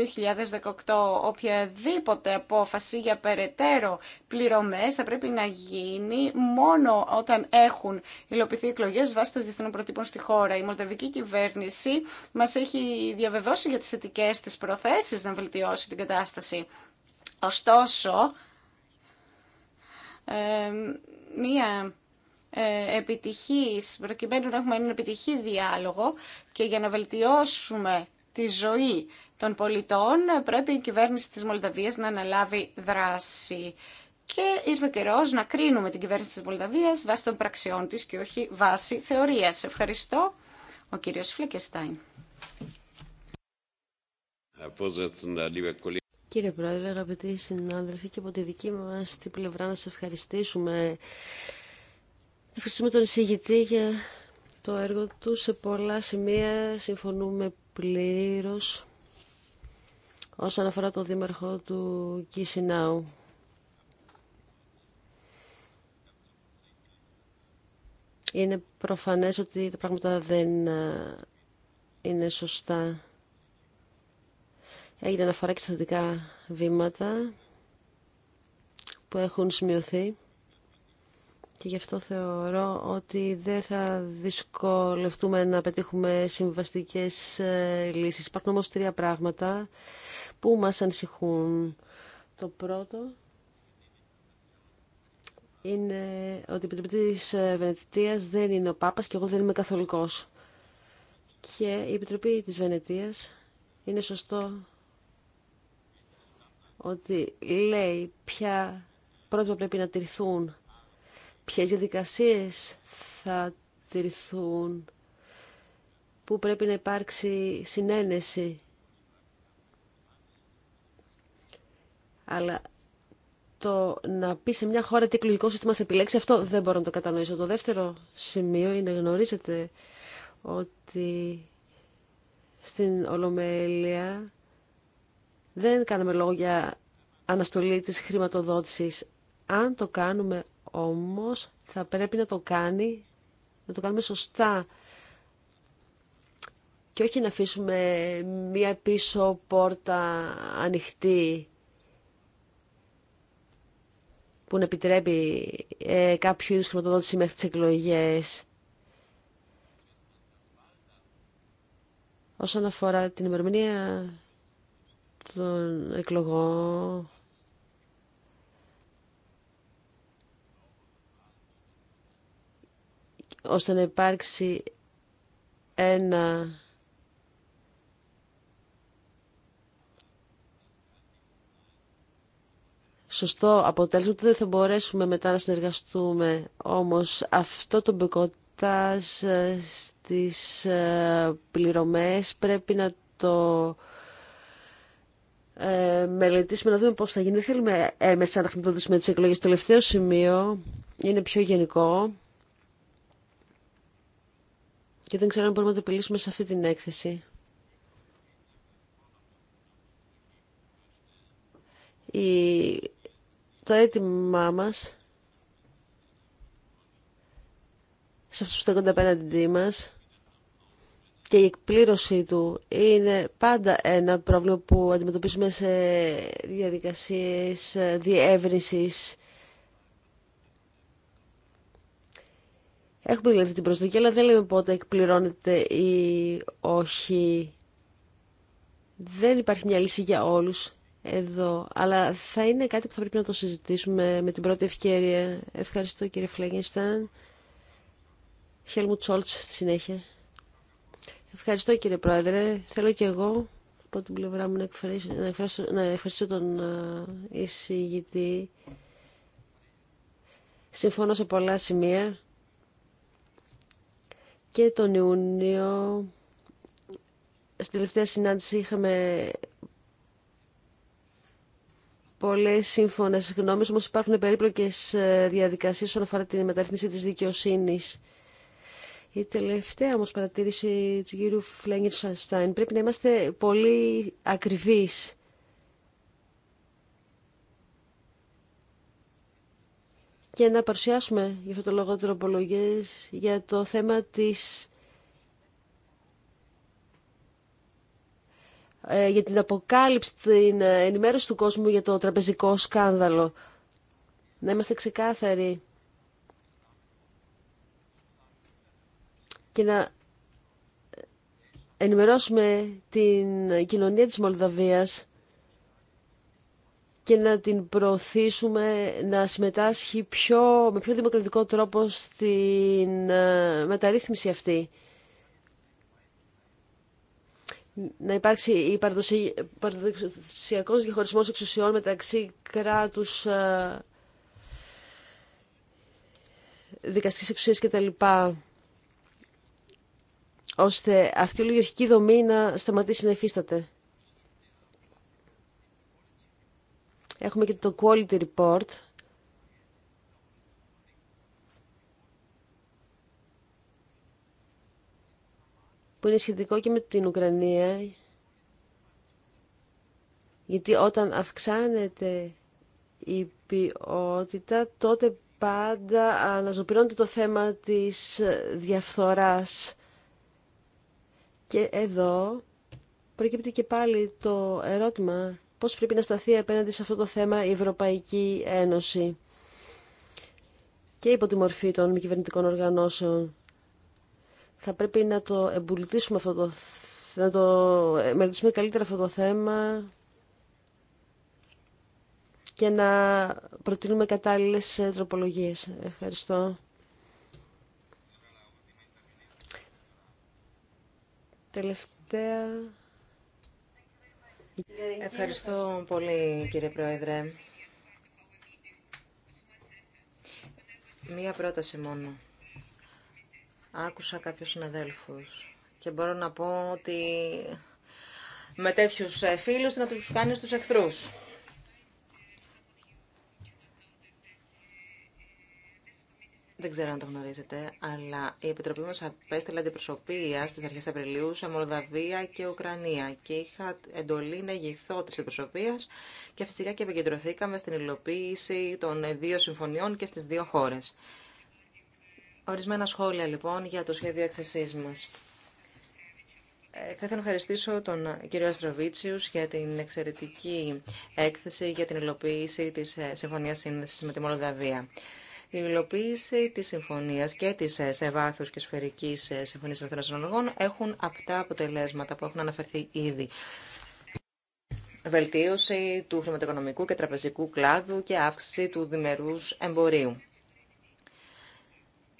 2018 οποιαδήποτε απόφαση για περαιτέρω πληρωμές θα πρέπει να γίνει μόνο όταν έχουν υλοποιηθεί εκλογές βάσει των διεθνών προτύπων στη χώρα. Η Μολδαβική κυβέρνηση μας έχει διαβεβαιώσει για τις θετικές της προθέσεις να βελτιώσει την κατάσταση. Ωστόσο, ε, μία ε, επιτυχής, προκειμένου να έχουμε έναν επιτυχή διάλογο και για να βελτιώσουμε τη ζωή των πολιτών πρέπει η κυβέρνηση της Μολδαβίας να αναλάβει δράση. Και ήρθε ο καιρό να κρίνουμε την κυβέρνηση της Μολδαβίας βάσει των πραξιών της και όχι βάσει θεωρίας. Ευχαριστώ. Ο κύριος Φλεκεστάιν. Κύριε Πρόεδρε, αγαπητοί συνάδελφοι και από τη δική μας την πλευρά να σας ευχαριστήσουμε. Ευχαριστούμε τον εισηγητή για το έργο του. Σε πολλά σημεία συμφωνούμε πλήρως όσον αφορά τον δήμαρχο του Κισινάου. Είναι προφανές ότι τα πράγματα δεν ε, είναι σωστά. Έγινε αναφορά και στα βήματα που έχουν σημειωθεί και γι' αυτό θεωρώ ότι δεν θα δυσκολευτούμε να πετύχουμε συμβαστικές ε, λύσεις. Υπάρχουν όμως τρία πράγματα που μας ανησυχούν. Το πρώτο είναι ότι η Επιτροπή της ε, Βενετίας δεν είναι ο Πάπας και εγώ δεν είμαι καθολικός. Και η Επιτροπή της Βενετίας είναι σωστό ότι λέει ποια πρότυπα πρέπει να τηρηθούν, ποιες διαδικασίες θα τηρηθούν, που πρέπει να υπάρξει συνένεση. Αλλά το να πει σε μια χώρα τι εκλογικό σύστημα θα επιλέξει, αυτό δεν μπορώ να το κατανοήσω. Το δεύτερο σημείο είναι γνωρίζετε ότι στην Ολομέλεια δεν κάναμε λόγο για αναστολή της χρηματοδότησης. Αν το κάνουμε όμως, θα πρέπει να το κάνει, να το κάνουμε σωστά και όχι να αφήσουμε μία πίσω πόρτα ανοιχτή που να επιτρέπει ε, κάποιο είδους χρηματοδότηση μέχρι τις εκλογές. Όσον αφορά την ημερομηνία τον εκλογό ώστε να υπάρξει ένα σωστό αποτέλεσμα δεν θα μπορέσουμε μετά να συνεργαστούμε όμως αυτό το μπικοτάζ ε, στις ε, πληρωμές πρέπει να το ε, μελετήσουμε να δούμε πώς θα γίνει. Δεν θέλουμε έμεσα να χρηματοδοτήσουμε τις εκλογές. Το τελευταίο σημείο είναι πιο γενικό και δεν ξέρω αν μπορούμε να το επιλύσουμε σε αυτή την έκθεση. Η... Το αίτημά μας σε αυτούς που 55 απέναντι μας και η εκπλήρωσή του είναι πάντα ένα πρόβλημα που αντιμετωπίζουμε σε διαδικασίες διεύρυνσης. Έχουμε δηλαδή την προσδοκία, αλλά δεν λέμε πότε εκπληρώνεται ή όχι. Δεν υπάρχει μια λύση για όλους εδώ, αλλά θα είναι κάτι που θα πρέπει να το συζητήσουμε με την πρώτη ευκαιρία. Ευχαριστώ κύριε Φλέγγενσταν. Χέλμουτ Σόλτς στη συνέχεια. Ευχαριστώ κύριε Πρόεδρε. Θέλω και εγώ από την πλευρά μου να, να ευχαριστήσω τον ε, εισηγητή. Συμφωνώ σε πολλά σημεία και τον Ιούνιο. Στην τελευταία συνάντηση είχαμε πολλές σύμφωνες γνώμες, όμως υπάρχουν περίπλοκες ε, διαδικασίες όσον αφορά τη μεταρρύθμιση της δικαιοσύνης. Η τελευταία όμως παρατήρηση του κύριου Σανστάιν πρέπει να είμαστε πολύ ακριβείς. και να παρουσιάσουμε γι' αυτό το λόγο τροπολογίες για το θέμα της ε, για την αποκάλυψη, την ενημέρωση του κόσμου για το τραπεζικό σκάνδαλο. Να είμαστε ξεκάθαροι. και να ενημερώσουμε την κοινωνία της Μολδαβίας και να την προωθήσουμε να συμμετάσχει πιο, με πιο δημοκρατικό τρόπο στην ε, μεταρρύθμιση αυτή. Να υπάρξει η παραδοσιακός διαχωρισμός εξουσιών μεταξύ κράτους ε, δικαστικής εξουσίας κτλ ώστε αυτή η λογιστική δομή να σταματήσει να υφίσταται. Έχουμε και το quality report. που είναι σχετικό και με την Ουκρανία, γιατί όταν αυξάνεται η ποιότητα, τότε πάντα αναζωπηρώνεται το θέμα της διαφθοράς και εδώ προκύπτει και πάλι το ερώτημα πώς πρέπει να σταθεί απέναντι σε αυτό το θέμα η Ευρωπαϊκή Ένωση και υπό τη μορφή των μη κυβερνητικών οργανώσεων. Θα πρέπει να το εμπολιτήσουμε αυτό το να το ε, μελετήσουμε καλύτερα αυτό το θέμα και να προτείνουμε κατάλληλες ε, τροπολογίες. Ευχαριστώ. Τελευταία. Ευχαριστώ πολύ κύριε Πρόεδρε. Μία πρόταση μόνο. Άκουσα κάποιους συναδέλφους και μπορώ να πω ότι με τέτοιους φίλους να τους κάνεις τους εχθρούς. Δεν ξέρω αν το γνωρίζετε, αλλά η Επιτροπή μας απέστειλε αντιπροσωπεία στις αρχές Απριλίου σε Μολδαβία και Ουκρανία και είχα εντολή να ηγηθώ της αντιπροσωπείας και φυσικά και επικεντρωθήκαμε στην υλοποίηση των δύο συμφωνιών και στις δύο χώρες. Ορισμένα σχόλια λοιπόν για το σχέδιο έκθεσή μας. Ε, θα ήθελα να ευχαριστήσω τον κύριο Αστροβίτσιους για την εξαιρετική έκθεση για την υλοποίηση της ε, συμφωνία σύνδεση με τη Μολδαβία. Η υλοποίηση της συμφωνίας και της ε, σε βάθους και σφαιρικής ε, συμφωνίας ελευθερών έχουν απτά αποτελέσματα που έχουν αναφερθεί ήδη. Βελτίωση του χρηματοοικονομικού και τραπεζικού κλάδου και αύξηση του διμερούς εμπορίου.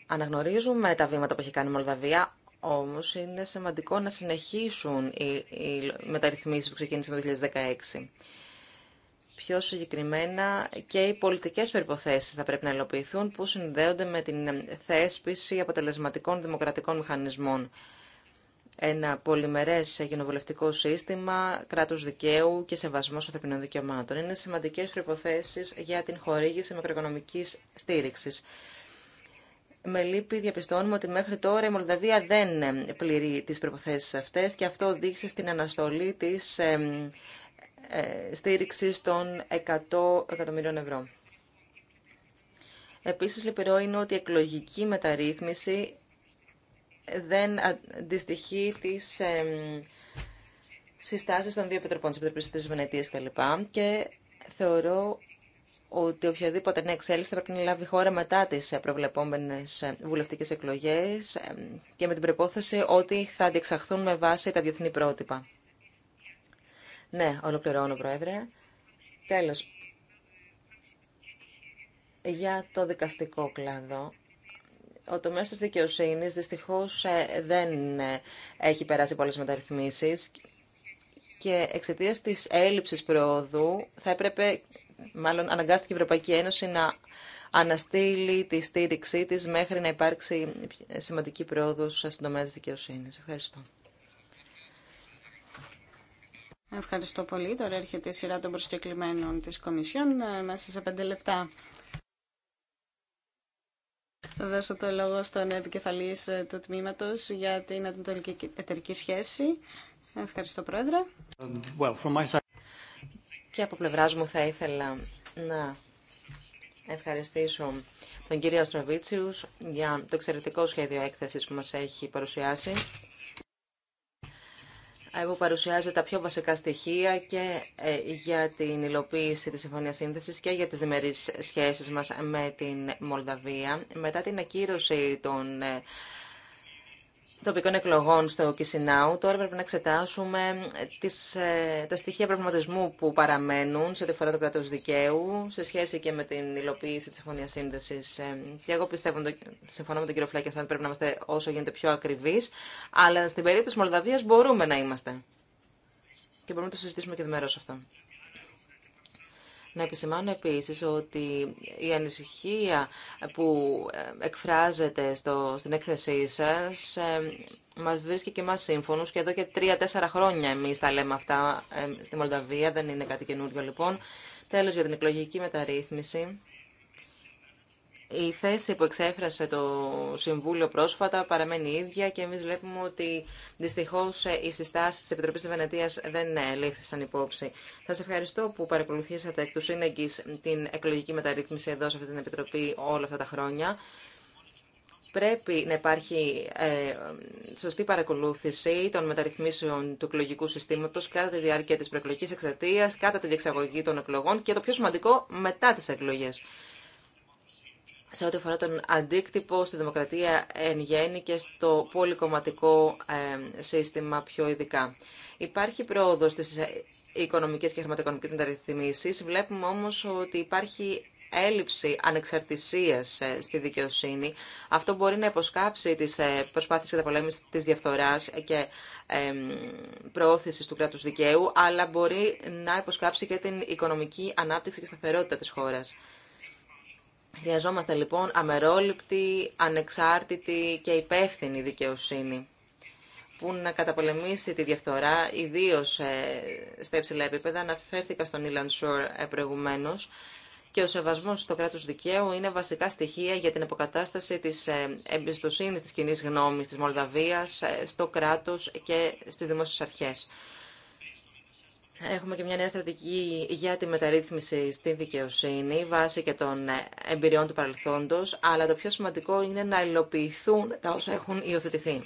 Αναγνωρίζουμε τα βήματα που έχει κάνει η Μολδαβία, όμως είναι σημαντικό να συνεχίσουν οι μεταρρυθμίσεις που ξεκίνησαν το 2016 πιο συγκεκριμένα και οι πολιτικές περιποθέσεις θα πρέπει να υλοποιηθούν που συνδέονται με την θέσπιση αποτελεσματικών δημοκρατικών μηχανισμών. Ένα πολυμερές κοινοβουλευτικό σύστημα, κράτος δικαίου και σεβασμός θεπινών δικαιωμάτων. Είναι σημαντικές προϋποθέσεις για την χορήγηση μικροοικονομικής στήριξης. Με λύπη διαπιστώνουμε ότι μέχρι τώρα η Μολδαβία δεν πληρεί τις προϋποθέσεις αυτές και αυτό οδήγησε στην αναστολή της ε, στήριξη των 100 εκατομμύριων ευρώ. Επίσης, λυπηρό είναι ότι η εκλογική μεταρρύθμιση δεν αντιστοιχεί ε, συστάσεις των δύο επιτροπών, της Επιτροπής της Βενετίας κλπ. Και θεωρώ ότι οποιαδήποτε νέα εξέλιξη θα πρέπει να λάβει χώρα μετά τις προβλεπόμενες βουλευτικές εκλογές και με την προπόθεση ότι θα διεξαχθούν με βάση τα διεθνή πρότυπα. Ναι, ολοκληρώνω, Πρόεδρε. Τέλος. Για το δικαστικό κλάδο, ο τομέας της δικαιοσύνης δυστυχώς ε, δεν ε, έχει περάσει πολλές μεταρρυθμίσεις και εξαιτίας της έλλειψης προόδου θα έπρεπε, μάλλον αναγκάστηκε η Ευρωπαϊκή Ένωση να αναστείλει τη στήριξή της μέχρι να υπάρξει σημαντική πρόοδος στον τομέα της δικαιοσύνης. Ευχαριστώ. Ευχαριστώ πολύ. Τώρα έρχεται η σειρά των προσκεκλημένων της Κομισιόν ε, μέσα σε πέντε λεπτά. Θα δώσω το λόγο στον επικεφαλής ε, του τμήματος για την αντιτολική εταιρική σχέση. Ευχαριστώ, Πρόεδρε. Um, well, from my side... Και από πλευρά μου θα ήθελα να ευχαριστήσω τον κύριο Αστροβίτσιους για το εξαιρετικό σχέδιο έκθεσης που μας έχει παρουσιάσει. Ε, που παρουσιάζει τα πιο βασικά στοιχεία και ε, για την υλοποίηση της Συμφωνίας Σύνθεσης και για τις διμερείς σχέσεις μας με την Μολδαβία. Μετά την ακύρωση των ε, τοπικών εκλογών στο Κισινάου. Τώρα πρέπει να εξετάσουμε ε, τις, ε, τα στοιχεία προβληματισμού που παραμένουν σε ό,τι αφορά το κράτο δικαίου σε σχέση και με την υλοποίηση τη συμφωνία σύνδεση. Ε, και εγώ πιστεύω, συμφωνώ με τον κύριο Φλάκη, αν πρέπει να είμαστε όσο γίνεται πιο ακριβεί, αλλά στην περίπτωση Μολδαβία μπορούμε να είμαστε. Και μπορούμε να το συζητήσουμε και δημερό αυτό. Να επισημάνω επίσης ότι η ανησυχία που ε, εκφράζεται στο, στην έκθεσή σας ε, μας βρίσκει και εμάς σύμφωνους και εδώ και τρία-τέσσερα χρόνια εμείς τα λέμε αυτά ε, στη Μολδαβία, δεν είναι κάτι καινούριο λοιπόν. Τέλος για την εκλογική μεταρρύθμιση. Η θέση που εξέφρασε το Συμβούλιο πρόσφατα παραμένει ίδια και εμείς βλέπουμε ότι δυστυχώς ε, οι συστάσεις της Επιτροπής της Βενετίας δεν ε, λήφθησαν υπόψη. Θα Σας ευχαριστώ που παρακολουθήσατε εκ του σύνεγγυς την εκλογική μεταρρύθμιση εδώ σε αυτή την Επιτροπή όλα αυτά τα χρόνια. Πρέπει να υπάρχει ε, σωστή παρακολούθηση των μεταρρυθμίσεων του εκλογικού συστήματο κατά τη διάρκεια τη προεκλογική εξαρτία, κατά τη διεξαγωγή των εκλογών και το πιο σημαντικό, μετά τι εκλογέ σε ό,τι αφορά τον αντίκτυπο στη δημοκρατία εν γέννη και στο πολυκομματικό ε, σύστημα πιο ειδικά. Υπάρχει πρόοδο στι ε, οικονομικέ και χρηματοοικονομικέ μεταρρυθμίσει. Βλέπουμε όμω ότι υπάρχει έλλειψη ανεξαρτησίας ε, στη δικαιοσύνη. Αυτό μπορεί να υποσκάψει τις προσπάθειες καταπολέμησης της διαφθοράς και προώθησης του κράτους δικαίου, αλλά μπορεί να υποσκάψει και την οικονομική ανάπτυξη και σταθερότητα της χώρας. Χρειαζόμαστε λοιπόν αμερόληπτη, ανεξάρτητη και υπεύθυνη δικαιοσύνη που να καταπολεμήσει τη διαφθορά, ιδίω ε, στα υψηλά επίπεδα. Αναφέρθηκα στον Ιλαν ε προηγουμένω και ο σεβασμός στο κράτο δικαίου είναι βασικά στοιχεία για την αποκατάσταση της ε, εμπιστοσύνης της κοινή γνώμης της Μολδαβίας ε, στο κράτο και στι δημόσιε αρχές. Έχουμε και μια νέα στρατηγική για τη μεταρρύθμιση στη δικαιοσύνη βάσει και των εμπειριών του παρελθόντος, αλλά το πιο σημαντικό είναι να υλοποιηθούν τα όσα έχουν υιοθετηθεί.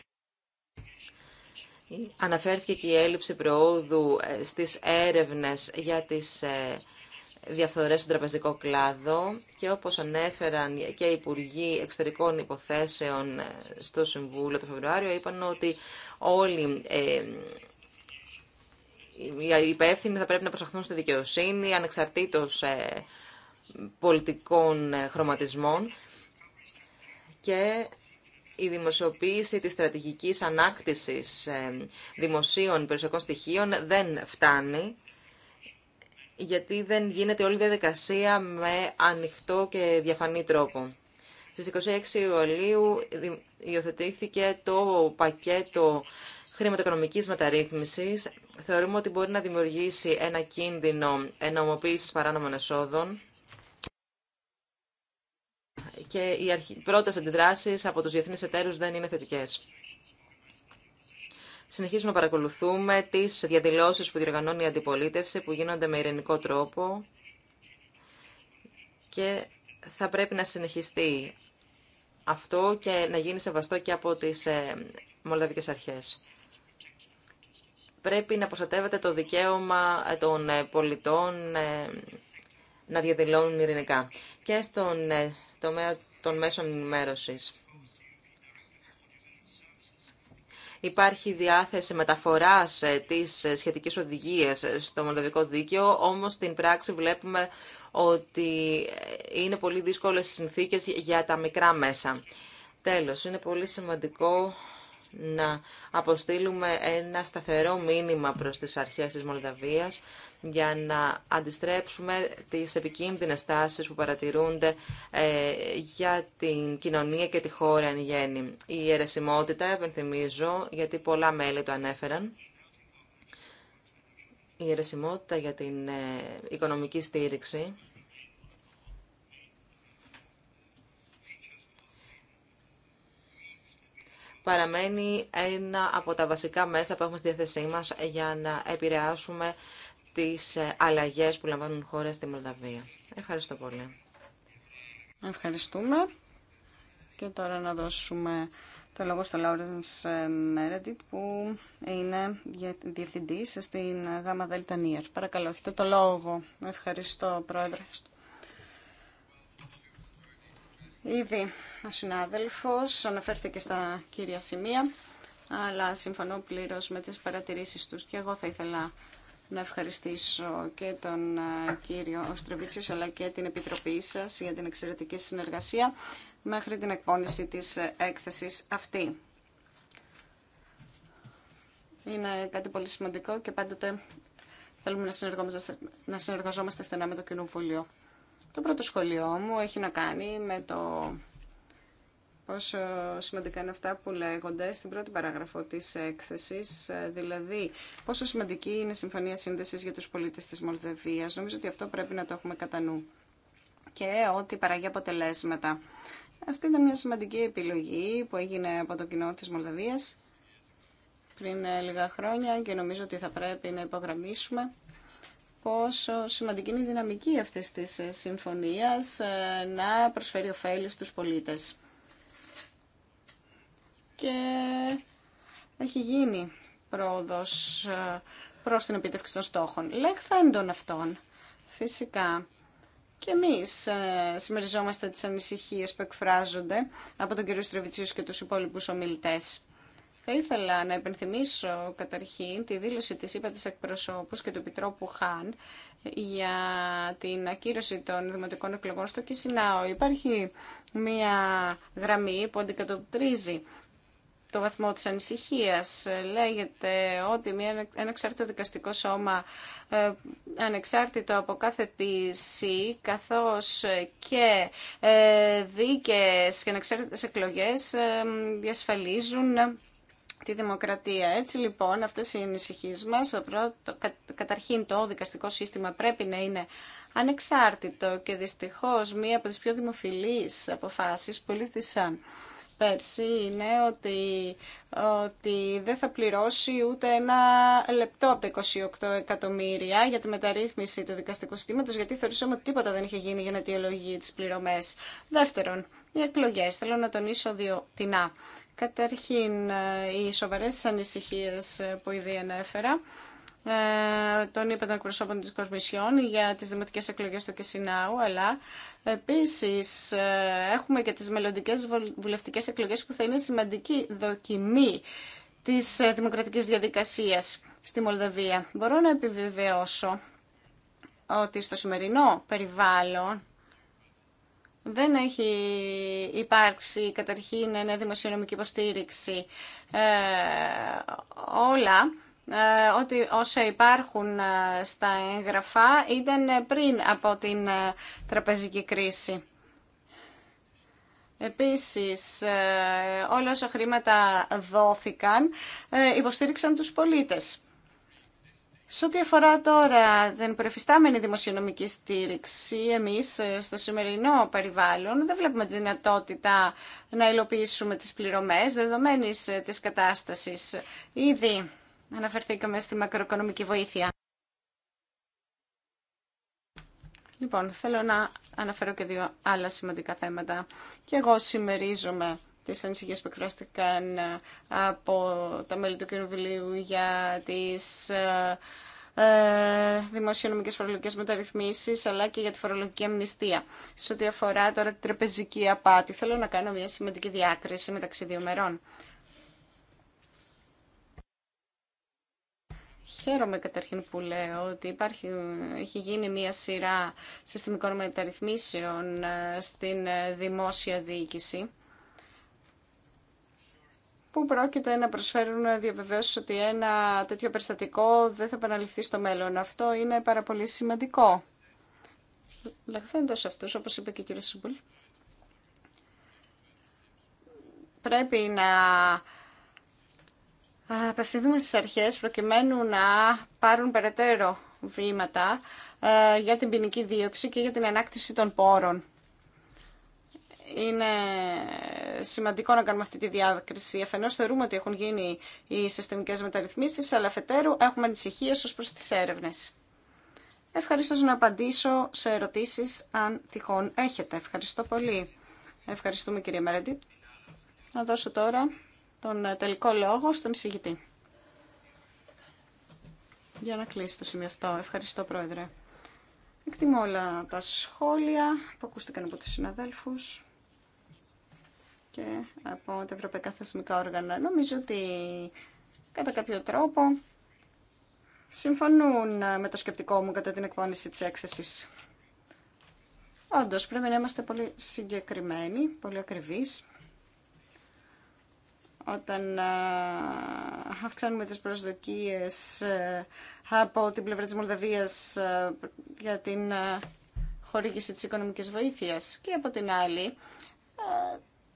Αναφέρθηκε και η έλλειψη προόδου ε, στις έρευνες για τις ε, διαφθορές στον τραπεζικό κλάδο και όπως ανέφεραν και οι Υπουργοί Εξωτερικών Υποθέσεων ε, στο Συμβούλιο το Φεβρουάριο είπαν ότι όλοι οι υπεύθυνοι θα πρέπει να προσαχθούν στη δικαιοσύνη ανεξαρτήτως ε, πολιτικών ε, χρωματισμών και η δημοσιοποίηση της στρατηγικής ανάκτησης ε, δημοσίων περιουσιακών στοιχείων δεν φτάνει γιατί δεν γίνεται όλη η διαδικασία με ανοιχτό και διαφανή τρόπο. Στις 26 Ιουλίου υιοθετήθηκε το πακέτο χρηματοοικονομικής μεταρρύθμισης θεωρούμε ότι μπορεί να δημιουργήσει ένα κίνδυνο ενομοποίησης παράνομων εσόδων και οι πρώτε πρώτες αντιδράσεις από τους διεθνεί εταίρους δεν είναι θετικές. Συνεχίζουμε να παρακολουθούμε τις διαδηλώσει που διοργανώνει η αντιπολίτευση που γίνονται με ειρηνικό τρόπο και θα πρέπει να συνεχιστεί αυτό και να γίνει σεβαστό και από τις ε, μολδαβικές αρχές πρέπει να προστατεύεται το δικαίωμα ε, των ε, πολιτών ε, να διαδηλώνουν ειρηνικά και στον τομέα των μέσων ενημέρωσης. Υπάρχει διάθεση μεταφοράς της σχετικής οδηγίας στο Μολδαβικό Δίκαιο, όμως στην πράξη βλέπουμε ότι είναι πολύ δύσκολες συνθήκες για τα μικρά μέσα. Τέλος, είναι πολύ σημαντικό να αποστείλουμε ένα σταθερό μήνυμα προς τις αρχές της Μολδαβίας για να αντιστρέψουμε τις επικίνδυνες τάσεις που παρατηρούνται ε, για την κοινωνία και τη χώρα εν γέννη. Η αιρεσιμότητα, επενθυμίζω, γιατί πολλά μέλη το ανέφεραν, η αιρεσιμότητα για την ε, οικονομική στήριξη παραμένει ένα από τα βασικά μέσα που έχουμε στη διάθεσή μας για να επηρεάσουμε τις ε, αλλαγές που λαμβάνουν χώρα στη Μολδαβία. Ευχαριστώ πολύ. Ευχαριστούμε. Και τώρα να δώσουμε το λόγο στο Λάουρενς Μέρεντιτ που είναι διευθυντής στην ΓΑΜΑ ΔΕΛΤΑ Παρακαλώ, έχετε το λόγο. Ευχαριστώ, Πρόεδρε. Ήδη ο συνάδελφος αναφέρθηκε στα κύρια σημεία, αλλά συμφωνώ πλήρως με τις παρατηρήσεις τους και εγώ θα ήθελα να ευχαριστήσω και τον ε, κύριο Οστροβίτσιος αλλά και την Επιτροπή σας για την εξαιρετική συνεργασία μέχρι την εκπόνηση της ε, έκθεσης αυτή. Είναι κάτι πολύ σημαντικό και πάντοτε θέλουμε να συνεργαζόμαστε, να συνεργαζόμαστε στενά με το Κοινοβούλιο. Το πρώτο σχολείο μου έχει να κάνει με το πόσο σημαντικά είναι αυτά που λέγονται στην πρώτη παράγραφο της έκθεσης, δηλαδή πόσο σημαντική είναι η Συμφωνία Σύνδεσης για τους πολίτες της Μολδαβίας. Νομίζω ότι αυτό πρέπει να το έχουμε κατά νου και ότι παράγει αποτελέσματα. Αυτή ήταν μια σημαντική επιλογή που έγινε από το κοινό της Μολδαβίας πριν λίγα χρόνια και νομίζω ότι θα πρέπει να υπογραμμίσουμε πόσο σημαντική είναι η δυναμική αυτής της ε, συμφωνίας ε, να προσφέρει ωφέλη στου πολίτες. Και έχει γίνει πρόοδο ε, προ την επίτευξη των στόχων. των αυτών, φυσικά. Και εμείς συμμεριζόμαστε τις ανησυχίες που εκφράζονται από τον κύριο Στρεβιτσίου και του υπόλοιπου ομιλητέ. Θα ήθελα να επενθυμίσω καταρχήν τη δήλωση της ΥΠΑ της εκπροσώπους και του Επιτρόπου Χάν για την ακύρωση των δημοτικών εκλογών στο Κισινάο. Υπάρχει μια γραμμή που αντικατοπτρίζει το βαθμό της ανησυχίας. Λέγεται ότι μια, ένα εξάρτητο δικαστικό σώμα ε, ανεξάρτητο από κάθε ποιησή καθώς και ε, δίκες και ανεξάρτητες εκλογές ε, διασφαλίζουν τη δημοκρατία. Έτσι λοιπόν αυτές οι ανησυχίε μα. καταρχήν το δικαστικό σύστημα πρέπει να είναι ανεξάρτητο και δυστυχώς μία από τις πιο δημοφιλείς αποφάσεις που λήθησαν πέρσι είναι ότι, δεν θα πληρώσει ούτε ένα λεπτό από τα 28 εκατομμύρια για τη μεταρρύθμιση του δικαστικού συστήματος, γιατί θεωρήσαμε ότι τίποτα δεν είχε γίνει για να αιτιολογεί τι πληρωμέ. Δεύτερον, οι εκλογέ, Θέλω να τονίσω δύο τινά. Καταρχήν, ε, οι σοβαρές ανησυχίες ε, που ήδη ανέφερα, ε, τον είπε τον εκπροσώπων της Κοσμισιόν για τις δημοτικές εκλογές του Κεσινάου, αλλά επίσης έχουμε και τις μελλοντικές βουλευτικές εκλογές που θα είναι σημαντική δοκιμή της δημοκρατικής διαδικασίας στη Μολδαβία. Μπορώ να επιβεβαιώσω ότι στο σημερινό περιβάλλον δεν έχει υπάρξει καταρχήν ένα δημοσιονομική υποστήριξη. Ε, όλα ε, ότι όσα υπάρχουν ε, στα έγγραφα ήταν πριν από την τραπεζική κρίση. Επίσης, όλα όσα χρήματα δόθηκαν υποστήριξαν τους πολίτες. Σε ό,τι αφορά τώρα την προεφιστάμενη δημοσιονομική στήριξη, εμείς ε, στο σημερινό περιβάλλον δεν βλέπουμε τη δυνατότητα να υλοποιήσουμε τις πληρωμέ δεδομένης ε, τη κατάσταση. Ήδη αναφερθήκαμε στη μακροοικονομική βοήθεια. Λοιπόν, θέλω να αναφέρω και δύο άλλα σημαντικά θέματα. Και εγώ συμμερίζομαι τις ανησυχίε που εκφράστηκαν ε, από τα μέλη του Κοινοβουλίου για τις ε, ε, δημοσιονομικέ φορολογικέ μεταρρυθμίσει αλλά και για τη φορολογική αμνηστία. Σε ό,τι αφορά τώρα την τραπεζική απάτη, θέλω να κάνω μια σημαντική διάκριση μεταξύ δύο μερών. Χαίρομαι καταρχήν που λέω ότι υπάρχει, έχει γίνει μία σειρά συστημικών μεταρρυθμίσεων στην δημόσια διοίκηση που πρόκειται να προσφέρουν να ότι ένα τέτοιο περιστατικό δεν θα επαναληφθεί στο μέλλον. Αυτό είναι πάρα πολύ σημαντικό. Λαχθέντος αυτούς, όπως είπε και η κυρία Σιμπούλ, πρέπει να απευθυνθούμε στις αρχές προκειμένου να πάρουν περαιτέρω βήματα ε, για την ποινική δίωξη και για την ανάκτηση των πόρων είναι σημαντικό να κάνουμε αυτή τη διάκριση. Αφενός θεωρούμε ότι έχουν γίνει οι συστημικές μεταρρυθμίσεις, αλλά αφετέρου έχουμε ανησυχίε ω προς τις έρευνες. Ευχαριστώ να απαντήσω σε ερωτήσεις αν τυχόν έχετε. Ευχαριστώ πολύ. Ευχαριστούμε κύριε Μέρεντι. Να δώσω τώρα τον τελικό λόγο στον εισηγητή. Για να κλείσει το σημείο αυτό. Ευχαριστώ πρόεδρε. Εκτιμώ όλα τα σχόλια που ακούστηκαν από τους συναδέλφους και από τα ευρωπαϊκά θεσμικά όργανα. Νομίζω ότι κατά κάποιο τρόπο συμφωνούν με το σκεπτικό μου κατά την εκπόνηση της έκθεσης. Όντως, πρέπει να είμαστε πολύ συγκεκριμένοι, πολύ ακριβείς. Όταν αυξάνουμε τις προσδοκίες από την πλευρά της Μολδαβίας για την χορήγηση της οικονομικής βοήθειας και από την άλλη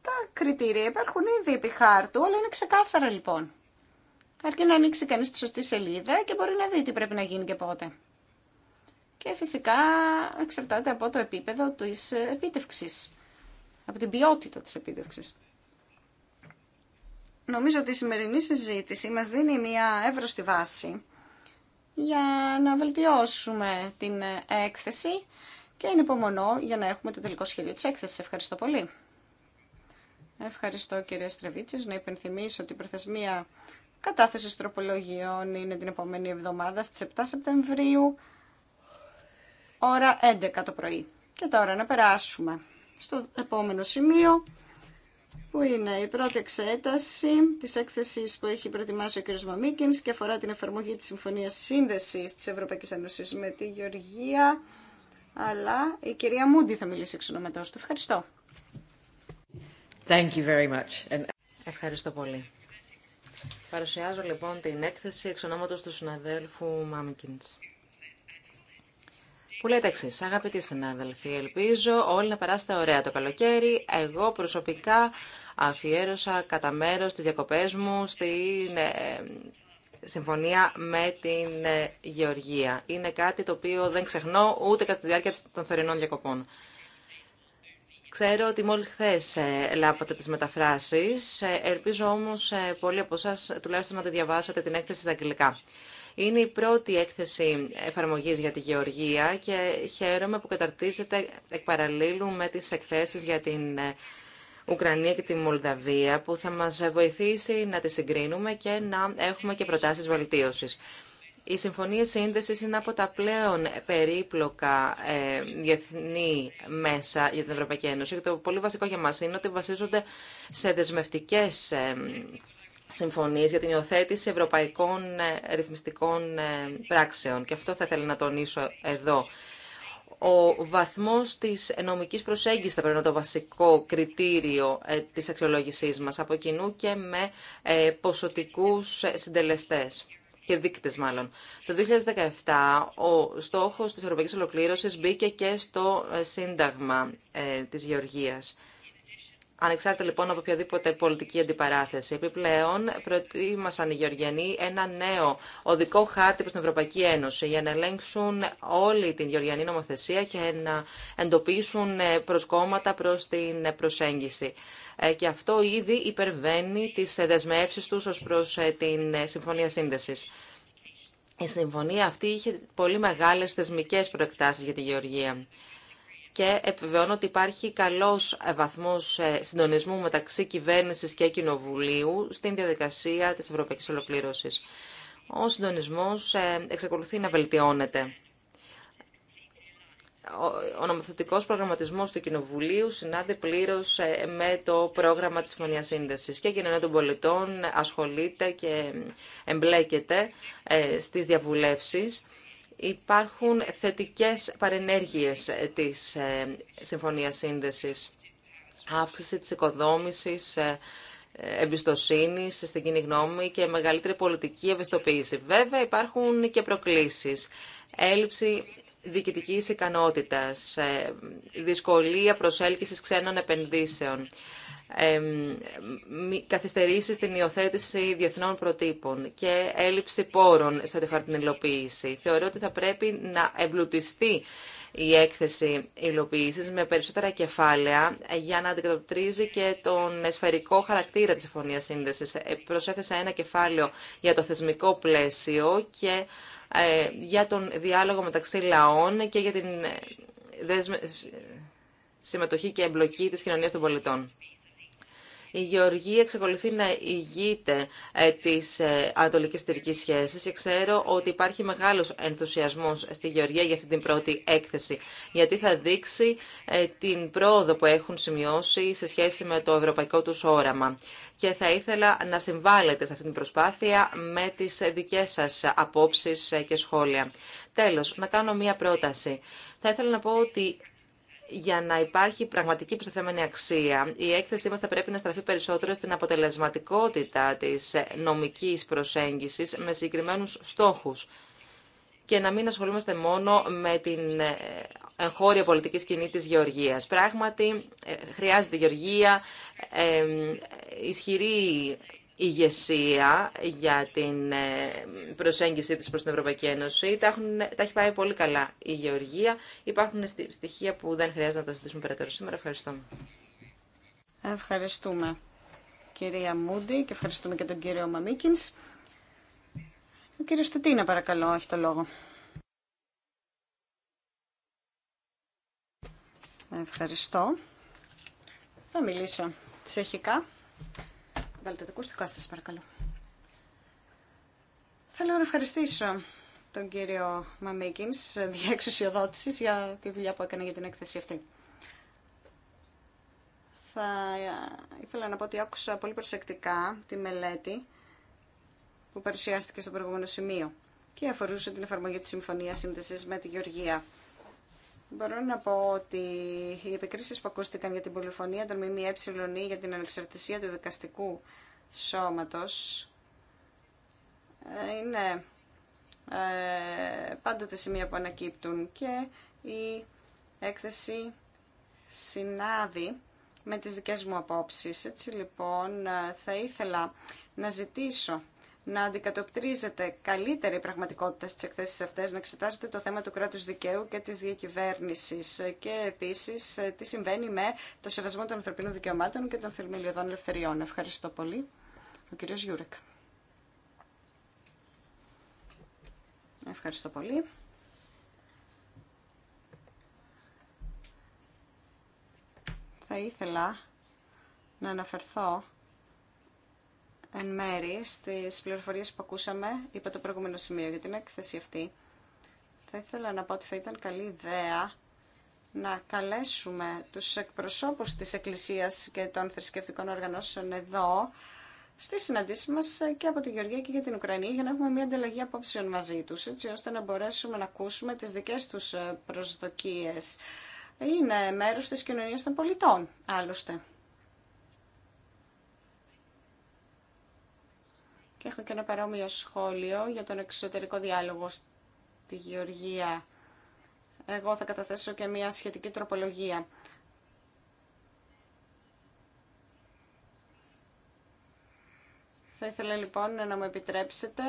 τα κριτήρια υπάρχουν ήδη επί χάρτου, αλλά είναι ξεκάθαρα λοιπόν. Αρκεί να ανοίξει κανεί τη σωστή σελίδα και μπορεί να δει τι πρέπει να γίνει και πότε. Και φυσικά εξαρτάται από το επίπεδο τη επίτευξη. από την ποιότητα της επίτευξης. Νομίζω ότι η σημερινή συζήτηση μας δίνει μια εύρωστη βάση για να βελτιώσουμε την έκθεση και είναι υπομονώ για να έχουμε το τελικό σχέδιο της έκθεσης. Ευχαριστώ πολύ. Ευχαριστώ κύριε Στρεβίτσης. Να υπενθυμίσω ότι η προθεσμία κατάθεση τροπολογιών είναι την επόμενη εβδομάδα στις 7 Σεπτεμβρίου, ώρα 11 το πρωί. Και τώρα να περάσουμε στο επόμενο σημείο που είναι η πρώτη εξέταση της έκθεσης που έχει προετοιμάσει ο κ. Μαμίκινς και αφορά την εφαρμογή της Συμφωνίας Σύνδεσης της Ευρωπαϊκής Ένωσης με τη Γεωργία, αλλά η κυρία Μούντι θα μιλήσει εξ του. Ευχαριστώ. Thank you very much. Ευχαριστώ πολύ. Παρουσιάζω λοιπόν την έκθεση εξ ονόματος του συναδέλφου Μάμικινς. Που λέτε τα εξή, αγαπητοί συνάδελφοι, ελπίζω όλοι να περάσετε ωραία το καλοκαίρι. Εγώ προσωπικά αφιέρωσα κατά μέρο τι διακοπέ μου στην ε, συμφωνία με την ε, Γεωργία. Είναι κάτι το οποίο δεν ξεχνώ ούτε κατά τη διάρκεια των θερινών διακοπών. Ξέρω ότι μόλις χθε ε, λάβατε τις μεταφράσεις, ε, ελπίζω όμως ε, πολλοί από εσάς τουλάχιστον να τη διαβάσατε την έκθεση στα αγγλικά. Είναι η πρώτη έκθεση εφαρμογής για τη Γεωργία και χαίρομαι που καταρτίζεται εκ με τις εκθέσεις για την Ουκρανία και τη Μολδαβία που θα μας βοηθήσει να τις συγκρίνουμε και να έχουμε και προτάσεις βελτίωσης. Οι συμφωνίε σύνδεσης είναι από τα πλέον περίπλοκα ε, διεθνή μέσα για την Ευρωπαϊκή Ένωση και το πολύ βασικό για μας είναι ότι βασίζονται σε δεσμευτικές ε, συμφωνίες για την υιοθέτηση ευρωπαϊκών ε, ρυθμιστικών ε, πράξεων. Και αυτό θα ήθελα να τονίσω εδώ. Ο βαθμός της νομικής προσέγγισης θα πρέπει να είναι το βασικό κριτήριο ε, της αξιολόγησής μας από κοινού και με ποσοτικούς συντελεστές και δείκτες μάλλον. Το 2017 ο στόχος της ευρωπαϊκής ολοκλήρωσης μπήκε και στο ε, σύνταγμα ε, της Γεωργίας. Ανεξάρτητα λοιπόν από οποιαδήποτε πολιτική αντιπαράθεση. Επιπλέον, προετοίμασαν οι Γεωργιανοί ένα νέο οδικό χάρτη προ την Ευρωπαϊκή Ένωση για να ελέγξουν όλη την Γεωργιανή νομοθεσία και να εντοπίσουν ε, προσκόμματα προ την προσέγγιση. Ε, και αυτό ήδη υπερβαίνει τις ε, δεσμεύσεις τους ως προς ε, την Συμφωνία Σύνδεσης. Η συμφωνία αυτή είχε πολύ μεγάλες θεσμικές προεκτάσεις για τη Γεωργία και επιβεβαιώνω ότι υπάρχει καλός βαθμός συντονισμού μεταξύ κυβέρνησης και κοινοβουλίου στην διαδικασία της ευρωπαϊκής ολοκλήρωσης. Ο συντονισμός εξακολουθεί να βελτιώνεται ο νομοθετικός προγραμματισμός του Κοινοβουλίου συνάδει πλήρως ε, με το πρόγραμμα της Συμφωνίας Σύνδεσης και η Κοινωνία των Πολιτών ασχολείται και εμπλέκεται ε, στις διαβουλεύσεις. Υπάρχουν θετικές παρενέργειες ε, της Συμφωνίας Σύνδεσης. Αύξηση της οικοδόμησης, εμπιστοσύνη στην κοινή γνώμη και μεγαλύτερη πολιτική ευαισθητοποίηση. Βέβαια υπάρχουν και προκλήσεις. Έλλειψη διοικητικής ικανότητα, ε, δυσκολία προσέλκυσης ξένων επενδύσεων, ε, καθυστερήσει στην υιοθέτηση διεθνών προτύπων και έλλειψη πόρων σε ό,τι αφορά την υλοποίηση. Θεωρώ ότι θα πρέπει να εμπλουτιστεί η έκθεση υλοποίηση με περισσότερα κεφάλαια για να αντικατοπτρίζει και τον σφαιρικό χαρακτήρα τη συμφωνία σύνδεση. Ε, προσέθεσα ένα κεφάλαιο για το θεσμικό πλαίσιο και ε, για τον διάλογο μεταξύ λαών και για την ε, συμμετοχή και εμπλοκή της κοινωνίας των πολιτών η Γεωργία εξακολουθεί να ηγείται ε, της ε, ανατολική Τυρκή σχέση και ξέρω ότι υπάρχει μεγάλος ενθουσιασμός στη Γεωργία για αυτή την πρώτη έκθεση, γιατί θα δείξει ε, την πρόοδο που έχουν σημειώσει σε σχέση με το ευρωπαϊκό τους όραμα. Και θα ήθελα να συμβάλλετε σε αυτή την προσπάθεια με τις δικές σας απόψει και σχόλια. Τέλος, να κάνω μία πρόταση. Θα ήθελα να πω ότι για να υπάρχει πραγματική προσταθέμενη αξία. Η έκθεσή μας θα πρέπει να στραφεί περισσότερο στην αποτελεσματικότητα της νομικής προσέγγισης με συγκεκριμένους στόχους και να μην ασχολούμαστε μόνο με την εγχώρια πολιτική σκηνή της γεωργίας. Πράγματι, ε, χρειάζεται γεωργία ε, ε ισχυρή ηγεσία για την ε, προσέγγιση της προς την Ευρωπαϊκή Ένωση. Τα, έχουν, τα έχει πάει πολύ καλά η Γεωργία. Υπάρχουν στοιχεία που δεν χρειάζεται να τα συζητήσουμε περαιτέρω σήμερα. Ευχαριστώ. Ευχαριστούμε κυρία Μούντι και ευχαριστούμε και τον κύριο Μαμίκινς. Ο κύριος Τετίνα, παρακαλώ, έχει το λόγο. Ευχαριστώ. Θα μιλήσω τσεχικά Βάλτε τα ακουστικά σας παρακαλώ. Θέλω να ευχαριστήσω τον κύριο Μαμίκινς εξουσιοδότηση για τη δουλειά που έκανε για την έκθεση αυτή. Θα ε, ήθελα να πω ότι άκουσα πολύ προσεκτικά τη μελέτη που παρουσιάστηκε στο προηγούμενο σημείο και αφορούσε την εφαρμογή της Συμφωνίας Σύνδεσης με τη Γεωργία. Μπορώ να πω ότι οι επικρίσεις που ακούστηκαν για την πολυφωνία των ΜΜΕ για την ανεξαρτησία του δικαστικού σώματος ε, είναι ε, πάντοτε σημεία που ανακύπτουν και η έκθεση συνάδει με τις δικές μου απόψεις. Έτσι λοιπόν ε, θα ήθελα να ζητήσω να αντικατοπτρίζετε καλύτερη πραγματικότητα στις εκθέσεις αυτές, να εξετάζετε το θέμα του κράτους δικαίου και της διακυβέρνησης και επίσης ε, τι συμβαίνει με το σεβασμό των ανθρωπίνων δικαιωμάτων και των θερμιλιωδών ελευθεριών. Ευχαριστώ πολύ. Ο κύριος Γιούρεκ. Ευχαριστώ πολύ. Θα ήθελα να αναφερθώ εν μέρη στις πληροφορίες που ακούσαμε, είπα το προηγούμενο σημείο για την έκθεση αυτή, θα ήθελα να πω ότι θα ήταν καλή ιδέα να καλέσουμε τους εκπροσώπους της Εκκλησίας και των θρησκευτικών οργανώσεων εδώ, στη συναντήση μα και από τη Γεωργία και για την Ουκρανία για να έχουμε μια ανταλλαγή απόψεων μαζί του, έτσι ώστε να μπορέσουμε να ακούσουμε τι δικέ του προσδοκίε. Είναι μέρο τη κοινωνία των πολιτών, άλλωστε. Και έχω και ένα παρόμοιο σχόλιο για τον εξωτερικό διάλογο στη Γεωργία. Εγώ θα καταθέσω και μια σχετική τροπολογία. Θα ήθελα λοιπόν να μου επιτρέψετε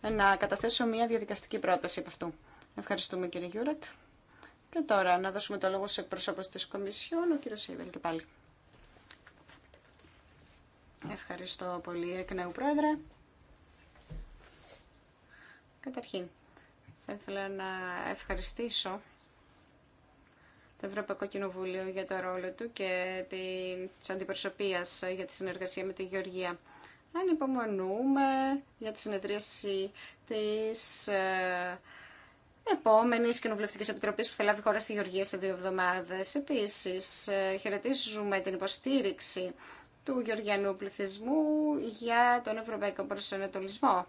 να καταθέσω μια διαδικαστική πρόταση από αυτού. Ευχαριστούμε κύριε Γιούρακ. Και τώρα να δώσουμε το λόγο σε εκπροσώπους της Κομισιόν, ο κύριος Σίβελ και πάλι. Ευχαριστώ πολύ, εκ νέου πρόεδρε. Καταρχήν, θα ήθελα να ευχαριστήσω το Ευρωπαϊκό Κοινοβούλιο για το ρόλο του και την αντιπροσωπεία για τη συνεργασία με τη Γεωργία. Αν υπομονούμε για τη συνεδρίαση της ε, επόμενη κοινοβουλευτική επιτροπή που θα λάβει η χώρα στη Γεωργία σε δύο εβδομάδε. Επίση, ε, χαιρετίζουμε την υποστήριξη του γεωργιανού πληθυσμού για τον ευρωπαϊκό προσανατολισμό.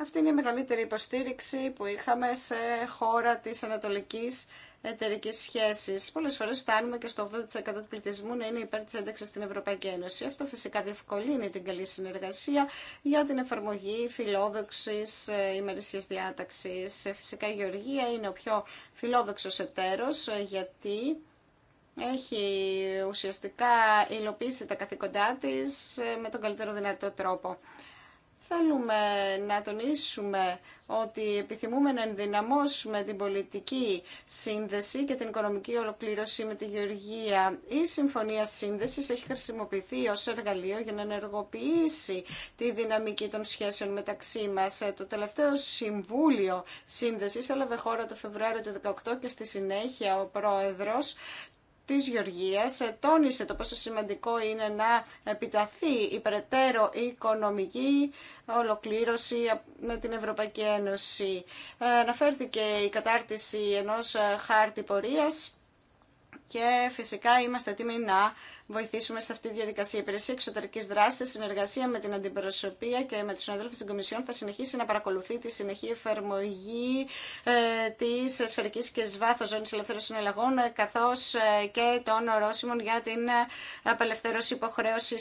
Αυτή είναι η μεγαλύτερη υποστήριξη που είχαμε σε χώρα της Ανατολικής εταιρική σχέση. Πολλέ φορέ φτάνουμε και στο 80% του πληθυσμού να είναι υπέρ τη ένταξη στην Ευρωπαϊκή Ένωση. Αυτό φυσικά διευκολύνει την καλή συνεργασία για την εφαρμογή φιλόδοξη ε, ημερησία διάταξη. Φυσικά η Γεωργία είναι ο πιο φιλόδοξο εταίρο ε, γιατί έχει ουσιαστικά υλοποιήσει τα καθήκοντά της ε, με τον καλύτερο δυνατό τρόπο θέλουμε να τονίσουμε ότι επιθυμούμε να ενδυναμώσουμε την πολιτική σύνδεση και την οικονομική ολοκλήρωση με τη Γεωργία. Η Συμφωνία Σύνδεσης έχει χρησιμοποιηθεί ως εργαλείο για να ενεργοποιήσει τη δυναμική των σχέσεων μεταξύ μας. Ε, το τελευταίο Συμβούλιο Σύνδεσης έλαβε χώρα το Φεβρουάριο του 2018 και στη συνέχεια ο Πρόεδρος της Γεωργίας ε, τόνισε το πόσο σημαντικό είναι να επιταθεί η περαιτέρω οικονομική ολοκλήρωση με την Ευρωπαϊκή Ένωση. Ε, αναφέρθηκε η κατάρτιση ενός ε, χάρτη πορείας και φυσικά είμαστε έτοιμοι να βοηθήσουμε σε αυτή τη διαδικασία. Η υπηρεσία εξωτερική δράση, συνεργασία με την αντιπροσωπεία και με του συναδέλφου τη Κομισιόν, θα συνεχίσει να παρακολουθεί τη συνεχή εφαρμογή ε, τη σφαιρική και σβάθο ζώνη ελεύθερων συναλλαγών, ε, καθώ ε, και των ορόσημων για την ε, απελευθέρωση υποχρέωση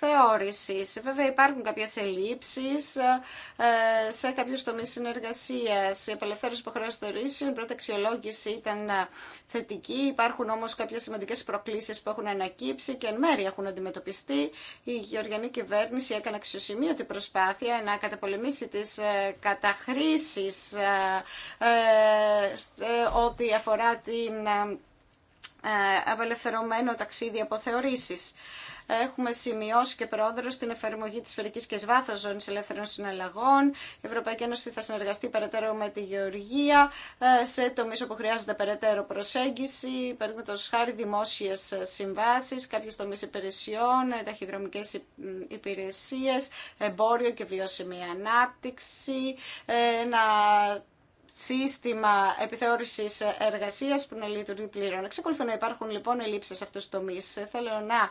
θεώρηση. Βέβαια, υπάρχουν κάποιε ελλείψει σε κάποιου τομεί συνεργασία. Η απελευθέρωση υποχρέωση θεωρήσεων, η πρώτη αξιολόγηση ήταν θετική. Υπάρχουν όμω κάποιες σημαντικές προκλήσεις που έχουν ανακύψει και εν μέρει έχουν αντιμετωπιστεί. Η γεωργιανή κυβέρνηση έκανε αξιοσημείωτη προσπάθεια να καταπολεμήσει τις ε, καταχρήσεις ε, ε, ό,τι αφορά την απελευθερωμένο ταξίδι από θεωρήσεις έχουμε σημειώσει και πρόεδρο στην εφαρμογή τη φιλική και σβάθο ζώνη ελεύθερων συναλλαγών. Η Ευρωπαϊκή Ένωση θα συνεργαστεί περαιτέρω με τη Γεωργία ε, σε τομεί όπου χρειάζεται περαιτέρω προσέγγιση, παραδείγματο χάρη δημόσιε συμβάσει, κάποιε τομεί υπηρεσιών, ε, ταχυδρομικέ υπηρεσίε, εμπόριο και βιώσιμη ανάπτυξη, ε, ένα σύστημα επιθεώρηση εργασία που να λειτουργεί πλήρω. Εξακολουθούν να υπάρχουν λοιπόν ελλείψει σε αυτού του τομεί. Θέλω να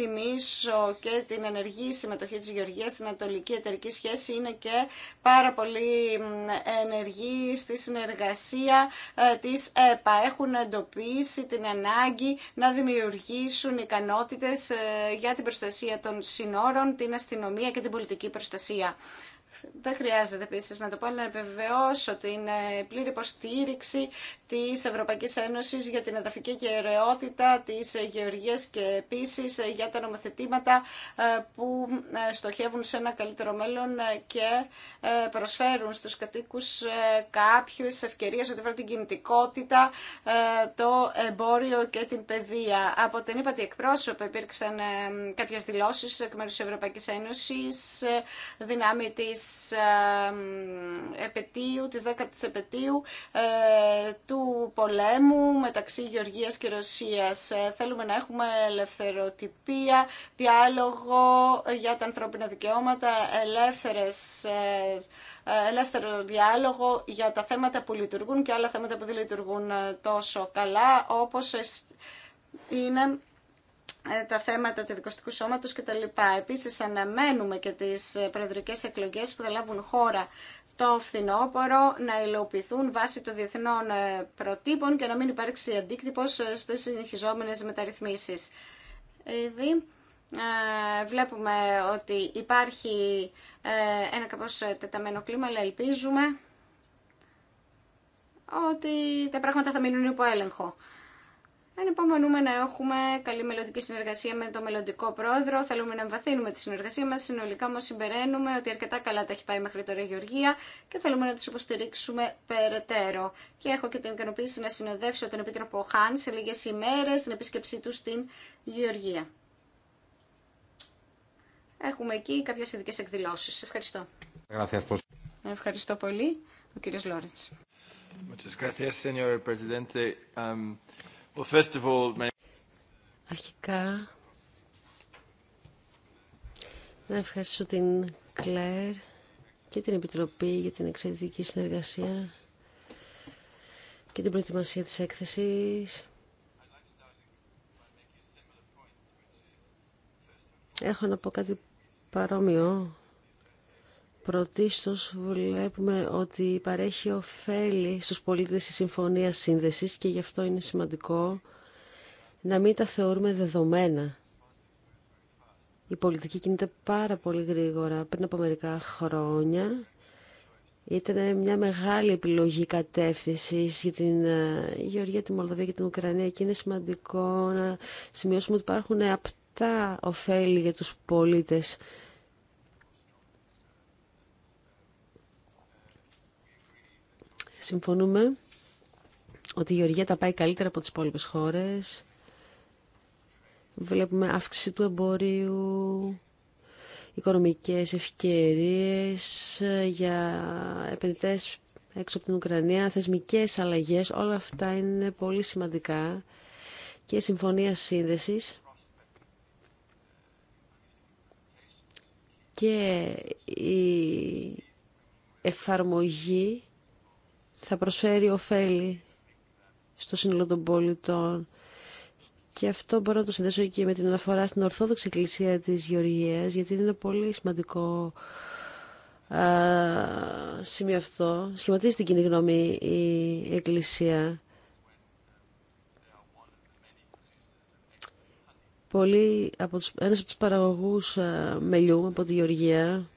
θυμίσω και την ενεργή συμμετοχή της Γεωργίας στην Ανατολική Εταιρική Σχέση είναι και πάρα πολύ ενεργή στη συνεργασία ε, της ΕΠΑ. Έχουν εντοπίσει την ανάγκη να δημιουργήσουν ικανότητες ε, για την προστασία των συνόρων, την αστυνομία και την πολιτική προστασία. Δεν χρειάζεται επίση να το πω, αλλά να επιβεβαιώσω την ε, πλήρη υποστήριξη της Ευρωπαϊκής Ένωσης για την εδαφική κεραιότητα της Γεωργίας και επίσης για τα νομοθετήματα ε, που ε, στοχεύουν σε ένα καλύτερο μέλλον και ε, προσφέρουν στους κατοίκους κάποιες ευκαιρίες ό,τι την κινητικότητα, το εμπόριο και την παιδεία. Από την είπατε εκπρόσωπο υπήρξαν κάποιες δηλώσεις εκ μέρους της Ευρωπαϊκής Ένωσης δυνάμει της επαιτίου, της 10 επαιτίου του πολέμου μεταξύ Γεωργίας και Ρωσίας. Ε, θέλουμε να έχουμε ελευθεροτυπία, διάλογο για τα ανθρώπινα δικαιώματα, ελεύθερες, ε, ε, ελεύθερο διάλογο για τα θέματα που λειτουργούν και άλλα θέματα που δεν λειτουργούν τόσο καλά όπως είναι τα θέματα του δικοστικού σώματος λοιπά Επίσης αναμένουμε και τις προεδρικές εκλογές που θα λάβουν χώρα το φθινόπωρο να υλοποιηθούν βάσει των διεθνών ε, προτύπων και να μην υπάρξει αντίκτυπος ε, στις συνεχιζόμενες μεταρρυθμίσεις. Ήδη ε, βλέπουμε ότι υπάρχει ένα κάπως τεταμένο κλίμα, αλλά ελπίζουμε ότι τα πράγματα θα μείνουν υπό έλεγχο. Ανεπομονούμε να έχουμε καλή μελλοντική συνεργασία με το μελλοντικό πρόεδρο. Θέλουμε να εμβαθύνουμε τη συνεργασία μα. Συνολικά όμω συμπεραίνουμε ότι αρκετά καλά τα έχει πάει μέχρι τώρα η Γεωργία και θέλουμε να του υποστηρίξουμε περαιτέρω. Και έχω και την ικανοποίηση να συνοδεύσω τον Επίτροπο Χάν σε λίγε ημέρε στην επίσκεψή του στην Γεωργία. Έχουμε εκεί κάποιε ειδικέ εκδηλώσει. Ευχαριστώ. Ευχαριστώ πολύ. Ο κύριος Um... Αρχικά, να ευχαριστήσω την Κλέρ και την Επιτροπή για την εξαιρετική συνεργασία και την προετοιμασία της έκθεσης. Έχω να πω κάτι παρόμοιο Πρωτίστως βλέπουμε ότι παρέχει ωφέλη στους πολίτες η Συμφωνία Σύνδεσης και γι' αυτό είναι σημαντικό να μην τα θεωρούμε δεδομένα. Η πολιτική κινείται πάρα πολύ γρήγορα. Πριν από μερικά χρόνια ήταν μια μεγάλη επιλογή κατεύθυνση για την ε, Γεωργία, τη Μολδαβία και την Ουκρανία και είναι σημαντικό να σημειώσουμε ότι υπάρχουν απτά ωφέλη για τους πολίτες Συμφωνούμε ότι η Γεωργία τα πάει καλύτερα από τις υπόλοιπες χώρες. Βλέπουμε αύξηση του εμπορίου, οικονομικές ευκαιρίες για επενδυτές έξω από την Ουκρανία, θεσμικές αλλαγές, όλα αυτά είναι πολύ σημαντικά και η Συμφωνία Σύνδεσης και η εφαρμογή θα προσφέρει ωφέλη στο σύνολο των πολιτών. Και αυτό μπορώ να το συνδέσω και με την αναφορά στην Ορθόδοξη Εκκλησία της Γεωργίας, γιατί είναι πολύ σημαντικό α, σημείο αυτό. Σχηματίζει την κοινή γνώμη η Εκκλησία. Πολύ από τους, ένας από τους παραγωγούς μελιού από τη Γεωργία,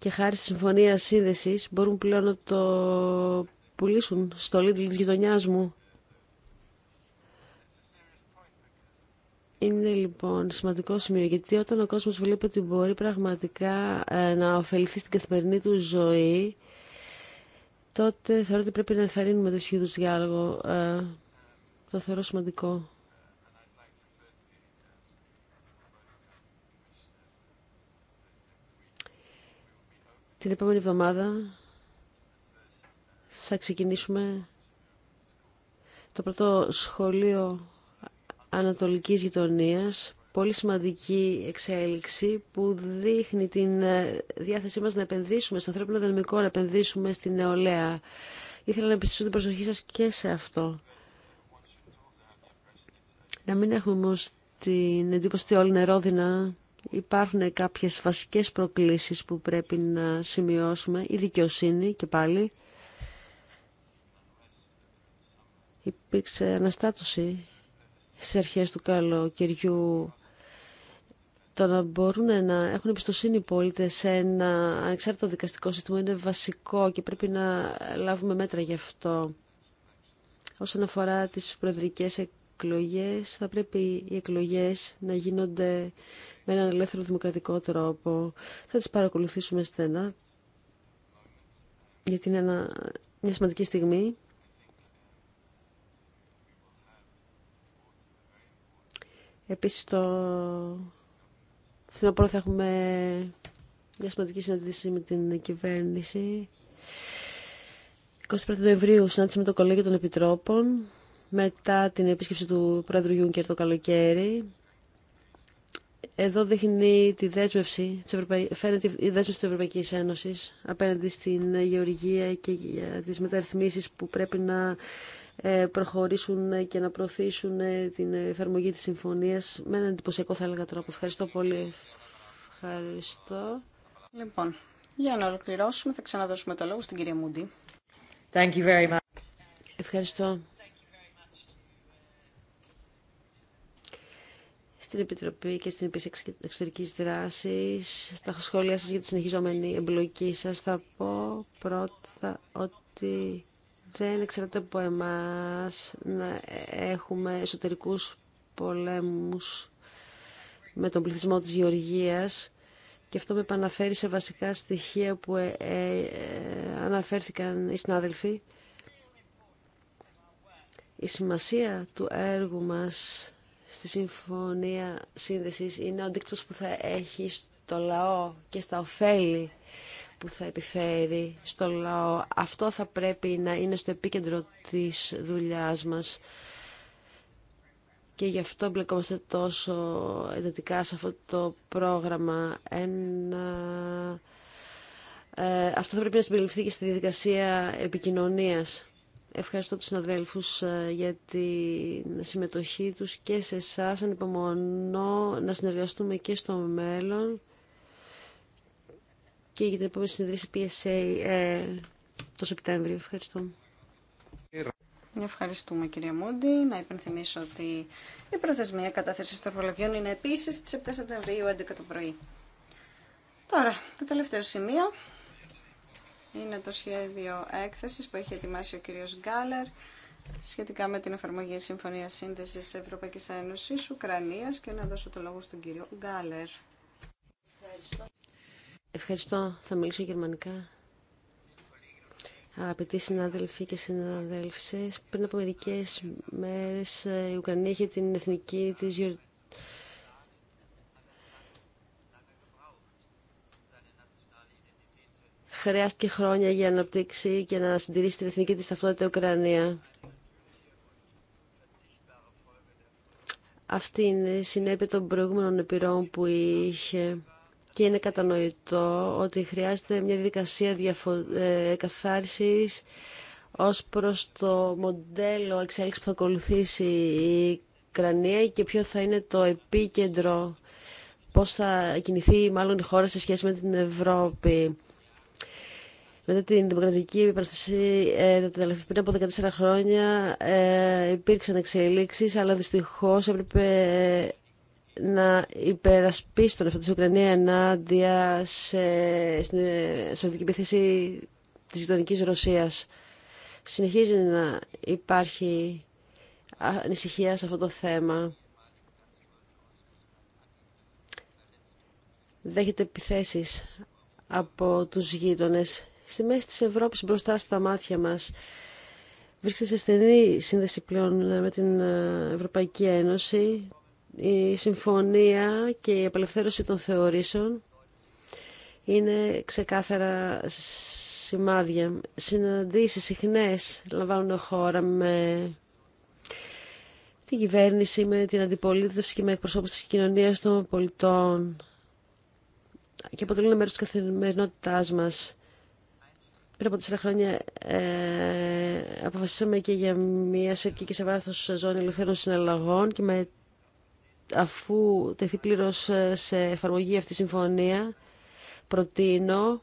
και χάρη στη συμφωνία σύνδεση μπορούν πλέον να το πουλήσουν στο Lidl τη γειτονιά μου. Είναι λοιπόν σημαντικό σημείο γιατί όταν ο κόσμος βλέπει ότι μπορεί πραγματικά ε, να ωφεληθεί στην καθημερινή του ζωή τότε θεωρώ ότι πρέπει να ενθαρρύνουμε το του διάλογο. Ε, το θεωρώ σημαντικό. Την επόμενη εβδομάδα θα ξεκινήσουμε το πρώτο σχολείο Ανατολικής Γειτονίας. Πολύ σημαντική εξέλιξη που δείχνει την ε, διάθεσή μας να επενδύσουμε στον ανθρώπινο δυναμικό, να επενδύσουμε στην νεολαία. Ήθελα να επιστήσω την προσοχή σας και σε αυτό. Να μην έχουμε όμως την εντύπωση ότι όλοι είναι ρόδινα Υπάρχουν κάποιες βασικές προκλήσεις που πρέπει να σημειώσουμε. Η δικαιοσύνη και πάλι. Υπήρξε αναστάτωση στις αρχές του καλοκαιριού το να μπορούν να έχουν εμπιστοσύνη οι πολίτε σε ένα ανεξάρτητο δικαστικό σύστημα είναι βασικό και πρέπει να λάβουμε μέτρα γι' αυτό. Όσον αφορά τις προεδρικές εκλογές, θα πρέπει οι εκλογές να γίνονται με έναν ελεύθερο δημοκρατικό τρόπο. Θα τις παρακολουθήσουμε στενά, γιατί είναι ένα, μια σημαντική στιγμή. Επίσης το φθινόπωρο θα έχουμε μια σημαντική συνάντηση με την κυβέρνηση. 25 Νοεμβρίου συνάντηση με το Κολέγιο των Επιτρόπων μετά την επίσκεψη του πρόεδρου Γιούνκερ το καλοκαίρι. Εδώ δείχνει τη δέσμευση, φαίνεται η δέσμευση της Ευρωπαϊκής Ένωσης απέναντι στην γεωργία και τις μεταρρυθμίσεις που πρέπει να ε, προχωρήσουν και να προωθήσουν ε, την εφαρμογή της συμφωνίας με έναν εντυπωσιακό θα έλεγα τρόπο. Ευχαριστώ πολύ. Ευχαριστώ. Λοιπόν, για να ολοκληρώσουμε θα ξαναδώσουμε το λόγο στην κυρία Μούντι. Ευχαριστώ. στην Επιτροπή και στην Επίση Εξωτερική Δράση. Τα σχόλια σα για τη συνεχιζόμενη εμπλοκή σα θα πω πρώτα ότι δεν εξαρτάται από εμά να έχουμε εσωτερικού πολέμου με τον πληθυσμό της Γεωργία. και αυτό με επαναφέρει σε βασικά στοιχεία που ε, ε, αναφέρθηκαν οι συνάδελφοι. Η σημασία του έργου μας στη Συμφωνία Σύνδεσης είναι ο αντίκτυπος που θα έχει στο λαό και στα ωφέλη που θα επιφέρει στο λαό. Αυτό θα πρέπει να είναι στο επίκεντρο της δουλειάς μας και γι' αυτό μπλεκόμαστε τόσο εντατικά σε αυτό το πρόγραμμα. Ένα... Ε, αυτό θα πρέπει να συμπεριληφθεί και στη διαδικασία επικοινωνίας. Ευχαριστώ τους συναδέλφους ε, για τη συμμετοχή τους και σε εσά Ανυπομονώ να συνεργαστούμε και στο μέλλον και για την επόμενη συνεδρίση PSA ε, το Σεπτέμβριο. Ευχαριστώ. Ευχαριστούμε κυρία Μούντι. Να υπενθυμίσω ότι η προθεσμία κατάθεση των προλογιών είναι επίσης στις 7 Σεπτεμβρίου 11 το πρωί. Τώρα, το τελευταίο σημείο είναι το σχέδιο έκθεσης που έχει ετοιμάσει ο κύριος Γκάλερ σχετικά με την εφαρμογή Συμφωνίας Σύνδεσης Ευρωπαϊκής Ένωσης Ουκρανίας και να δώσω το λόγο στον κύριο Γκάλερ. Ευχαριστώ. Θα μιλήσω γερμανικά. Αγαπητοί συνάδελφοι και συναδέλφισες, πριν από μερικές μέρες η Ουκρανία είχε την εθνική της γιορτή χρειάστηκε χρόνια για να αναπτύξει και να συντηρήσει την εθνική της ταυτότητα Ουκρανία. Αυτή είναι η συνέπεια των προηγούμενων επιρροών που είχε και είναι κατανοητό ότι χρειάζεται μια διαδικασία διαφο... Ε, καθάρισης ως προς το μοντέλο εξέλιξης που θα ακολουθήσει η Ουκρανία και ποιο θα είναι το επίκεντρο, πώς θα κινηθεί μάλλον η χώρα σε σχέση με την Ευρώπη. Μετά την δημοκρατική επαναστασία ε, πριν από 14 χρόνια ε, υπήρξαν εξελίξεις, αλλά δυστυχώς έπρεπε ε, να υπερασπίστον αυτή της Ουκρανία ενάντια σε, στην στρατιωτική επίθεση της γειτονικής Ρωσίας. Συνεχίζει να υπάρχει ανησυχία σε αυτό το θέμα. Δέχεται επιθέσεις από τους γείτονες στη μέση της Ευρώπης μπροστά στα μάτια μας. Βρίσκεται σε στενή σύνδεση πλέον ε, με την ε, Ευρωπαϊκή Ένωση, η συμφωνία και η απελευθέρωση των θεωρήσεων είναι ξεκάθαρα σημάδια. Συναντήσεις συχνές λαμβάνουν χώρα με την κυβέρνηση, με την αντιπολίτευση και με εκπροσώπους της κοινωνίας των πολιτών και αποτελούν μέρος της καθημερινότητάς μας πριν από τέσσερα χρόνια ε, αποφασίσαμε και για μια σφαιρική σε βάθο ζώνη ελευθέρων συναλλαγών και με, αφού τεθεί πλήρω ε, σε εφαρμογή αυτή η συμφωνία προτείνω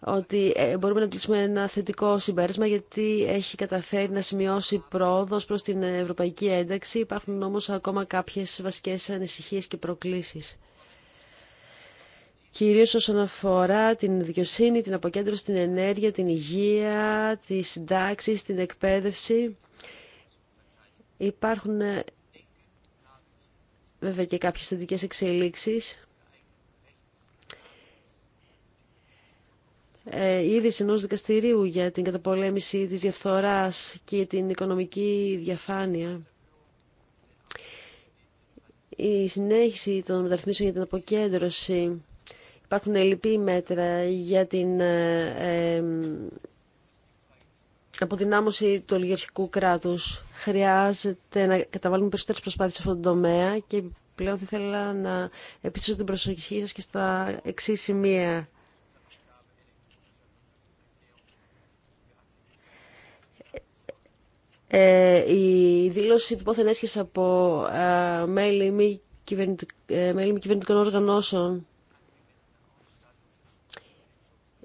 ότι ε, μπορούμε να κλείσουμε ένα θετικό συμπέρασμα γιατί έχει καταφέρει να σημειώσει πρόοδος προς την ευρωπαϊκή ένταξη. Υπάρχουν όμως ακόμα κάποιες βασικές ανησυχίες και προκλήσεις κυρίως όσον αφορά την δικαιοσύνη, την αποκέντρωση, την ενέργεια, την υγεία, τη συντάξει, την εκπαίδευση. Υπάρχουν ε, βέβαια και κάποιες θετικές εξελίξεις. Ε, η είδηση δικαστηρίου για την καταπολέμηση της διαφθοράς και την οικονομική διαφάνεια. Η συνέχιση των μεταρρυθμίσεων για την αποκέντρωση Υπάρχουν λυπή μέτρα για την ε, αποδυνάμωση του ολιγαρχικού κράτους. Χρειάζεται να καταβάλουμε περισσότερες προσπάθειες σε αυτόν τον τομέα και πλέον θα ήθελα να επιστήσω την προσοχή σας και στα εξή σημεία. Ε, η δήλωση που πόθεν έσχεσαι από ε, μέλη, ε, μέλη μη κυβερνητικών οργανώσεων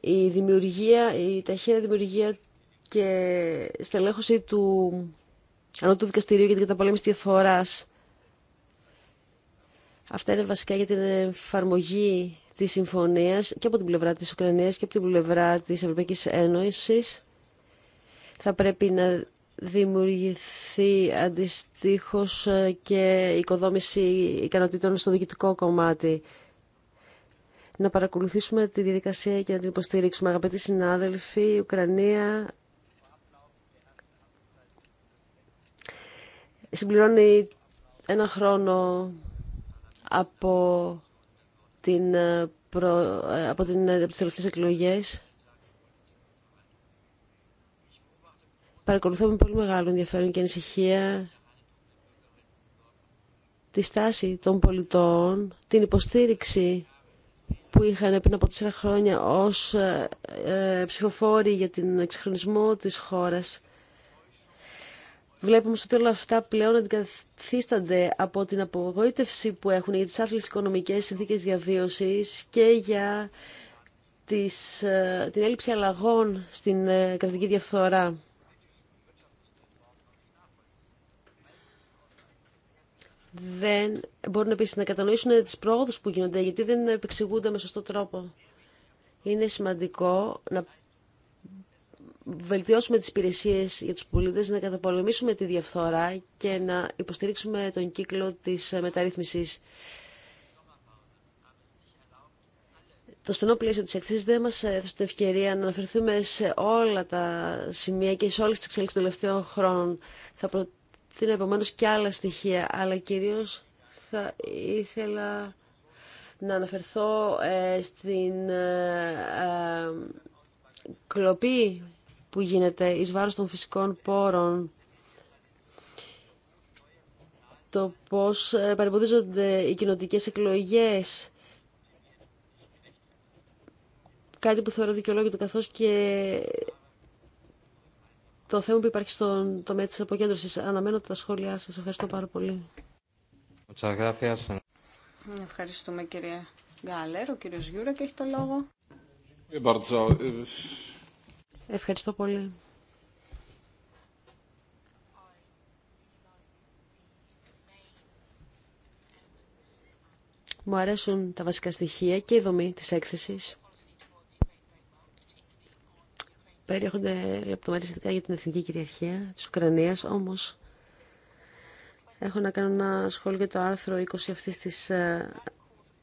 η δημιουργία, η ταχεία δημιουργία και στελέχωση του ανώτου δικαστηρίου για την καταπολέμηση διαφορά. Αυτά είναι βασικά για την εφαρμογή της συμφωνίας και από την πλευρά της Ουκρανίας και από την πλευρά της Ευρωπαϊκής Ένωσης. Θα πρέπει να δημιουργηθεί αντιστοίχως και η οικοδόμηση ικανοτήτων στο διοικητικό κομμάτι να παρακολουθήσουμε τη διαδικασία και να την υποστηρίξουμε. Αγαπητοί συνάδελφοι, η Ουκρανία συμπληρώνει ένα χρόνο από, την, ε, προ... Ε, από, την, από ε, τις τελευταίες εκλογές. Παρακολουθώ με πολύ μεγάλο ενδιαφέρον και ανησυχία τη στάση των πολιτών, την υποστήριξη που είχαν πριν από τέσσερα χρόνια ως ε, ε, ψηφοφόροι για την εξυγχρονισμό της χώρας. Βλέπουμε ότι όλα αυτά πλέον αντικαθίστανται από την απογοήτευση που έχουν για τις άθλιες οικονομικές συνθήκες διαβίωσης και για τις, ε, την έλλειψη αλλαγών στην κρατική διαφθορά. δεν μπορούν επίσης να κατανοήσουν τις πρόοδους που γίνονται, γιατί δεν επεξηγούνται με σωστό τρόπο. Είναι σημαντικό να βελτιώσουμε τις υπηρεσίε για τους πολίτες, να καταπολεμήσουμε τη διαφθορά και να υποστηρίξουμε τον κύκλο της μεταρρύθμισης. Το στενό πλαίσιο της εκθέσης δεν μας έδωσε την ευκαιρία να αναφερθούμε σε όλα τα σημεία και σε όλες τις εξέλιξεις των τελευταίων χρόνων. Θα είναι επομένως και άλλα στοιχεία, αλλά κυρίως θα ήθελα να αναφερθώ ε, στην ε, ε, κλοπή που γίνεται εις βάρος των φυσικών πόρων το πώς παρεμποδίζονται οι κοινοτικές εκλογές κάτι που θεωρώ δικαιολόγητο καθώς και το θέμα που υπάρχει στον τομέα τη αποκέντρωση. Αναμένω τα σχόλιά σας. Ευχαριστώ πάρα πολύ. Ευχαριστούμε κύριε Γκάλερ. Ο κύριο Γιούρακ έχει το λόγο. Ε, ε, Ευχαριστώ πολύ. Μου αρέσουν τα βασικά στοιχεία και η δομή της έκθεσης. περιέχονται λεπτομεριστικά για την εθνική κυριαρχία της Ουκρανίας, όμως έχω να κάνω ένα σχόλιο για το άρθρο 20 αυτή της ε,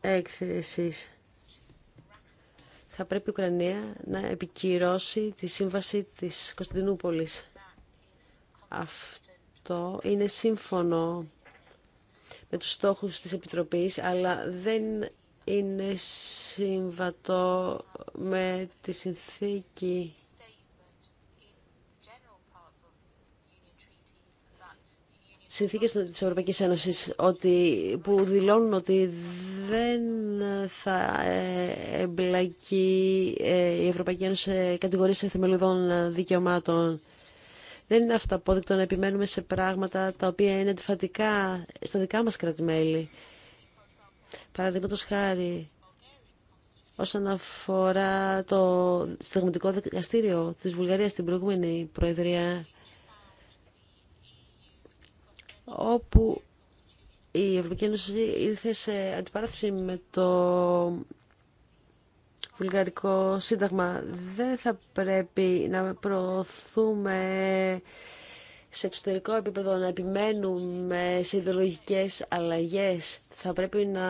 έκθεσης. Θα πρέπει η Ουκρανία να επικυρώσει τη σύμβαση της Κωνσταντινούπολης. Αυτό είναι σύμφωνο με τους στόχους της Επιτροπής, αλλά δεν είναι συμβατό με τη συνθήκη συνθήκες της Ευρωπαϊκής Ένωσης ότι, που δηλώνουν ότι δεν θα ε, εμπλακεί ε, η Ευρωπαϊκή Ένωση σε κατηγορίες θεμελιωδών δικαιωμάτων. Δεν είναι αυταπόδεικτο να επιμένουμε σε πράγματα τα οποία είναι αντιφατικά στα δικά μας κρατημέλη. Παραδείγματο χάρη, όσον αφορά το στεγματικό δικαστήριο της Βουλγαρίας στην προηγούμενη Προεδρία, όπου η Ευρωπαϊκή Ένωση ήρθε σε αντιπαράθεση με το βουλγαρικό σύνταγμα. Δεν θα πρέπει να προωθούμε σε εξωτερικό επίπεδο να επιμένουμε σε ιδεολογικές αλλαγές. Θα πρέπει να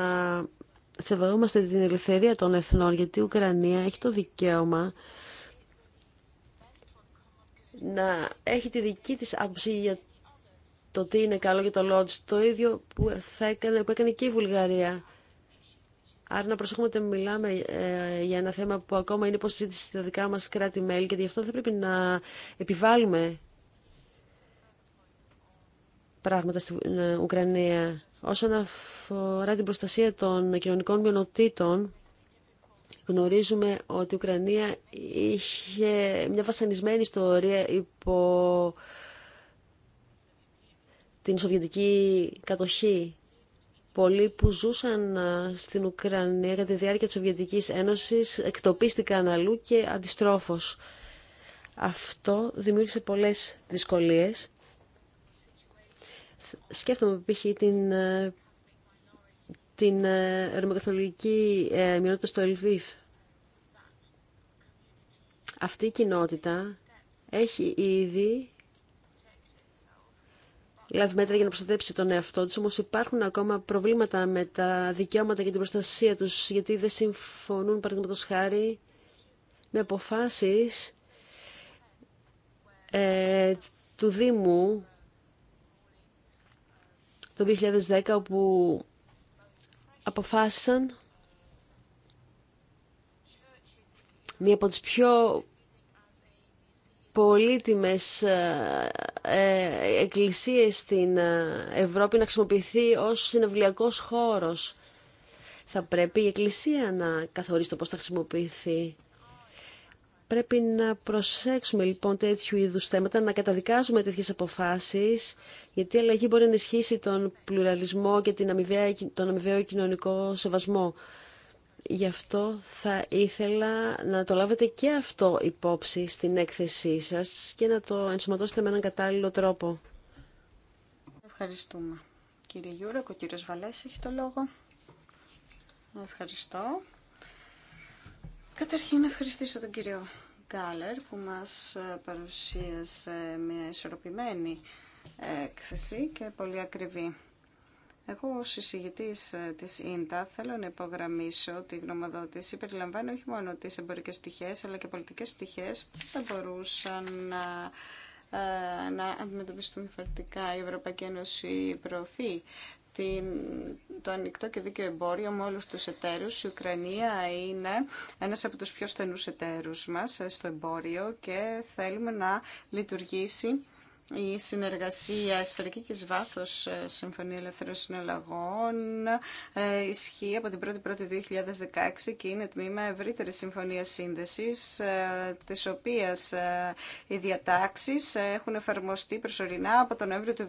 σεβαγόμαστε την ελευθερία των εθνών, γιατί η Ουκρανία έχει το δικαίωμα να έχει τη δική της άποψη για το τι είναι καλό για το Lodge, το ίδιο που, θα έκανε, που έκανε και η Βουλγαρία. Άρα να προσέχουμε ότι μιλάμε ε, για ένα θέμα που ακόμα είναι συζήτηση στα δικά μας κράτη-μέλη και γι' αυτό θα πρέπει να επιβάλλουμε πράγματα στην ε, Ουκρανία. Όσον αφορά την προστασία των κοινωνικών μειονοτήτων, γνωρίζουμε ότι η Ουκρανία είχε μια βασανισμένη ιστορία υπό την Σοβιετική κατοχή. Πολλοί που ζούσαν ε, στην Ουκρανία κατά τη διάρκεια της Σοβιετικής Ένωσης εκτοπίστηκαν αλλού και αντιστρόφως. Αυτό δημιούργησε πολλές δυσκολίες. Σκέφτομαι π.χ. την, ε, την ε, ρωμακαθολική μειονότητα στο Ελβίβ. Αυτή η κοινότητα έχει ήδη λάβει μέτρα για να προστατέψει τον εαυτό της, όμως υπάρχουν ακόμα προβλήματα με τα δικαιώματα και την προστασία τους, γιατί δεν συμφωνούν, παραδείγματο χάρη, με αποφάσεις ε, του Δήμου το 2010, όπου αποφάσισαν μία από τις πιο πολύτιμες ε, ε, εκκλησίες στην ε, Ευρώπη να χρησιμοποιηθεί ως συνευλιακός χώρος. Θα πρέπει η εκκλησία να καθορίσει το πώς θα χρησιμοποιηθεί. Πρέπει να προσέξουμε λοιπόν τέτοιου είδους θέματα, να καταδικάζουμε τέτοιες αποφάσεις, γιατί η αλλαγή μπορεί να ενισχύσει τον πλουραλισμό και την αμοιβαία, τον αμοιβαίο κοινωνικό σεβασμό. Γι' αυτό θα ήθελα να το λάβετε και αυτό υπόψη στην έκθεσή σας και να το ενσωματώσετε με έναν κατάλληλο τρόπο. Ευχαριστούμε. Κύριε Γιούρεκο, ο κύριος Βαλές έχει το λόγο. Ευχαριστώ. Καταρχήν ευχαριστήσω τον κύριο Γκάλερ που μας ε, παρουσίασε μια ισορροπημένη ε, έκθεση και πολύ ακριβή. Εγώ ως εισηγητής ε, της ΙΝΤΑ θέλω να υπογραμμίσω ότι η γνωμοδότηση περιλαμβάνει όχι μόνο τις εμπορικές πτυχές αλλά και πολιτικές πτυχές που θα μπορούσαν να ε, να αντιμετωπιστούν διαφορετικά. Η Ευρωπαϊκή Ένωση προωθεί την, το ανοιχτό και δίκαιο εμπόριο με όλου του εταίρου. Η Ουκρανία είναι ένας από τους πιο στενούς εταίρου μα ε, στο εμπόριο και θέλουμε να λειτουργήσει η συνεργασία σφαιρική και βάθος ε, Συμφωνία Ελευθερών Συναλλαγών ε, ισχύει από την 1η-1η 2016 και είναι τμήμα ευρύτερης συμφωνίας σύνδεσης ε, τη οποία οι διατάξει έχουν εφαρμοστεί προσωρινά από τον Νοέμβριο του 2014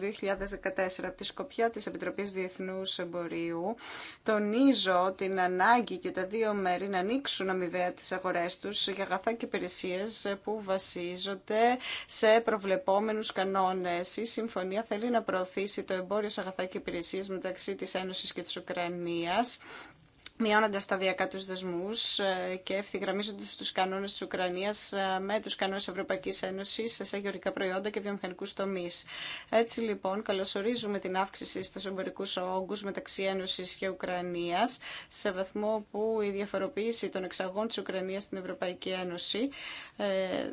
από τη Σκοπιά τη Επιτροπή Διεθνού Εμπορίου. Τονίζω την ανάγκη και τα δύο μέρη να ανοίξουν αμοιβαία τι αγορέ του για αγαθά και υπηρεσίε που βασίζονται σε προβλεπόμενου κανόνε η συμφωνία θέλει να προωθήσει το εμπόριο σε αγαθά και υπηρεσίες μεταξύ της Ένωσης και της Ουκρανίας μειώνοντα σταδιακά του δεσμού ε, και ευθυγραμμίζοντα του κανόνε τη Ουκρανία ε, με του κανόνε Ευρωπαϊκή Ένωση σε αγιορικά προϊόντα και βιομηχανικού τομεί. Έτσι λοιπόν, καλωσορίζουμε την αύξηση στου εμπορικού όγκου μεταξύ Ένωση και Ουκρανία σε βαθμό που η διαφοροποίηση των εξαγών τη Ουκρανία στην Ευρωπαϊκή Ένωση ε,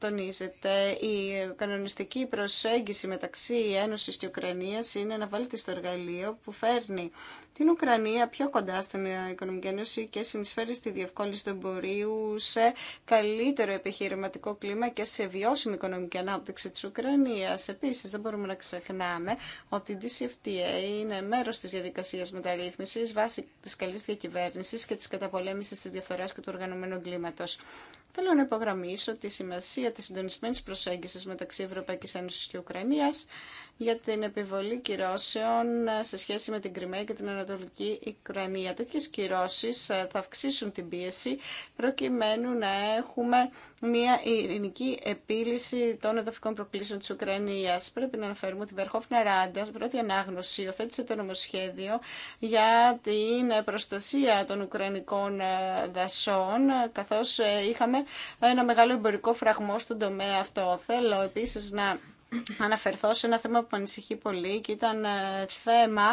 τονίζεται η κανονιστική προσέγγιση μεταξύ Ένωσης και Ουκρανίας είναι να ένα στο εργαλείο που φέρνει την Ουκρανία πιο κοντά στην Οικονομική Ένωση και συνεισφέρει στη διευκόλυνση του εμπορίου σε καλύτερο επιχειρηματικό κλίμα και σε βιώσιμη οικονομική ανάπτυξη της Ουκρανίας. Επίσης, δεν μπορούμε να ξεχνάμε ότι η DCFTA είναι μέρος της διαδικασίας μεταρρύθμισης βάσει της καλής διακυβέρνησης και της καταπολέμησης της διαφθοράς και του οργανωμένου εγκλήματος. Θέλω να υπογραμμίσω τη σημασία της συντονισμένης προσέγγισης μεταξύ Ευρωπαϊκής Ένωσης και Ουκρανίας για την επιβολή κυρώσεων ε, σε σχέση με την Κρυμαία και την Ανατολική Ουκρανία. Τέτοιες κυρώσεις ε, θα αυξήσουν την πίεση προκειμένου να έχουμε μια ειρηνική επίλυση των εδαφικών προκλήσεων της Ουκρανίας. Πρέπει να αναφέρουμε ότι η Βερχόφνα Ράντα πρώτη ανάγνωση οθέτησε το νομοσχέδιο για την προστασία των Ουκρανικών ε, δασών καθώς είχαμε ένα μεγάλο εμπορικό φραγμό στον τομέα αυτό. Θέλω επίσης να αναφερθώ σε ένα θέμα που ανησυχεί πολύ και ήταν ε, θέμα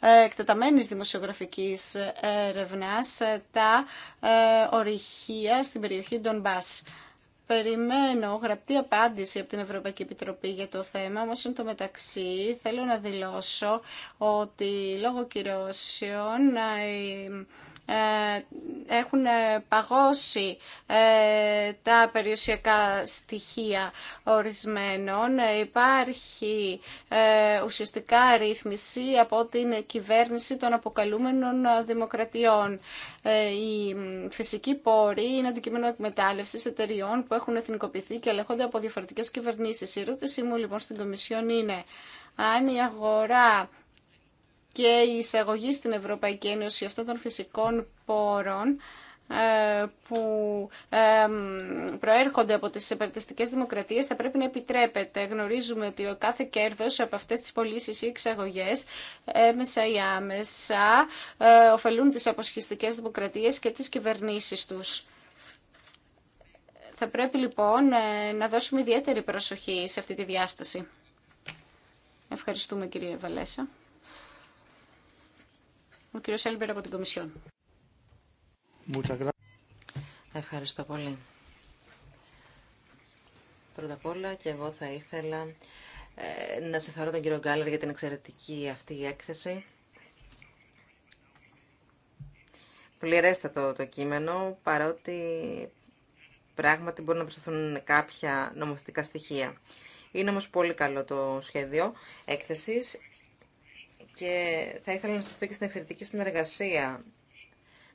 ε, εκτεταμένης δημοσιογραφικής έρευνας ε, τα ορυχεία στην περιοχή των Μπάς. Περιμένω γραπτή απάντηση από την Ευρωπαϊκή Επιτροπή για το θέμα, όμως εν το μεταξύ θέλω να δηλώσω ότι λόγω κυρώσεων ε, έχουν ε, παγώσει ε, τα περιουσιακά στοιχεία ορισμένων. Υπάρχει ουσιαστικά ρύθμιση από την κυβέρνηση των αποκαλούμενων δημοκρατιών. Η φυσική πόροι είναι αντικείμενο εκμετάλλευση εταιριών που έχουν εθνικοποιηθεί και ελέγχονται από διαφορετικέ κυβερνήσει. Η ρώτησή μου λοιπόν στην Κομισιόν είναι αν η αγορά και η εισαγωγή στην Ευρωπαϊκή Ένωση αυτών των φυσικών πόρων ε, που ε, προέρχονται από τις επαρτιστικές δημοκρατίες θα πρέπει να επιτρέπεται. Γνωρίζουμε ότι ο κάθε κέρδος από αυτές τις πωλήσει ή εξαγωγές έμεσα ή άμεσα ε, ωφελούν τις αποσχιστικές δημοκρατίες και τις κυβερνήσεις τους. Θα πρέπει λοιπόν να δώσουμε ιδιαίτερη προσοχή σε αυτή τη διάσταση. Ευχαριστούμε κύριε Βαλέσα. Ο κύριος Σέλμπερ από την Κομισιόν. Ευχαριστώ πολύ. Πρώτα απ' όλα και εγώ θα ήθελα ε, να σε τον κύριο Γκάλερ για την εξαιρετική αυτή η έκθεση. Πληρέστατο το κείμενο, παρότι πράγματι μπορούν να προσθεθούν κάποια νομοθετικά στοιχεία. Είναι όμως πολύ καλό το σχέδιο έκθεσης και θα ήθελα να σταθώ και στην εξαιρετική συνεργασία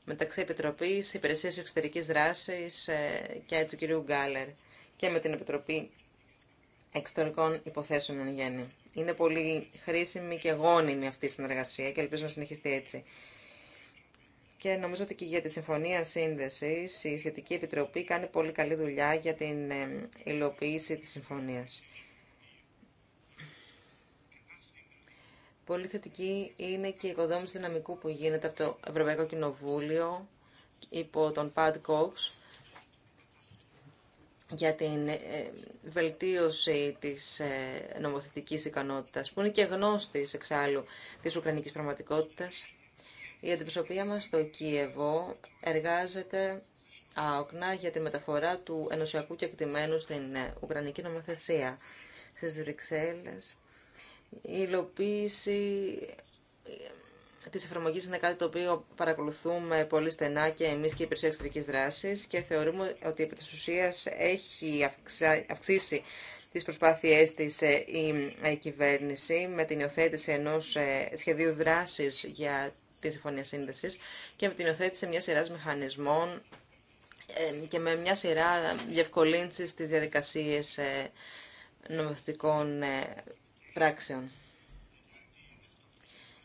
μεταξύ Επιτροπής Υπηρεσίας Εξωτερικής Δράσης ε, και του κυρίου Γκάλερ και με την Επιτροπή Εξωτερικών Υποθέσεων εν γέννη. Είναι πολύ χρήσιμη και γόνιμη αυτή η συνεργασία και ελπίζω να συνεχιστεί έτσι. Και νομίζω ότι και για τη Συμφωνία σύνδεση. η Σχετική Επιτροπή κάνει πολύ καλή δουλειά για την ε, υλοποίηση της Συμφωνίας. Πολύ θετική είναι και η οικοδόμηση δυναμικού που γίνεται από το Ευρωπαϊκό Κοινοβούλιο υπό τον Pat Cox για την ε, βελτίωση της ε, νομοθετικής ικανότητας, που είναι και γνώστης εξάλλου της ουκρανικής πραγματικότητας. Η αντιπροσωπεία μας στο Κίεβο εργάζεται άοκνα για τη μεταφορά του ενωσιακού κεκτημένου στην ε, Ουκρανική νομοθεσία στις Βρυξέλλες. Η υλοποίηση της εφαρμογής είναι κάτι το οποίο παρακολουθούμε πολύ στενά και εμείς και η υπηρεσία εξωτερικής δράσης και θεωρούμε ότι επί της έχει αυξήσει τις προσπάθειές της ε, η κυβέρνηση με την υιοθέτηση ενός ε, σχεδίου δράσης για τη Συμφωνία Σύνδεσης και με την υιοθέτηση μια σειράς μηχανισμών ε, και με μια σειρά διευκολύνσεις στις διαδικασίες νομοθετικών πράξεων.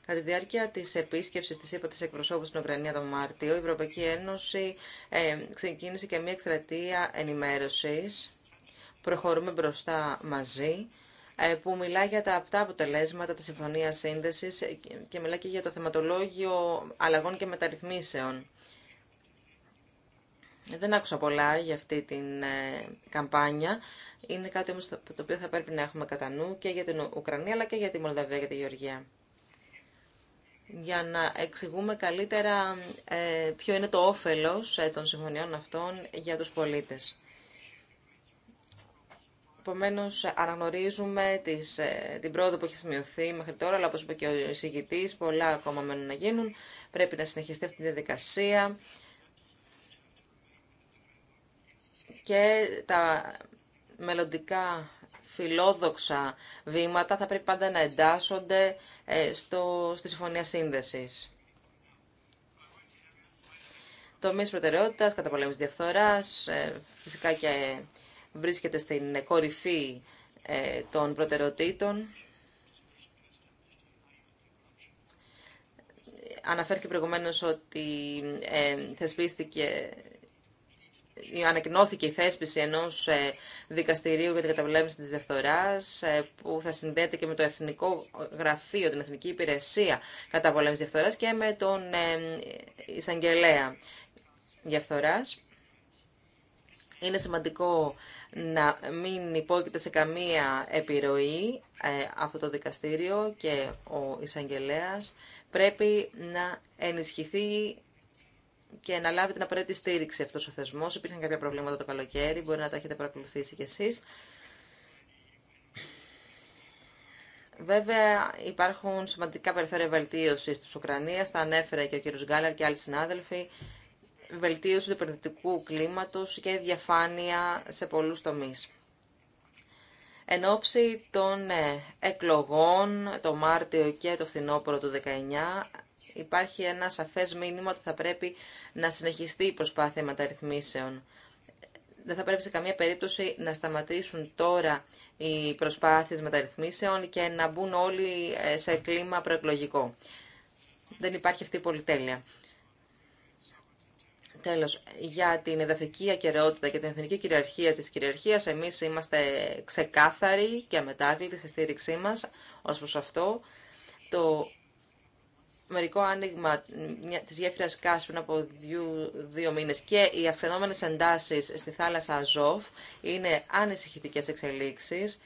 Κατά τη διάρκεια τη επίσκεψη τη ΕΠΑ τη εκπροσώπου στην Ουκρανία τον Μάρτιο, η Ευρωπαϊκή Ένωση ε, ξεκίνησε και μια εκστρατεία ενημέρωση. Προχωρούμε μπροστά μαζί ε, που μιλάει για τα απτά αποτελέσματα της Συμφωνίας Σύνδεσης και μιλάει και για το θεματολόγιο αλλαγών και μεταρρυθμίσεων δεν άκουσα πολλά για αυτή την ε, καμπάνια. Είναι κάτι όμως το οποίο θα πρέπει να έχουμε κατά νου και για την Ουκρανία αλλά και για τη Μολδαβία και τη Γεωργία. Για να εξηγούμε καλύτερα ε, ποιο είναι το όφελος ε, των συμφωνιών αυτών για τους πολίτες. Επομένω, αναγνωρίζουμε τις, την πρόοδο που έχει σημειωθεί μέχρι τώρα, αλλά όπω είπε και ο εισηγητή, πολλά ακόμα μένουν να γίνουν. Πρέπει να συνεχιστεί αυτή η διαδικασία και τα μελλοντικά φιλόδοξα βήματα θα πρέπει πάντα να εντάσσονται ε, στο, στη Συμφωνία Σύνδεσης. Τομείς προτεραιότητας, καταπολέμηση διαφθοράς, ε, φυσικά και βρίσκεται στην κορυφή ε, των προτεραιοτήτων. Αναφέρθηκε προηγουμένως ότι θεσπίστηκε ανακοινώθηκε η θέσπιση ενός ε, δικαστηρίου για την καταβλέμηση της διαφθοράς ε, που θα συνδέεται και με το Εθνικό Γραφείο, την Εθνική Υπηρεσία Καταβολέμησης Διαφθοράς και με τον ε, Ισαγγελέα Διαφθοράς. Είναι σημαντικό να μην υπόκειται σε καμία επιρροή αυτό το δικαστήριο και ο εισαγγελέα πρέπει να ενισχυθεί και να λάβει την απαραίτητη στήριξη αυτό ο θεσμό. Υπήρχαν κάποια προβλήματα το καλοκαίρι, μπορεί να τα έχετε παρακολουθήσει κι εσείς. Βέβαια υπάρχουν σημαντικά περιθώρια βελτίωση τη Ουκρανία. τα ανέφερε και ο κύριος Γκάλαρ και άλλοι συνάδελφοι, βελτίωση του επενδυτικού κλίματος και διαφάνεια σε πολλού τομεί. Εν ώψη των ε, εκλογών το Μάρτιο και το φθινόπωρο του 19 υπάρχει ένα σαφές μήνυμα ότι θα πρέπει να συνεχιστεί η προσπάθεια μεταρρυθμίσεων. Δεν θα πρέπει σε καμία περίπτωση να σταματήσουν τώρα οι προσπάθειες μεταρρυθμίσεων και να μπουν όλοι ε, σε κλίμα προεκλογικό. Δεν υπάρχει αυτή η πολυτέλεια. Τέλος, για την εδαφική ακεραιότητα και την εθνική κυριαρχία της κυριαρχίας, εμείς είμαστε ξεκάθαροι και αμετάκλητοι στη στήριξή μας ως προς αυτό. Το μερικό άνοιγμα της γέφυρας Κάσπιν από δύο, δύο μήνες και οι αυξανόμενες εντάσεις στη θάλασσα Αζόφ είναι ανησυχητικές εξελίξεις.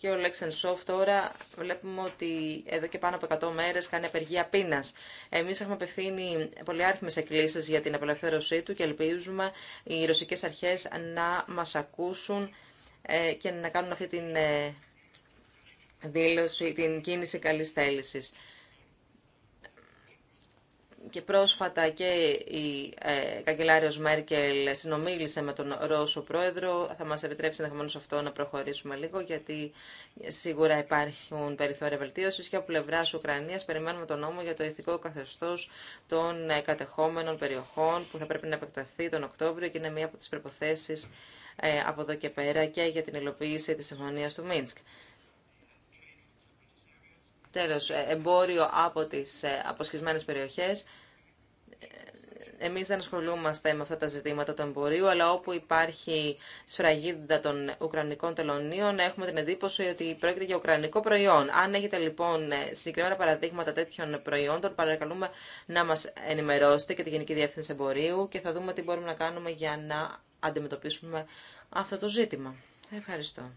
Και ο Λέξεν Σόφ τώρα βλέπουμε ότι εδώ και πάνω από 100 μέρες κάνει απεργία πείνας. Εμείς έχουμε απευθύνει πολυάριθμες εκκλήσεις για την απελευθέρωσή του και ελπίζουμε οι ρωσικές αρχές να μας ακούσουν ε, και να κάνουν αυτή την ε, δήλωση, την κίνηση καλής θέλησης. Και πρόσφατα και η ε, καγκελάριος Μέρκελ συνομίλησε με τον Ρώσο πρόεδρο. Θα μας επιτρέψει ενδεχομένω αυτό να προχωρήσουμε λίγο, γιατί σίγουρα υπάρχουν περιθώρια βελτίωση και από πλευρά Ουκρανία περιμένουμε τον νόμο για το ηθικό καθεστώ των ε, κατεχόμενων περιοχών που θα πρέπει να επεκταθεί τον Οκτώβριο και είναι μία από τι προποθέσει ε, από εδώ και πέρα και για την υλοποίηση τη συμφωνία του Μίνσκ. Τέλος, ε, εμπόριο από τις ε, αποσχισμένες περιοχές. Εμείς δεν ασχολούμαστε με αυτά τα ζητήματα του εμπορίου, αλλά όπου υπάρχει σφραγίδα των Ουκρανικών τελωνίων, έχουμε την εντύπωση ότι πρόκειται για Ουκρανικό προϊόν. Αν έχετε λοιπόν ε, συγκεκριμένα παραδείγματα τέτοιων προϊόντων, παρακαλούμε να μας ενημερώσετε και τη Γενική Διεύθυνση Εμπορίου και θα δούμε τι μπορούμε να κάνουμε για να αντιμετωπίσουμε αυτό το ζήτημα. Ευχαριστώ.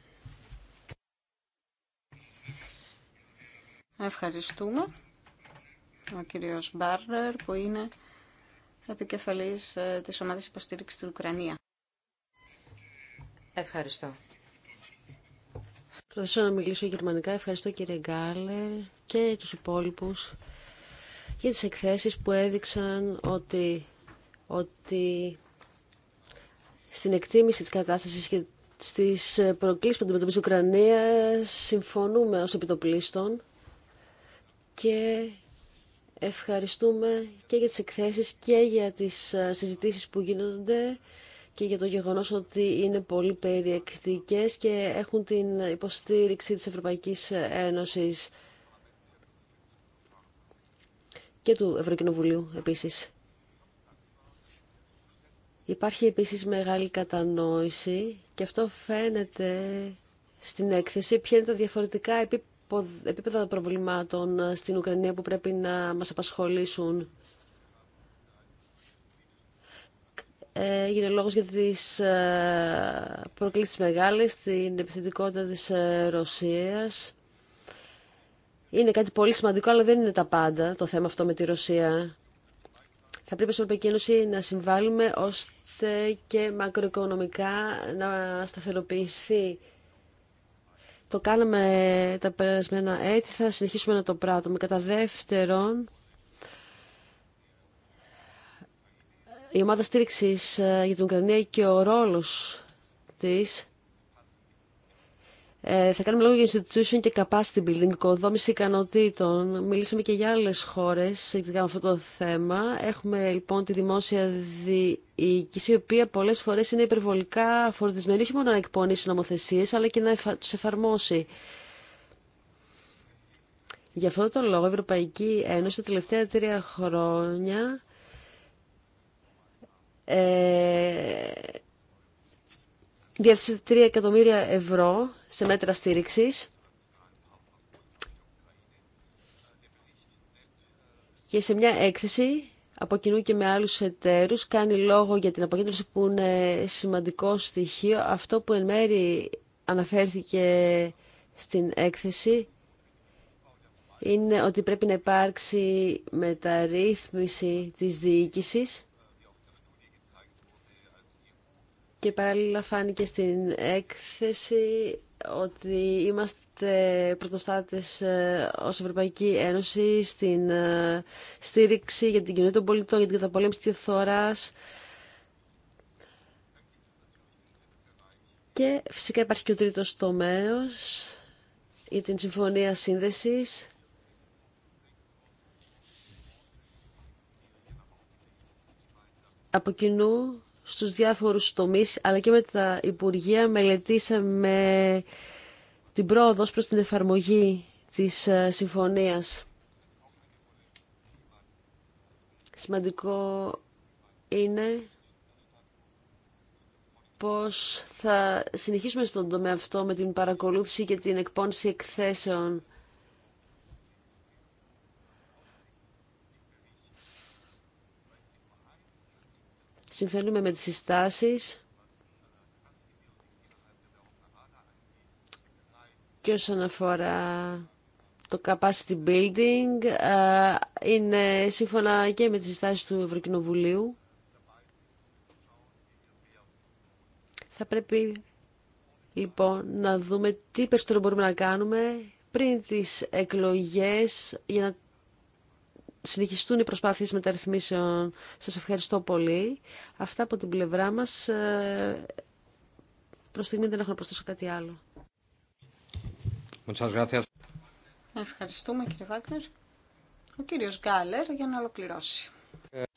Ευχαριστούμε. Ο κύριος Μπάρνερ που είναι επικεφαλής ε, της ομάδας υποστήριξης στην Ουκρανία. Ευχαριστώ. Προσθέσω να μιλήσω γερμανικά. Ευχαριστώ κύριε Γκάλερ και τους υπόλοιπους για τις εκθέσεις που έδειξαν ότι, ότι στην εκτίμηση της κατάστασης και στις προκλήσεις που αντιμετωπίζει η Ουκρανία συμφωνούμε ως επιτοπλίστων και ευχαριστούμε και για τις εκθέσεις και για τις ε, συζητήσεις που γίνονται και για το γεγονός ότι είναι πολύ περιεκτικές και έχουν την υποστήριξη της Ευρωπαϊκής Ένωσης και του Ευρωκοινοβουλίου επίσης. Υπάρχει επίσης μεγάλη κατανόηση και αυτό φαίνεται στην έκθεση ποια είναι τα διαφορετικά επίπεδα επίπεδα προβλημάτων ε, στην Ουκρανία που πρέπει να μας απασχολήσουν. Ε, έγινε λόγος για τις ε, προκλήσεις μεγάλες, την επιθετικότητα της Ρωσίας. Είναι κάτι πολύ σημαντικό, αλλά δεν είναι τα πάντα το θέμα αυτό με τη Ρωσία. Θα πρέπει στην Ευρωπαϊκή Ένωση να συμβάλλουμε ώστε και μακροοικονομικά να σταθεροποιηθεί το κάναμε τα περασμένα έτη, θα συνεχίσουμε να το πράττουμε. Κατά δεύτερον, η ομάδα στήριξης ε, για την Ουκρανία και ο ρόλος της ε, θα κάνουμε λόγο για institution και capacity building, οικοδόμηση ικανοτήτων. Μιλήσαμε και για άλλε χώρε σχετικά με αυτό το θέμα. Έχουμε λοιπόν τη δημόσια διοίκηση, η οποία πολλέ φορέ είναι υπερβολικά φορτισμένη, όχι μόνο να εκπονήσει νομοθεσίε, αλλά και να του εφαρμόσει. Γι' αυτό το λόγο η Ευρωπαϊκή Ένωση τα τελευταία τρία χρόνια ε, 3 εκατομμύρια ευρώ σε μέτρα στήριξης και σε μια έκθεση από κοινού και με άλλους εταίρους κάνει λόγο για την αποκέντρωση που είναι σημαντικό στοιχείο. Αυτό που εν μέρη αναφέρθηκε στην έκθεση είναι ότι πρέπει να υπάρξει μεταρρύθμιση της διοίκησης και παράλληλα φάνηκε στην έκθεση ότι είμαστε πρωτοστάτες ε, ως Ευρωπαϊκή Ένωση στην ε, στήριξη για την κοινωνία των πολιτών, για την καταπολέμηση της θωράς. Και φυσικά υπάρχει και ο τρίτος τομέας για την Συμφωνία Σύνδεσης. Από κοινού στους διάφορους τομείς, αλλά και με τα Υπουργεία μελετήσαμε την πρόοδο προς την εφαρμογή της ε, συμφωνίας. Σημαντικό είναι πώς θα συνεχίσουμε στον τομέα αυτό με την παρακολούθηση και την εκπόνηση εκθέσεων συμφέρουμε με τις συστάσεις και όσον αφορά το capacity building είναι σύμφωνα και με τις συστάσεις του Ευρωκοινοβουλίου. Θα πρέπει λοιπόν να δούμε τι περισσότερο μπορούμε να κάνουμε πριν τις εκλογές για να συνεχιστούν οι προσπάθειες μεταρρυθμίσεων. Σας ευχαριστώ πολύ. Αυτά από την πλευρά μας. Ε, προς στιγμή δεν έχω να προσθέσω κάτι άλλο. Ευχαριστούμε κύριε Βάκνερ. Ο κύριος Γκάλερ για να ολοκληρώσει.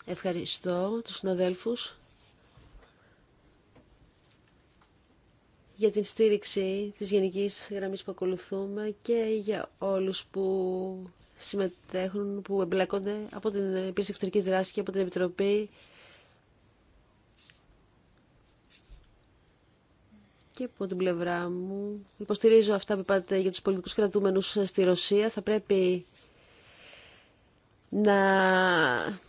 Ευχαριστώ τους συναδέλφους για την στήριξη της γενικής γραμμής που ακολουθούμε και για όλους που συμμετέχουν, που εμπλέκονται από την Επίσης εξωτερική δράση και από την Επιτροπή και από την πλευρά μου. Υποστηρίζω αυτά που είπατε για τους πολιτικούς κρατούμενους στη Ρωσία. Θα πρέπει να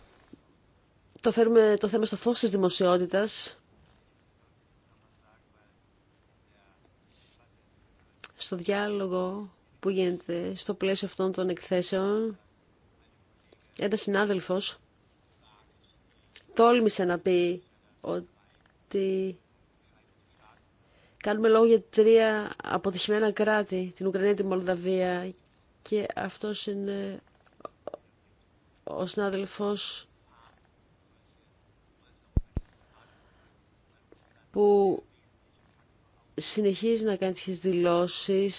το φέρουμε το θέμα στο φως της δημοσιότητας. Στο διάλογο που γίνεται στο πλαίσιο αυτών των εκθέσεων. ένα συνάδελφος τόλμησε να πει ότι κάνουμε λόγο για τρία αποτυχημένα κράτη, την Ουκρανία, τη Μολδαβία και αυτός είναι ο συνάδελφος που συνεχίζει να κάνει τις δηλώσεις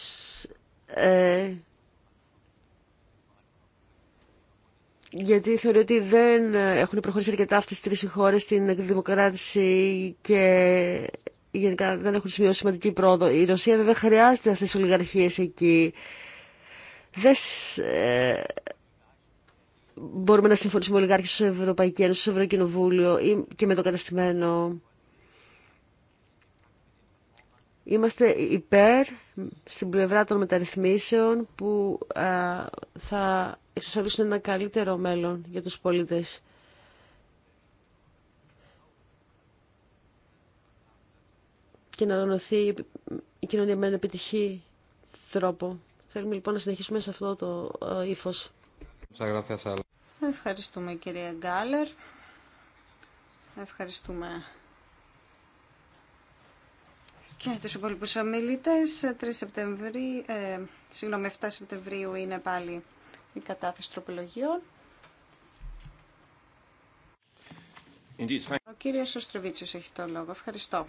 ε, γιατί θεωρεί ότι δεν έχουν προχωρήσει αρκετά αυτές τις τρεις χώρες στην δημοκράτηση και γενικά δεν έχουν σημειώσει σημαντική πρόοδο. Η Ρωσία βέβαια χρειάζεται αυτές τι ολιγαρχίες εκεί. Δεν ε, μπορούμε να συμφωνήσουμε ολιγάρχες στο Ευρωπαϊκή Ένωση, στο Ευρωκοινοβούλιο και με το καταστημένο Είμαστε υπέρ στην πλευρά των μεταρρυθμίσεων που θα εξασφαλίσουν ένα καλύτερο μέλλον για τους πολίτες. Και να οργανωθεί η κοινωνία με έναν επιτυχή τρόπο. Θέλουμε λοιπόν να συνεχίσουμε σε αυτό το ύφο. Ευχαριστούμε κυρία Γκάλερ. Ευχαριστούμε και τους υπόλοιπους ομιλητές. 3 ε, Σεπτεμβρίου, ε, συγγνώμη, 7 Σεπτεμβρίου είναι πάλι η κατάθεση τροπολογιών. Ο κύριος Οστρεβίτσιος έχει το λόγο. Ευχαριστώ.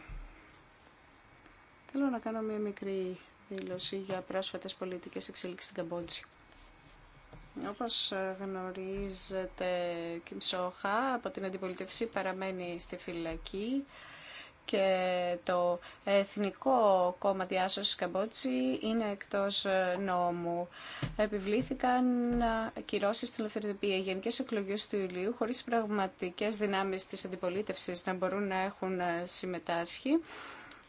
Θέλω να κάνω μια μικρή δήλωση για πρόσφατες πολιτικές εξελίξεις στην Καμπότζη. Όπως ε, γνωρίζετε, Κιμ Σόχα από την αντιπολιτευσή παραμένει στη φυλακή και το Εθνικό Κόμμα Διάσωσης Καμπότση είναι εκτός ε, νόμου. Επιβλήθηκαν ε, κυρώσεις στην ελευθερία γενικές εκλογές του Ιουλίου χωρίς πραγματικές δυνάμεις της αντιπολίτευσης να μπορούν να έχουν ε, συμμετάσχει.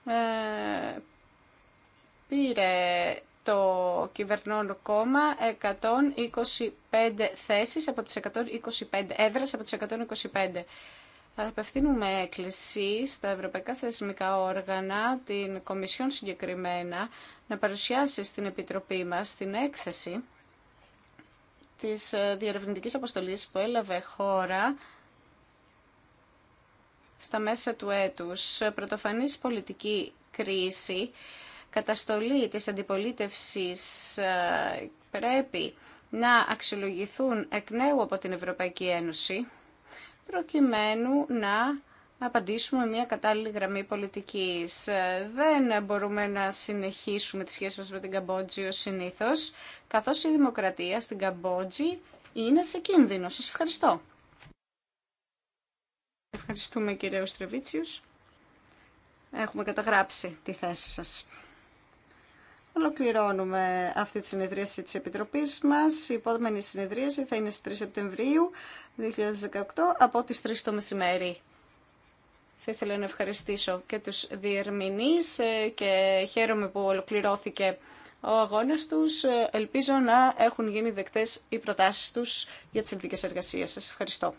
Ε, πήρε το κυβερνών κόμμα 125 θέσεις από τις 125 έδρας. από τις 125 απευθύνουμε έκκληση στα ευρωπαϊκά θεσμικά όργανα, την Κομισιόν συγκεκριμένα, να παρουσιάσει στην Επιτροπή μας την έκθεση της ε, διερευνητικής αποστολής που έλαβε χώρα στα μέσα του έτους. Πρωτοφανής πολιτική κρίση, καταστολή της αντιπολίτευσης ε, πρέπει να αξιολογηθούν εκ νέου από την Ευρωπαϊκή Ένωση προκειμένου να απαντήσουμε μια κατάλληλη γραμμή πολιτικής. Δεν μπορούμε να συνεχίσουμε τη σχέση μας με την Καμπότζη ως συνήθως, καθώς η δημοκρατία στην Καμπότζη είναι σε κίνδυνο. Σας ευχαριστώ. Ευχαριστούμε κύριε Οστρεβίτσιους. Έχουμε καταγράψει τη θέση σας. Ολοκληρώνουμε αυτή τη συνεδρίαση της Επιτροπής μας. Η επόμενη συνεδρίαση θα είναι στις 3 Σεπτεμβρίου 2018 από τις 3 το μεσημέρι. Θα ήθελα να ευχαριστήσω και τους διερμηνείς ε, και χαίρομαι που ολοκληρώθηκε ο αγώνας τους. Ε, ελπίζω να έχουν γίνει δεκτές οι προτάσεις τους για τις συνθήκες εργασίας. Σας ευχαριστώ.